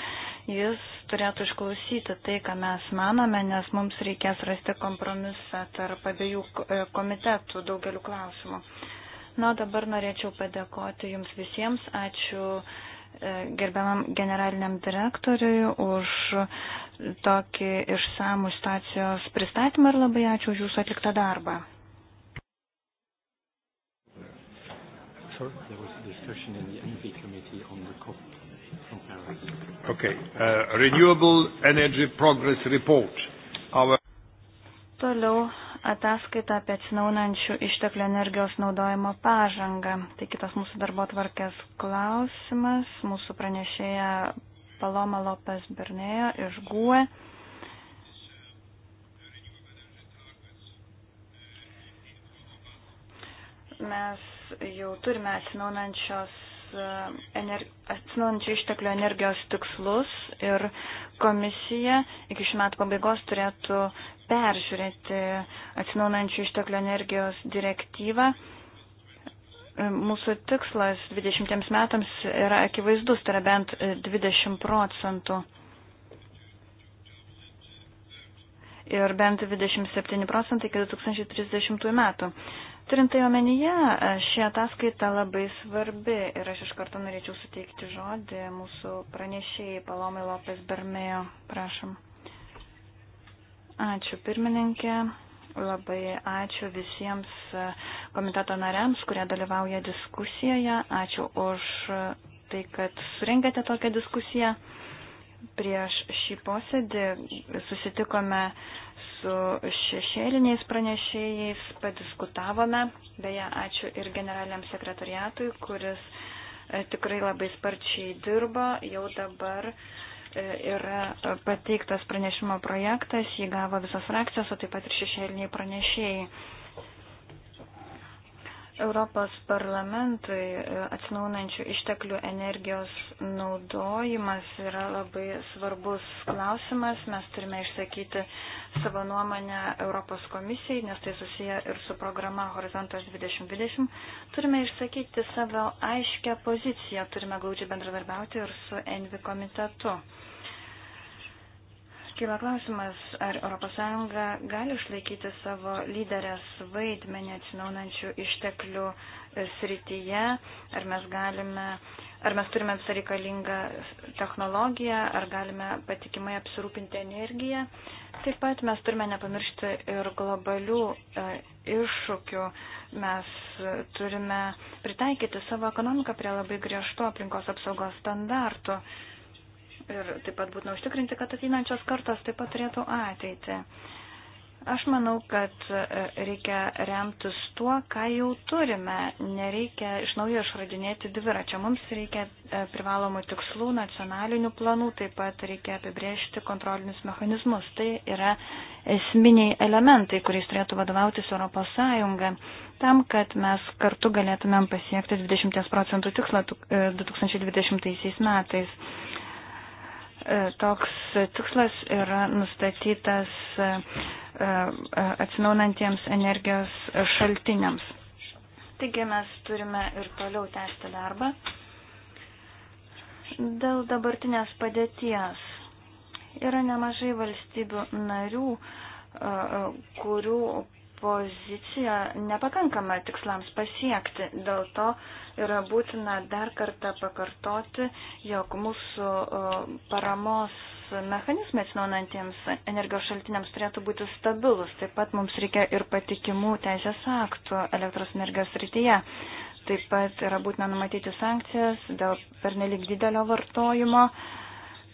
Jis turėtų išklausyti tai, ką mes manome, nes mums reikės rasti kompromisą tarp abiejų e, komitetų daugeliu klausimų. Na, dabar norėčiau padėkoti Jums visiems. Ačiū e, gerbiamam generaliniam direktoriui už tokį išsamų stacijos pristatymą ir labai ačiū už jūsų atliktą darbą. Sorry, there was a discussion in the Okay. Uh, Renewable Energy Progress Report. Our... Toliau ataskaita apie atsinaunančių išteklių energijos naudojimo pažangą. Tai kitas mūsų darbo tvarkės klausimas. Mūsų pranešėja Paloma Lopes Bernėjo iš GUE. Mes jau turime atsinaunančios atsinaujančių išteklių energijos tikslus ir komisija iki šių metų pabaigos turėtų peržiūrėti atsinaujančių išteklių energijos direktyvą. Mūsų tikslas 20 metams yra akivaizdus, tai yra bent 20 procentų. Ir bent 27 procentai iki 2030 metų. Turint tai omenyje, ši ataskaita labai svarbi ir aš iš karto norėčiau suteikti žodį mūsų pranešėjai Palomai Lopes Bermejo. Prašom. Ačiū pirmininkė. Labai ačiū visiems e, komiteto nariams, kurie dalyvauja diskusijoje. Ačiū už tai, kad surengėte tokią diskusiją. Prieš šį posėdį susitikome su šešėliniais pranešėjais padiskutavome. Beje, ačiū ir generaliniam sekretariatui, kuris e, tikrai labai sparčiai dirbo. Jau dabar e, yra e, pateiktas pranešimo projektas, jį gavo visos frakcijos, o taip pat ir šešėliniai pranešėjai. Europos parlamentui e, atsinaunančių išteklių energijos naudojimas yra labai svarbus klausimas. Mes turime išsakyti savo nuomonę Europos komisijai, nes tai susiję ir su programa Horizontas 2020. Turime išsakyti savo aiškę poziciją, turime glaudžiai bendradarbiauti ir su ENVI komitetu. Kyla klausimas, ar ES gali išlaikyti savo lyderės vaidmenį atsinaunančių išteklių e, srityje, ar mes, galime, ar mes turime visą reikalingą technologiją, ar galime patikimai apsirūpinti energiją. Taip pat mes turime nepamiršti ir globalių e, iššūkių. Mes turime pritaikyti savo ekonomiką prie labai griežtų aplinkos apsaugos standartų. E, ir taip pat būtina užtikrinti, kad ateinančios kartos taip pat turėtų ateitį. Aš manau, kad e, reikia remtis tuo, ką jau turime. Nereikia iš naujo išradinėti dviračio. Mums reikia e, privalomų tikslų, nacionalinių planų, taip pat reikia apibriežti kontrolinius mechanizmus. Tai yra esminiai elementai, kuriais turėtų vadovautis Europos Sąjunga, tam, kad mes kartu galėtumėm pasiekti 20 procentų tikslą 2020 e, metais toks tikslas yra nustatytas e, e, atsinaunantiems energijos šaltiniams. Taigi mes turime ir toliau tęsti darbą. Dėl dabartinės padėties yra nemažai valstybių narių, e, kurių pozicija nepakankama tikslams pasiekti. Dėl to yra būtina dar kartą pakartoti, jog mūsų paramos mechanizmai atsinaunantiems energijos šaltiniams turėtų būti stabilus. Taip pat mums reikia ir patikimų teisės aktų elektros energijos rytyje. Taip pat yra būtina numatyti sankcijas dėl pernelik didelio vartojimo. Uh,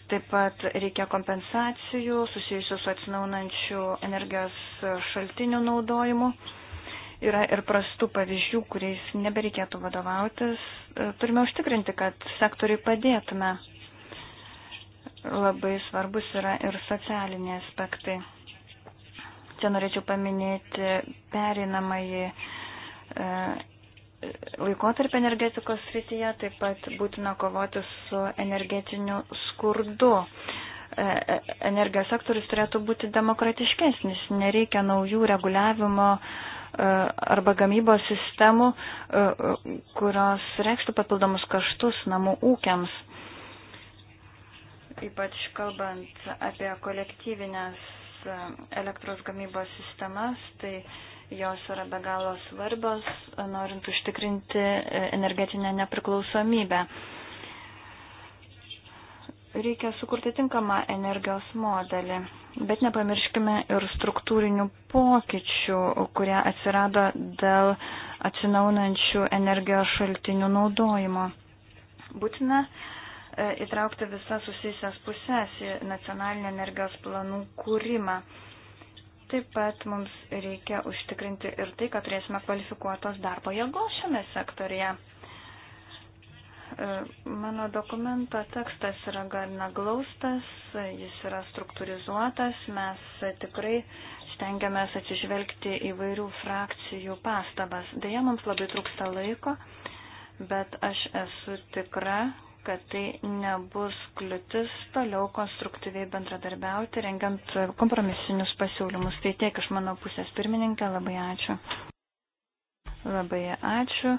Taip pat reikia kompensacijų susijusių su atsinaunančių energijos šaltinių naudojimu. Yra ir prastų pavyzdžių, kuriais nebereikėtų vadovautis. Turime užtikrinti, kad sektoriai padėtume. Labai svarbus yra ir socialiniai aspektai. Čia norėčiau paminėti perinamąjį e, laikotarpį energetikos srityje, taip pat būtina kovoti su energetiniu skurdu. E, e, energijos sektorius turėtų būti demokratiškesnis, nereikia naujų reguliavimo e, arba gamybos sistemų, kurios reikštų papildomus kaštus namų ūkiams. Ypač kalbant apie kolektyvinės elektros gamybos sistemas, tai uh, Jos yra be galo svarbios, norint užtikrinti e, energetinę nepriklausomybę. Reikia sukurti tinkamą energijos modelį, bet nepamirškime ir struktūrinių pokyčių, kurie atsirado dėl atsinaunančių energijos šaltinių naudojimo. Būtina e, įtraukti visas susijusias pusės į nacionalinį energijos planų kūrimą. Taip pat mums reikia užtikrinti ir tai, kad turėsime kvalifikuotos darbo jėgos šiame sektorėje. Mano dokumento tekstas yra gana glaustas, jis yra struktūrizuotas, mes tikrai stengiamės atsižvelgti įvairių frakcijų pastabas. Deja, mums labai trūksta laiko, bet aš esu tikra, kad tai nebus kliūtis toliau konstruktyviai bendradarbiauti, rengiant kompromisinius pasiūlymus. Tai tiek iš mano pusės pirmininkė, labai ačiū. Labai ačiū.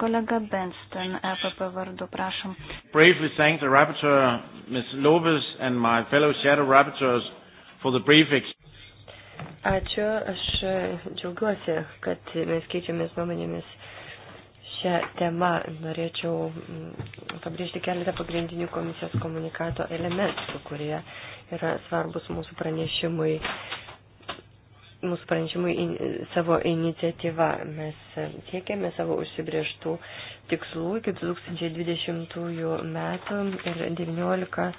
Kolega Benston, EPP vardu, prašom. Briefly thank the rapporteur, Ms. Lobes, and my fellow shadow rapporteurs for the brief Ačiū, aš džiaugiuosi, kad mes keičiamės nuomonėmis šią temą norėčiau mm, pabrėžti keletą pagrindinių komisijos komunikato elementų, kurie yra svarbus mūsų pranešimui. Mūsų pranešimui in, savo iniciatyva mes siekėme savo užsibrieštų tikslų iki 2020 metų ir 19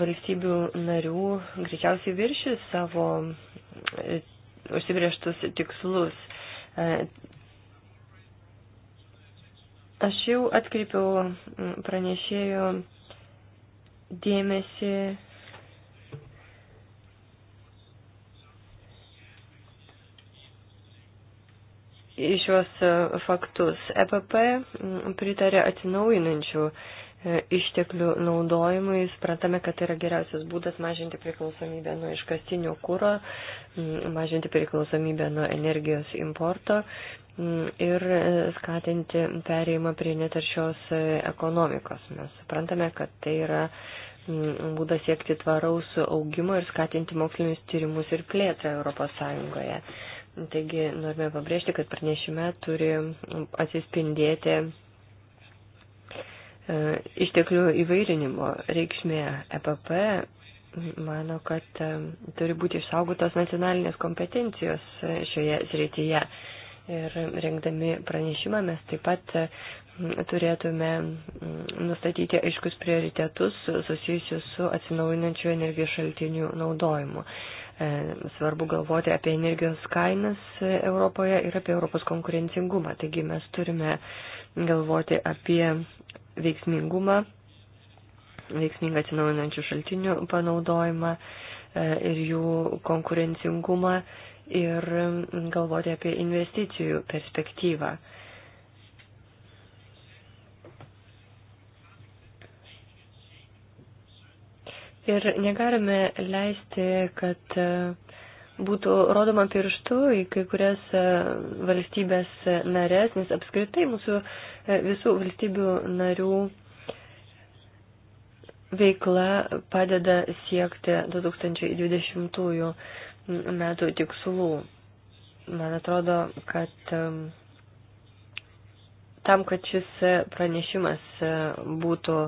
valstybių narių greičiausiai viršys savo e, užsibrieštus tikslus e, Aš jau atkreipiau mm, pranešėjų dėmesį į šiuos e, faktus. EPP mm, pritarė atsinaujinančių e, išteklių naudojimui. Sprantame, kad tai yra geriausias būdas mažinti priklausomybę nuo iškastinio kūro, mm, mažinti priklausomybę nuo energijos importo ir skatinti perėjimą prie netaršios ekonomikos. Mes suprantame, kad tai yra mm, būdas siekti tvaraus augimo ir skatinti mokslinius tyrimus ir plėtrą Europos Sąjungoje. Taigi norime pabrėžti, kad pranešime turi atsispindėti e, išteklių įvairinimo reikšmė EPP mano, kad e, turi būti išsaugotos nacionalinės kompetencijos e, šioje srityje. Ir rengdami pranešimą mes taip pat mm, turėtume mm, nustatyti aiškius prioritetus susijusius su atsinaujinančių energijos šaltinių naudojimu. E, svarbu galvoti apie energijos kainas Europoje ir apie Europos konkurencingumą. Taigi mes turime galvoti apie veiksmingumą, veiksmingą atsinaujinančių šaltinių panaudojimą e, ir jų konkurencingumą ir galvoti apie investicijų perspektyvą. Ir negalime leisti, kad e, būtų rodoma pirštu į kai kurias e, valstybės narės, nes apskritai mūsų e, visų valstybių narių veikla padeda siekti 2020 metų tikslų. Man atrodo, kad tam, kad šis pranešimas e, būtų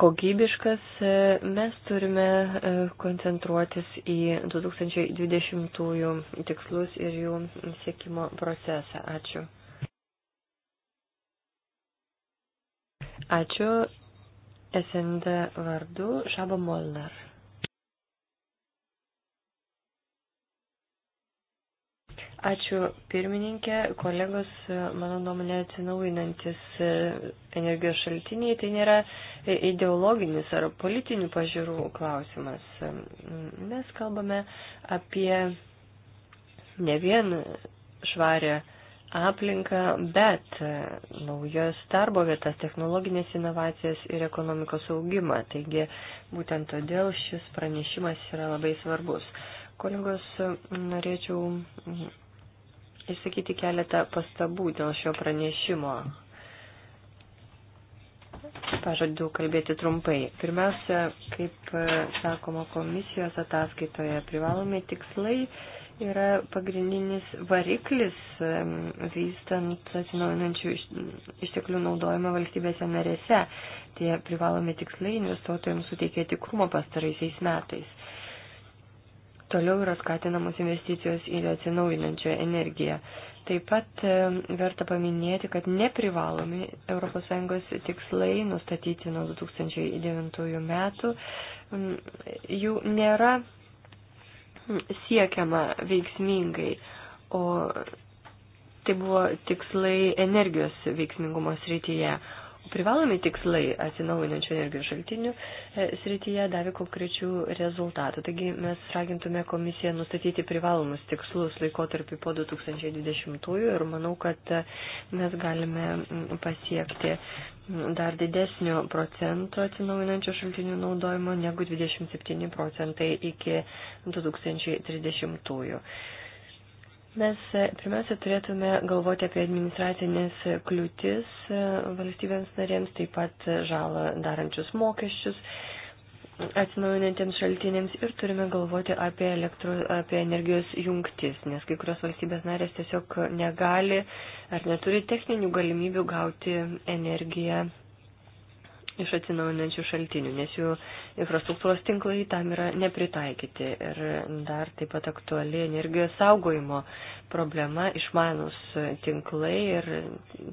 kokybiškas, e, mes turime e, koncentruotis į 2020 tikslus ir jų siekimo procesą. Ačiū. Ačiū. SND vardu Šaba Molnar. Ačiū pirmininkė, kolegos, mano nuomonė atsinaujinantis e, energijos šaltiniai, tai nėra e, ideologinis ar politinių pažiūrų klausimas. Mes kalbame apie ne vien švarę aplinką, bet e, naujas darbo vietas, technologinės inovacijas ir ekonomikos augimą. Taigi būtent todėl šis pranešimas yra labai svarbus. Kolegos, norėčiau išsakyti keletą pastabų dėl šio pranešimo. Pažadu kalbėti trumpai. Pirmiausia, kaip e, sakoma komisijos ataskaitoje, privalomi tikslai yra pagrindinis variklis vystant atsinaujinančių išteklių naudojimą valstybėse narėse. Tie privalomi tikslai investuotojams suteikė tikrumo pastaraisiais metais. Toliau yra skatinamos investicijos į atsinaujinančią energiją. Taip pat e, verta paminėti, kad neprivalomi ES tikslai nustatyti nuo 2009 metų mm, jų nėra mm, siekiama veiksmingai, o tai buvo tikslai energijos veiksmingumo srityje privalomi tikslai atsinaujinančių energijos šaltinių e, srityje davė konkrečių rezultatų. Taigi mes ragintume komisiją nustatyti privalomus tikslus laikotarpį po 2020 ir manau, kad e, mes galime pasiekti dar didesnio procento atsinaujinančių šaltinių naudojimo negu 27 procentai iki 2030. Mes e, pirmiausia turėtume galvoti apie administracinės kliūtis e, valstybėms narėms, taip pat žalą darančius mokesčius atsinaujinantiems šaltiniams ir turime galvoti apie, elektro, apie energijos jungtis, nes kai kurios valstybės narės tiesiog negali ar neturi techninių galimybių gauti energiją iš atsinaujinančių šaltinių, nes jų infrastruktūros tinklai tam yra nepritaikyti. Ir dar taip pat aktuali energijos saugojimo problema, išmanus tinklai ir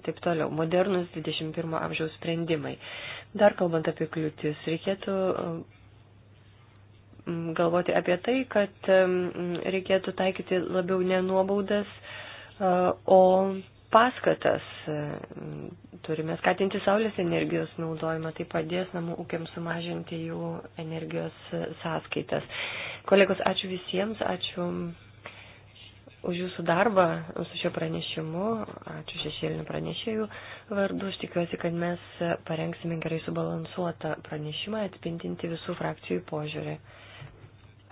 taip toliau, modernus 21 amžiaus sprendimai. Dar kalbant apie kliūtis, reikėtų mm, galvoti apie tai, kad mm, reikėtų taikyti labiau ne nuobaudas, o paskatas, e, turime skatinti saulės energijos naudojimą, tai padės namų ūkiams sumažinti jų energijos sąskaitas. Kolegos, ačiū visiems, ačiū už jūsų darbą su šio pranešimu, ačiū šešėlinių pranešėjų vardu, aš tikiuosi, kad mes parengsime gerai subalansuotą pranešimą atspindinti visų frakcijų požiūrį.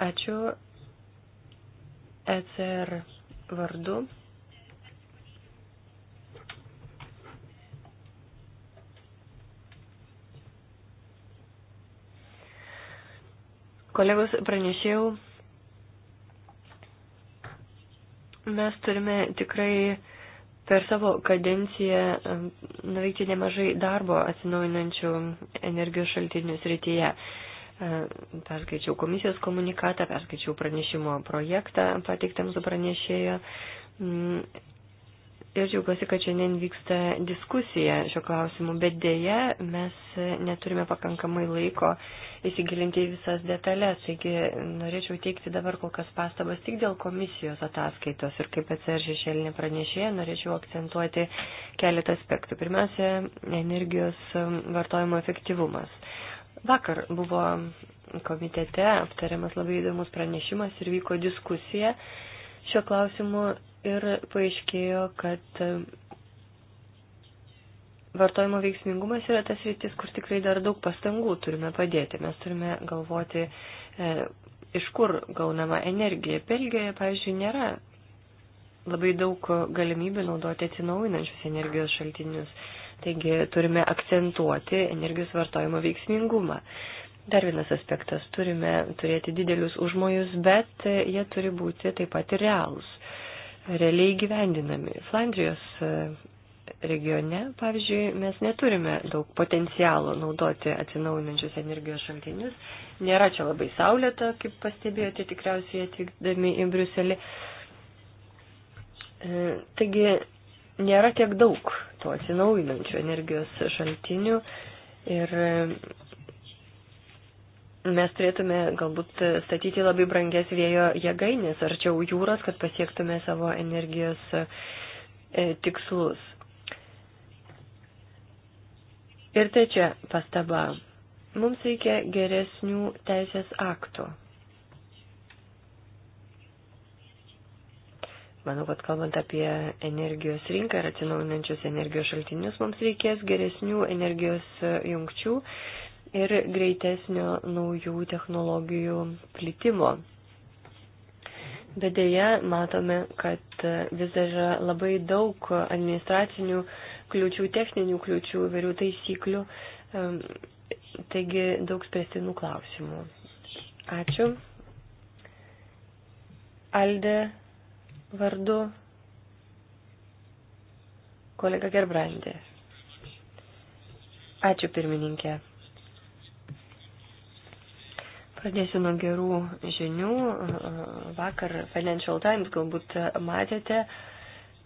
Ačiū ECR vardu. Kolegos pranešėjau, mes turime tikrai per savo kadenciją nuveikti nemažai darbo atsinaujinančių energijos šaltinių srityje e, perskaičiau komisijos komunikatą, perskaičiau pranešimo projektą pateiktą mūsų pranešėjo. Mm, Ir džiaugiuosi, kad šiandien vyksta diskusija šio klausimu, bet dėja mes neturime pakankamai laiko įsigilinti į visas detalės. Taigi norėčiau teikti dabar kol kas pastabas tik dėl komisijos ataskaitos ir kaip atsar šešėlinė pranešėja norėčiau akcentuoti keletą aspektų. Pirmiausia, energijos vartojimo efektyvumas. Vakar buvo komitete aptariamas labai įdomus pranešimas ir vyko diskusija šio klausimu ir paaiškėjo, kad e, vartojimo veiksmingumas yra tas rytis, kur tikrai dar daug pastangų turime padėti. Mes turime galvoti, e, iš kur gaunama energija. Belgijoje, pavyzdžiui, nėra labai daug galimybių naudoti atsinaujinančius energijos šaltinius. Taigi turime akcentuoti energijos vartojimo veiksmingumą. Dar vienas aspektas. Turime turėti didelius užmojus, bet jie turi būti taip pat ir realūs, realiai gyvendinami. Flandrijos e, regione, pavyzdžiui, mes neturime daug potencialo naudoti atsinaujinančius energijos šaltinius. Nėra čia labai saulėta, kaip pastebėjote tikriausiai atvykdami į Briuselį. E, taigi nėra tiek daug to atsinaujinančių energijos šaltinių ir mes turėtume galbūt statyti labai brangias vėjo jėgainės arčiau jūros, kad pasiektume savo energijos e, tikslus. Ir tai čia pastaba. Mums reikia geresnių teisės aktų. Manau, kad kalbant apie energijos rinką ir atsinaujinančius energijos šaltinius, mums reikės geresnių energijos e, jungčių ir greitesnio naujų technologijų plitimo. Bet dėja matome, kad vis dar yra labai daug administracinių kliūčių, techninių kliūčių, vairių taisyklių, taigi daug spręstinų klausimų. Ačiū. Alde vardu kolega Gerbrandė. Ačiū pirmininkė. Pradėsiu nuo gerų žinių. Vakar Financial Times galbūt matėte,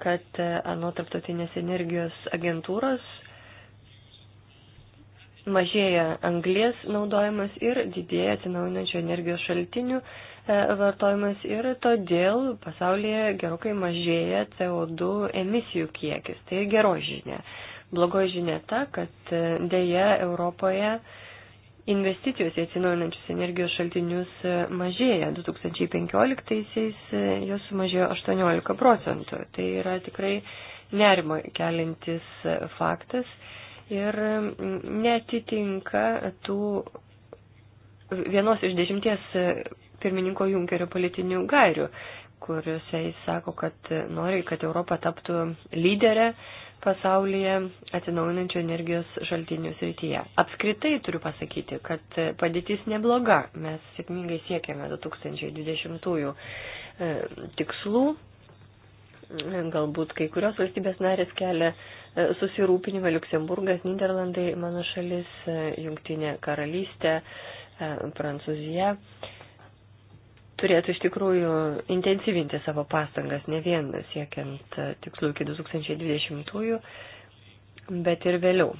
kad anot tarptautinės energijos agentūros mažėja anglės naudojimas ir didėja atsinaujinančių energijos šaltinių e, vartojimas ir todėl pasaulyje gerokai mažėja CO2 emisijų kiekis. Tai geroji žinia. Blogoji žinia ta, kad e, dėja Europoje investicijos į atsinaujinančius energijos šaltinius e, mažėja. 2015-aisiais e, jos sumažėjo 18 procentų. Tai yra tikrai nerimo kelintis e, faktas ir netitinka tų vienos iš dešimties pirmininko Junkerio politinių gairių, kuriuose jis sako, kad nori, kad Europa taptų lyderę pasaulyje atsinaujinančių energijos šaltinių srityje. Apskritai turiu pasakyti, kad padėtis nebloga. Mes sėkmingai siekiame 2020 e, tikslų. E, galbūt kai kurios valstybės narės kelia e, susirūpinimą Luksemburgas, Niderlandai, mano šalis, Jungtinė karalystė, Prancūzija turėtų iš tikrųjų intensyvinti savo pastangas, ne vien siekiant e, tikslų iki 2020, bet ir vėliau.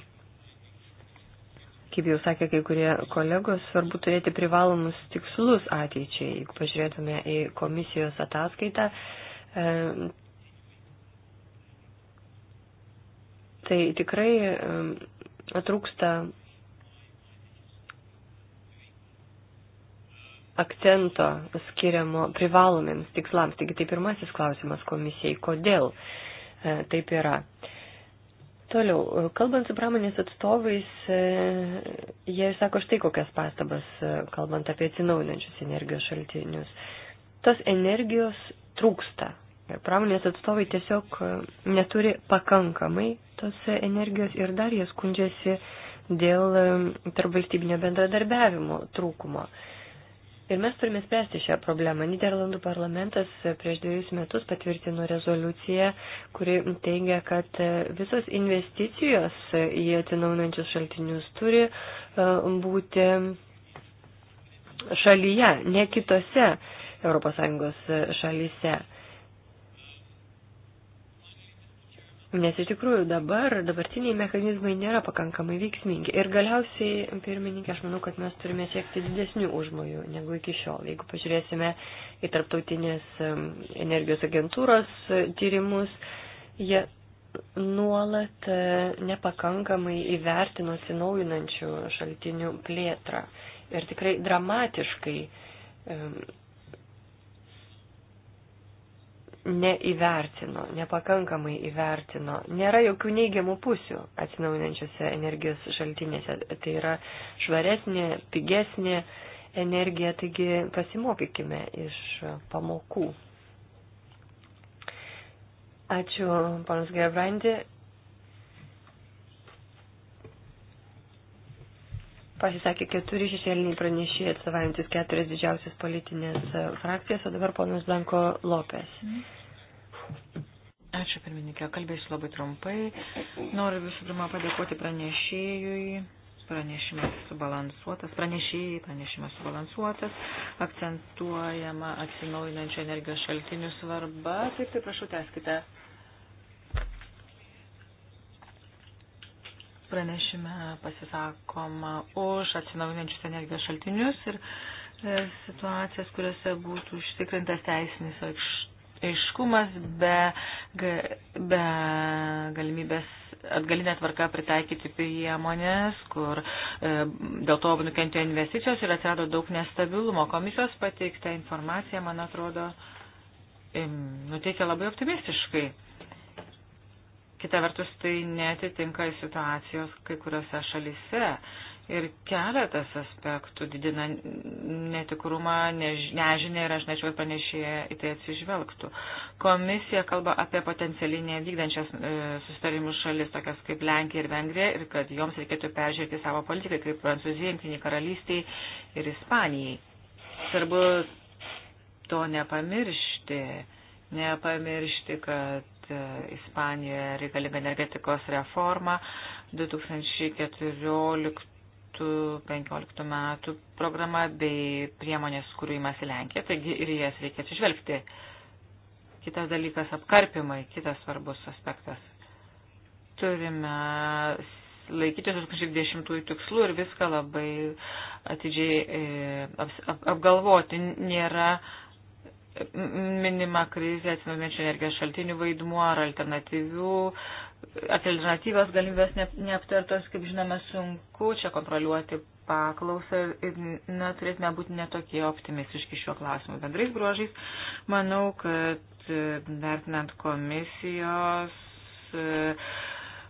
Kaip jau sakė kai kurie kolegos, svarbu turėti privalomus tikslus ateičiai. Jeigu pažiūrėtume į komisijos ataskaitą, e, tai tikrai atrūksta e, akcento skiriamo privalomiems tikslams. Taigi tai pirmasis klausimas komisijai, kodėl e, taip yra. Toliau, e, kalbant su pramonės atstovais, e, jie sako štai kokias pastabas, kalbant apie atsinaujinančius energijos šaltinius. Tos energijos trūksta. Pramonės atstovai tiesiog neturi pakankamai tos energijos ir dar jie skundžiasi dėl tarpvalstybinio bendradarbiavimo trūkumo. Ir mes turime spręsti šią problemą. Niderlandų parlamentas e, prieš dviejus metus patvirtino rezoliuciją, kuri teigia, kad e, visos investicijos e, į atsinaunančius šaltinius turi būti šalyje, ne kitose ES šalyse. Nes iš tikrųjų dabar dabartiniai mechanizmai nėra pakankamai veiksmingi. Ir galiausiai, pirmininkė, aš manau, kad mes turime siekti didesnių užmojų negu iki šiol. Jeigu pažiūrėsime į tarptautinės energijos agentūros e, tyrimus, jie nuolat e, nepakankamai įvertino atsinaujinančių šaltinių plėtrą. Ir tikrai dramatiškai neįvertino, nepakankamai įvertino. Nėra jokių neigiamų pusių atsinaujinančiose energijos šaltinėse. Tai yra švaresnė, pigesnė energija, taigi pasimokykime iš pamokų. Ačiū, panas Gerbrandi. pasisakė keturi šešėliniai pranešėjai atstovaujantis keturias didžiausias politinės e, frakcijas, o dabar ponas Blanko Lopes. Ačiū pirmininkė, kalbėsiu labai trumpai. Noriu visų pirma padėkoti pranešėjui. Pranešimas subalansuotas, pranešėjai, pranešimas subalansuotas, akcentuojama atsinaujinančio energijos šaltinių svarba. Taip, tai prašau, teskite. Pranešime pasisakoma už atsinaujinančius energijos šaltinius ir e, situacijas, kuriuose būtų užtikrintas teisinis aiškumas be, be galimybės atgalinę tvarką pritaikyti priemonės, kur e, dėl to nukentėjo investicijos ir atsirado daug nestabilumo. Komisijos pateikta informacija, man atrodo, e, nuteikia labai optimistiškai. Kita vertus, tai netitinka situacijos kai kuriuose šalise. Ir keletas aspektų didina netikrumą, nežinia ir aš nečiau, kad panešėje į tai atsižvelgtų. Komisija kalba apie potencialiai nevykdančias e, sustarimų šalis, tokias kaip Lenkija ir Vengrija, ir kad joms reikėtų peržiūrėti savo politiką, kaip Prancūzija, Junktiniai karalystiai ir Ispanijai. Svarbu to nepamiršti, nepamiršti, kad E, Ispanijoje reikalinga energetikos reforma 2014-2015 metų programa bei priemonės, kurių įmasi Lenkija, taigi ir jas reikia atsižvelgti. Kitas dalykas - apkarpimai, kitas svarbus aspektas. Turime laikytis 2010 tikslų ir viską labai atidžiai e, apgalvoti. Nėra minima krizė, atsinaujinančių energijos šaltinių vaidmuo ar alternatyvių, alternatyvas galimybės ne, neaptartos, kaip žinome, sunku čia kontroliuoti paklausą ir na, turėtume būti netokie optimistiški šiuo klausimu. Bendrais bruožais manau, kad e, vertinant komisijos e,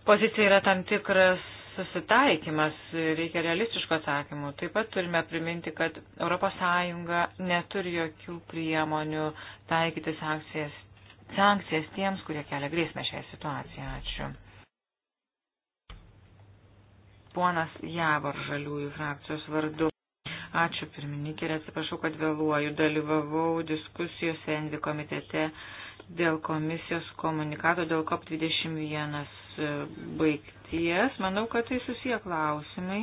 poziciją yra tam tikras susitaikymas, reikia realistiško atsakymų. Taip pat turime priminti, kad ES neturi jokių priemonių taikyti sankcijas, sankcijas tiems, kurie kelia grėsmę šią situaciją. Ačiū. Ponas Javor žaliųjų frakcijos vardu. Ačiū pirmininkė ir atsiprašau, kad vėluoju. Dalyvavau diskusijose Envi komitete dėl komisijos komunikato, dėl COP21 baigties. Manau, kad tai susiję klausimai.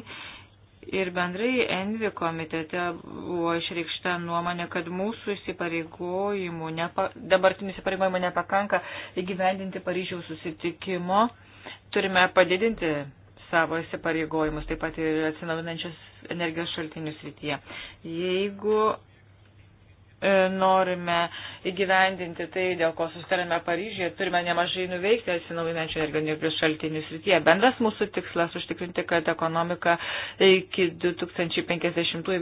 Ir bendrai Envi komitete buvo išreikšta nuomonė, kad mūsų įsipareigojimų, nepa, dabartinių įsipareigojimų nepakanka įgyvendinti Paryžiaus susitikimo. Turime padidinti savo įsipareigojimus, taip pat ir atsinaujinančios energijos šaltinių srityje. Jeigu E, norime įgyvendinti tai, dėl ko sustarėme Paryžyje, turime nemažai nuveikti atsinaujinančių energijų šaltinių srityje. Bendras mūsų tikslas užtikrinti, kad ekonomika iki 2050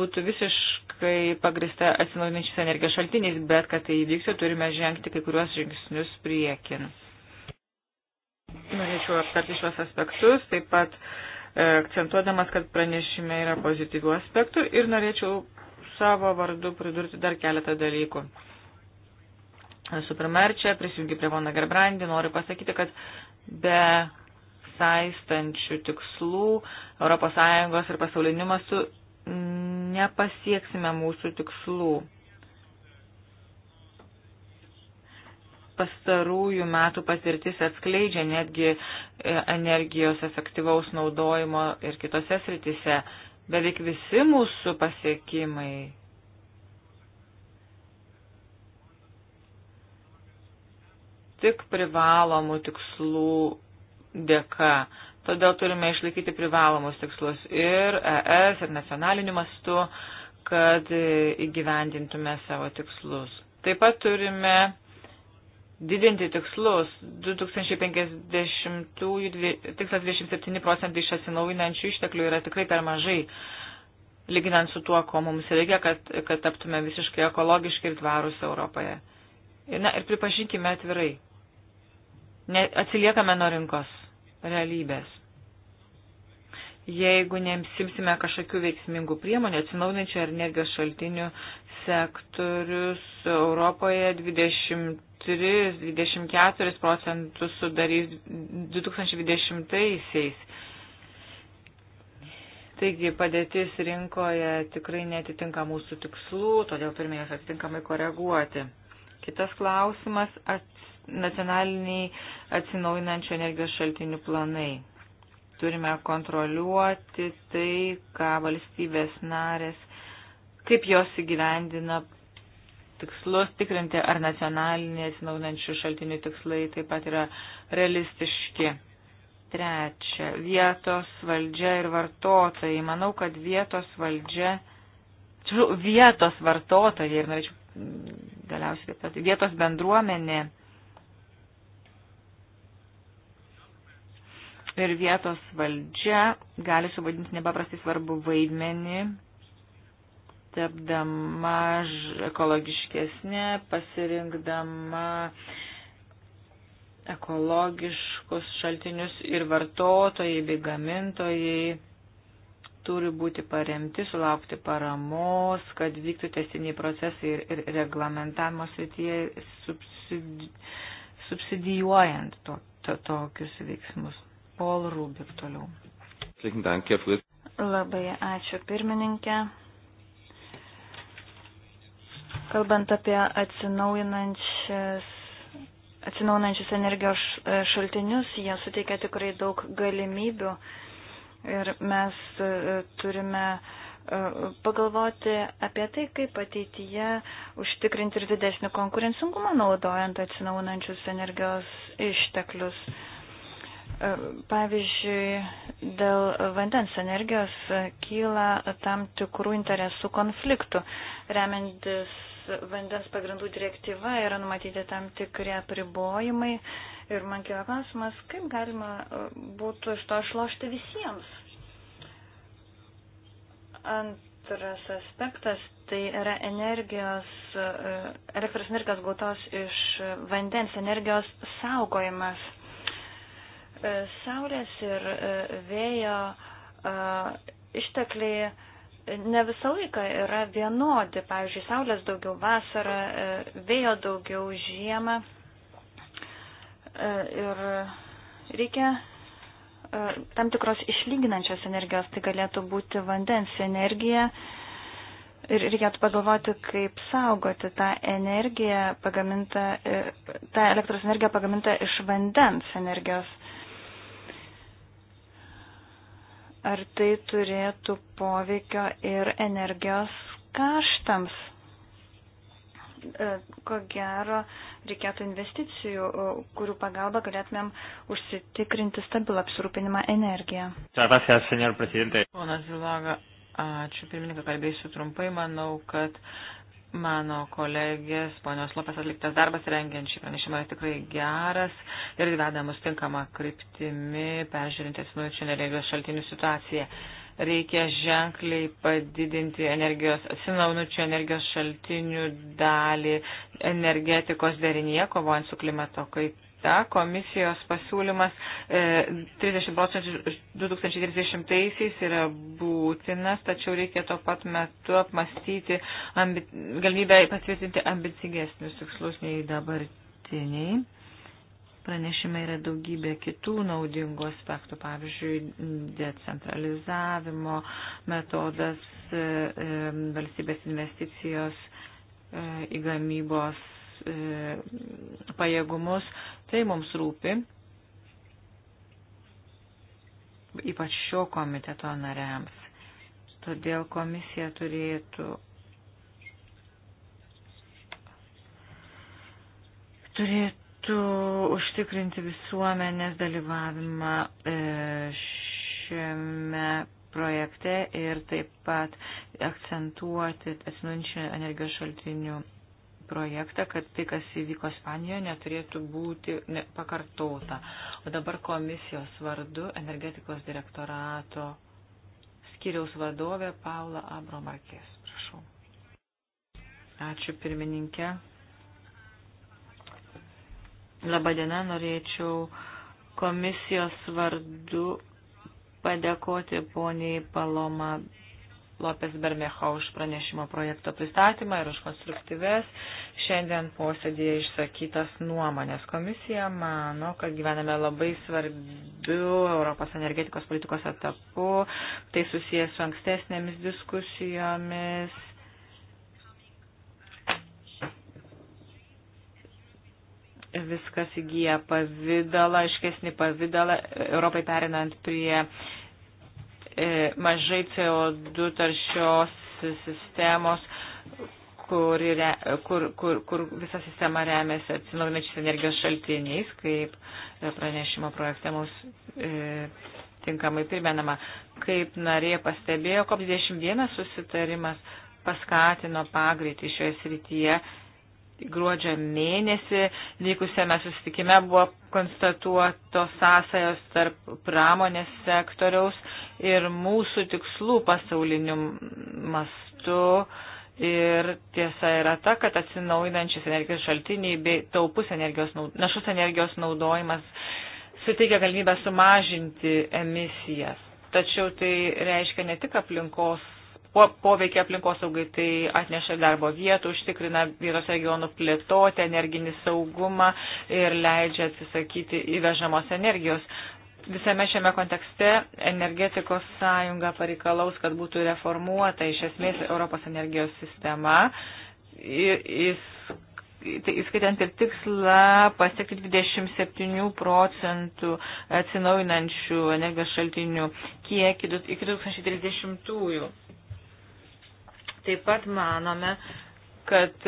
būtų visiškai pagrista atsinaujinančiais energijos šaltiniais, bet kad tai įvyks, turime žengti kai kuriuos žingsnius priekin. Norėčiau aptarti šios aspektus, taip pat e, akcentuodamas, kad pranešime yra pozityvių aspektų ir norėčiau savo vardu pridurti dar keletą dalykų. Visų pirma, ir čia prisijungi prie Vona Gerbrandi, noriu pasakyti, kad be saistančių tikslų ES ir pasauliniu mastu nepasieksime mūsų tikslų. Pastarųjų metų patirtis atskleidžia netgi e, energijos efektyvaus naudojimo ir kitose sritise beveik visi mūsų pasiekimai tik privalomų tikslų dėka. Todėl turime išlaikyti privalomus tikslus ir ES, ir nacionaliniu mastu, kad įgyvendintume savo tikslus. Taip pat turime didinti tikslus 2050 tikslas 27 procentai iš atsinaujinančių išteklių yra tikrai per mažai, lyginant su tuo, ko mums reikia, kad, kad taptume visiškai ekologiškai ir tvarus Europoje. Ir, na, ir pripažinkime atvirai, ne, atsiliekame nuo rinkos realybės. Jeigu nesimsime kažkokių veiksmingų priemonių, atsinaujinančių energijos šaltinių sektorius Europoje 20 23-24 procentus sudarys 2020-aisiais. Taigi padėtis rinkoje tikrai netitinka mūsų tikslų, todėl turime jas atitinkamai koreguoti. Kitas klausimas - nacionaliniai atsinaujinančio energijos šaltinių planai. Turime kontroliuoti tai, ką valstybės narės, kaip jos įgyvendina tikslus, tikrinti, ar nacionalinės naunančių šaltinių tikslai taip pat yra realistiški. Trečia, vietos valdžia ir vartotojai. Manau, kad vietos valdžia, vietos vartotojai ir norėčiau mm, galiausiai taip pat vietos bendruomenė ir vietos valdžia gali suvaidinti nepaprastai svarbu vaidmenį tepdama ekologiškesnė, pasirinkdama ekologiškus šaltinius ir vartotojai bei gamintojai turi būti paremti, sulaukti paramos, kad vyktų testiniai procesai ir, ir reglamentavimo srityje subsidi, subsidijuojant to, to, tokius veiksmus. Paul Rubik toliau. Labai ačiū pirmininkė. Kalbant apie atsinaujinančias atsinaunančius energijos e, šaltinius, jie suteikia tikrai daug galimybių ir mes e, turime e, pagalvoti apie tai, kaip ateityje užtikrinti ir didesnį konkurencingumą naudojant atsinaunančius energijos išteklius. Pavyzdžiui, dėl vandens energijos kyla tam tikrų interesų konfliktų, remiantis vandens pagrindų direktyva yra numatyti tam tikri apribojimai ir man kila klausimas, kaip galima e, būtų iš to išlošti visiems. Antras aspektas tai yra energijos, e, elektros energijos gautos iš vandens energijos saugojimas. E, saulės ir vėjo ištekliai ne visą laiką yra vienodi. Pavyzdžiui, saulės daugiau vasarą, e, vėjo daugiau žiemą. E, ir reikia e, tam tikros išlyginančios energijos, tai galėtų būti vandens energija. Ir reikėtų pagalvoti, kaip saugoti tą energiją pagamintą, tą elektros energiją pagamintą iš vandens energijos. ar tai turėtų poveikio ir energijos kaštams. E, ko gero, reikėtų investicijų, e, kurių pagalba galėtumėm užsitikrinti stabilą apsirūpinimą energiją. Ponas Zilaga, ačiū pirmininką, kalbėsiu trumpai. Manau, kad Mano kolegės, ponios Lopes atliktas darbas rengiant šį pranešimą yra tikrai geras ir vedamus tinkama kryptimi, peržiūrint atsinaujinčių energijos šaltinių situaciją. Reikia ženkliai padidinti energijos, atsinaujinčių energijos šaltinių dalį energetikos derinyje, kovojant su klimato kaita pateikta, komisijos pasiūlymas 30 e, procentų 2030-aisiais yra būtinas, tačiau reikia tuo pat metu apmastyti ambi... galimybę patvirtinti ambicingesnius tikslus nei dabartiniai. Pranešime yra daugybė kitų naudingų aspektų, pavyzdžiui, decentralizavimo metodas, e, e, valstybės investicijos į gamybos e, pajėgumus, tai mums rūpi, ypač šio komiteto nariams. Todėl komisija turėtų, turėtų užtikrinti visuomenės dalyvavimą e, šiame projekte ir taip pat akcentuoti atsinaujančių energijos šaltinių projektą, kad tai, kas įvyko Ispanijoje, neturėtų būti pakartota. O dabar komisijos vardu energetikos direktorato skyriaus vadovė Paula Abromarkės. Prašau. Ačiū pirmininkė. Labadiena, norėčiau komisijos vardu padėkoti poniai Paloma Lopes Bermecho už pranešimo projekto pristatymą ir už konstruktyves šiandien posėdėje išsakytas nuomonės. Komisija mano, kad gyvename labai svarbiu Europos energetikos politikos etapu, tai susijęs su ankstesnėmis diskusijomis. Viskas įgyja pavydalą, aiškesnį pavydalą, Europai perinant prie E, mažai CO2 taršios sistemos, kur, kur, kur, kur visa sistema remiasi atsinaujinančiais energijos šaltiniais, kaip pranešimo projekte mums e, tinkamai primenama. Kaip narė pastebėjo, COP21 susitarimas paskatino pagreitį šioje srityje gruodžio mėnesį vykusiame susitikime buvo konstatuotos sąsajos tarp pramonės sektoriaus ir mūsų tikslų pasauliniu mastu. Ir tiesa yra ta, kad atsinaujinančius energijos šaltiniai bei taupus energijos, našus energijos naudojimas suteikia galimybę sumažinti emisijas. Tačiau tai reiškia ne tik aplinkos po, poveikia aplinkosaugai, tai atneša darbo vietų, užtikrina vietos regionų plėtotę, energinį saugumą ir leidžia atsisakyti įvežamos energijos. Visame šiame kontekste energetikos sąjunga pareikalaus, kad būtų reformuota iš esmės Europos energijos sistema, tai įskaitant ir tikslą pasiekti 27 procentų atsinaujinančių energijos šaltinių kiekį iki 2030-ųjų. Taip pat manome, kad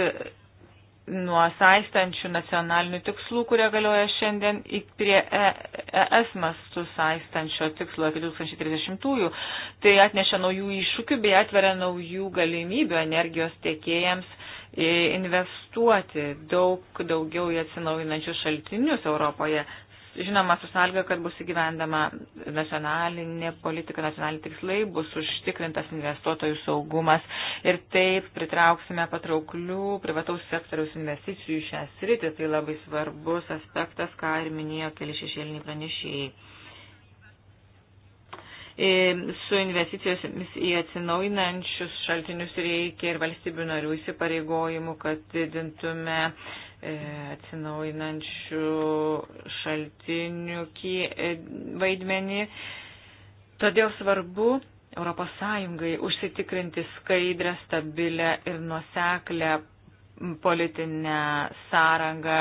nuo saistančių nacionalinių tikslų, kurie galioja šiandien, prie ES e mastų saistančio tikslo iki 2030-ųjų. Tai atneša naujų iššūkių bei atveria naujų galimybių energijos tiekėjams investuoti daug daugiau į atsinaujinančius šaltinius Europoje žinoma, su sąlyga, kad bus įgyvendama nacionalinė politika, nacionaliniai tikslai, bus užtikrintas investuotojų saugumas ir taip pritrauksime patrauklių privataus sektoriaus investicijų į šią sritį. Tai labai svarbus aspektas, ką ir minėjo keli šešėliniai pranešėjai. E, su investicijomis į atsinaujinančius šaltinius reikia ir valstybių narių įsipareigojimų, kad didintume E, atsinaujinančių šaltinių e, vaidmenį. Todėl svarbu ES užsitikrinti skaidrę, stabilę ir nuseklę politinę sąrangą,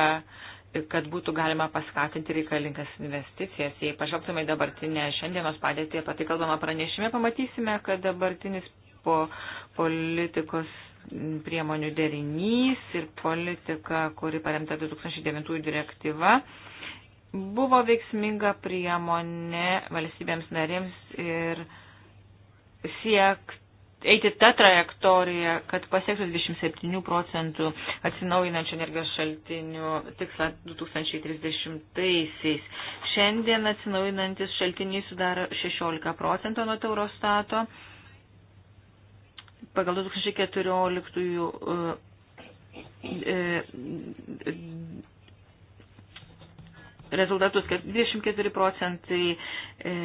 kad būtų galima paskatinti reikalingas investicijas. Jei pažvelgtume į dabartinę šiandienos padėtį, apie tai kalbama pranešime, pamatysime, kad dabartinis po politikos priemonių derinys ir politika, kuri paremta 2009 direktyva, buvo veiksminga priemonė valstybėms narėms ir siekti eiti tą trajektoriją, kad pasiektų 27 procentų atsinaujinančių energijos šaltinių tikslą 2030-aisiais. Šiandien atsinaujinantis šaltiniai sudaro 16 procentų nuo Eurostato. stato pagal 2014 e, e, rezultatus, kad 24 procentai e,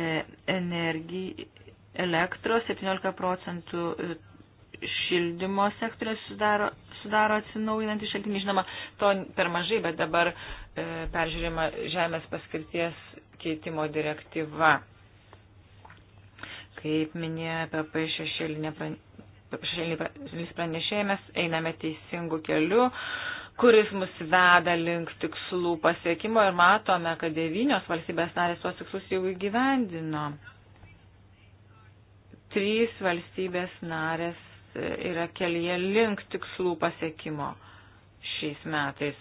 energijai elektros, 17 procentų šildymo sektorius sudaro, sudaro atsinaujinantį šaltinį. Žinoma, to per mažai, bet dabar e, peržiūrima žemės paskirties keitimo direktyva. Kaip minėjo PP šešėlinė šešėlinis pranešėjai, mes einame teisingu keliu, kuris mus veda link tikslų pasiekimo ir matome, kad devynios valstybės narės tuos tikslus jau įgyvendino. Trys valstybės narės yra kelyje link tikslų pasiekimo šiais metais.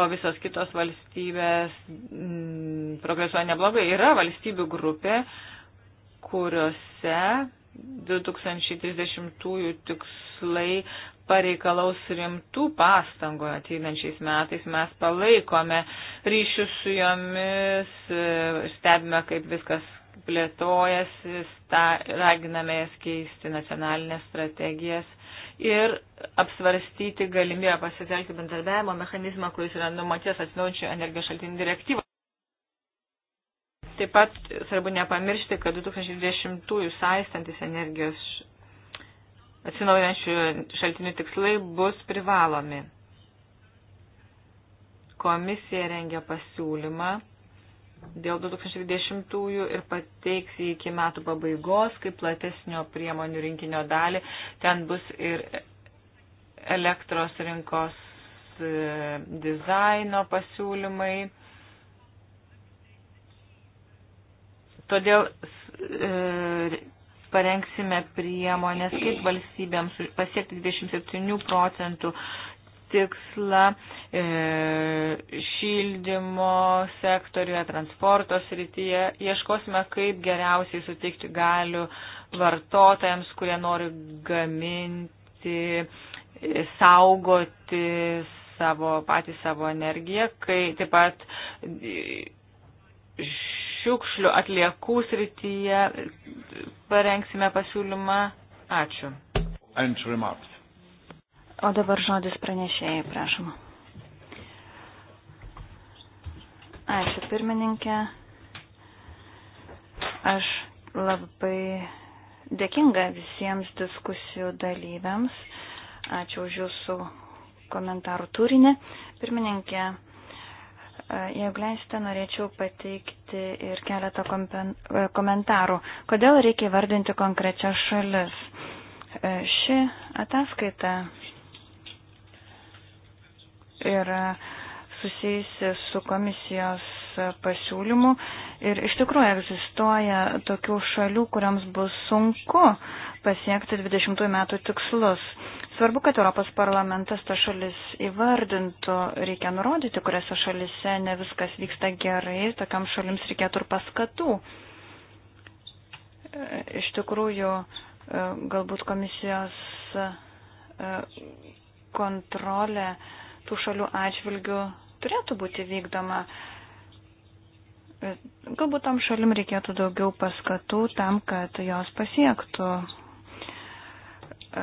o visos kitos valstybės m, mm, progresuoja neblogai. Yra valstybių grupė, kuriuose 2030-ųjų tikslai pareikalaus rimtų pastangų ateinančiais metais. Mes palaikome ryšius su jomis, stebime, kaip viskas plėtojasi, raginame jas keisti nacionalinės strategijas ir apsvarstyti galimybę pasitelkti bendradarbiavimo mechanizmą, kuris yra numatytas atsinaujančių energijos šaltinių direktyvą. Taip pat svarbu nepamiršti, kad 2020-ųjų saistantis energijos atsinaujančių šaltinių tikslai bus privalomi. Komisija rengia pasiūlymą dėl 2020-ųjų ir pateiks jį iki metų pabaigos, kaip platesnio priemonių rinkinio dalį. Ten bus ir elektros rinkos e, dizaino pasiūlymai Todėl e, parengsime priemonės, kaip valstybėms pasiekti 27 procentų tikslą e, šildymo sektoriuje, transporto srityje. Ieškosime, kaip geriausiai suteikti galių vartotojams, kurie nori gaminti, e, saugoti savo, patį savo energiją, kai taip pat e, šiukšlių atliekų srityje parengsime pasiūlymą. Ačiū. O dabar žodis pranešėjai, prašom. Ačiū pirmininkė. Aš labai dėkinga visiems diskusijų dalyviams. Ačiū už jūsų komentarų turinį. Pirmininkė, E, jeigu leisite, norėčiau pateikti ir keletą e, komentarų. Kodėl reikia vardinti konkrečias šalis? E, ši ataskaita yra susijusi su komisijos pasiūlymu ir iš tikrųjų egzistuoja tokių šalių, kuriams bus sunku pasiekti 20 metų tikslus. Svarbu, kad Europos parlamentas tą šalis įvardintų, reikia nurodyti, kuriuose šalise ne viskas vyksta gerai, tokiam šalims reikėtų ir paskatų. Iš tikrųjų, galbūt komisijos e, kontrolė tų šalių atžvilgių turėtų būti vykdoma. Galbūt tam šalim reikėtų daugiau paskatų tam, kad jos pasiektų E,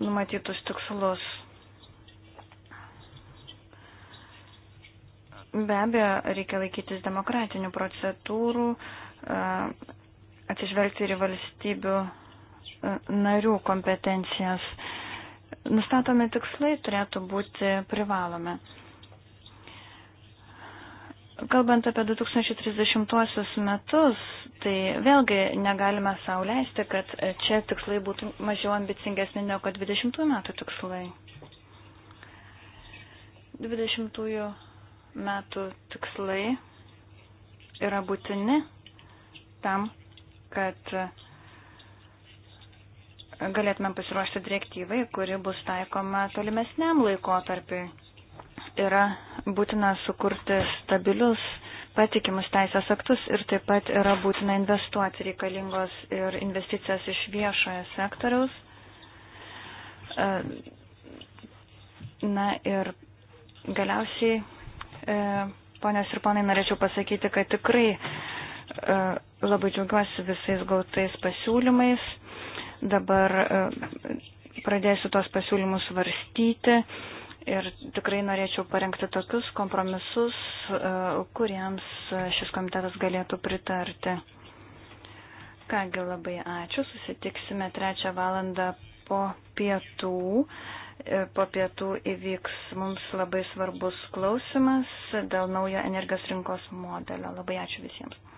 numatytus tikslus. Be abejo, reikia laikytis demokratinių procedūrų, e, atsižvelgti ir į valstybių e, narių kompetencijas. Nustatomi tikslai turėtų būti privalomi. Kalbant apie 2030 metus, tai vėlgi negalime sauliaisti, kad čia tikslai būtų mažiau ambicingesni negu 20 metų tikslai. 20 metų tikslai yra būtini tam, kad galėtume pasiruošti direktyvai, kuri bus taikoma tolimesniam laikotarpiui. Yra būtina sukurti stabilius, patikimus teisės aktus ir taip pat yra būtina investuoti reikalingos ir investicijas iš viešojo sektoriaus. E, na ir galiausiai, e, ponės ir ponai, norėčiau pasakyti, kad tikrai e, labai džiaugiuosi visais gautais pasiūlymais. Dabar pradėsiu tos pasiūlymus svarstyti Ir tikrai norėčiau parengti tokius kompromisus, e, kuriems šis komitetas galėtų pritarti. Kągi labai ačiū, susitiksime trečią valandą po pietų. E, po pietų įvyks mums labai svarbus klausimas dėl naujo energijos rinkos modelio. Labai ačiū visiems.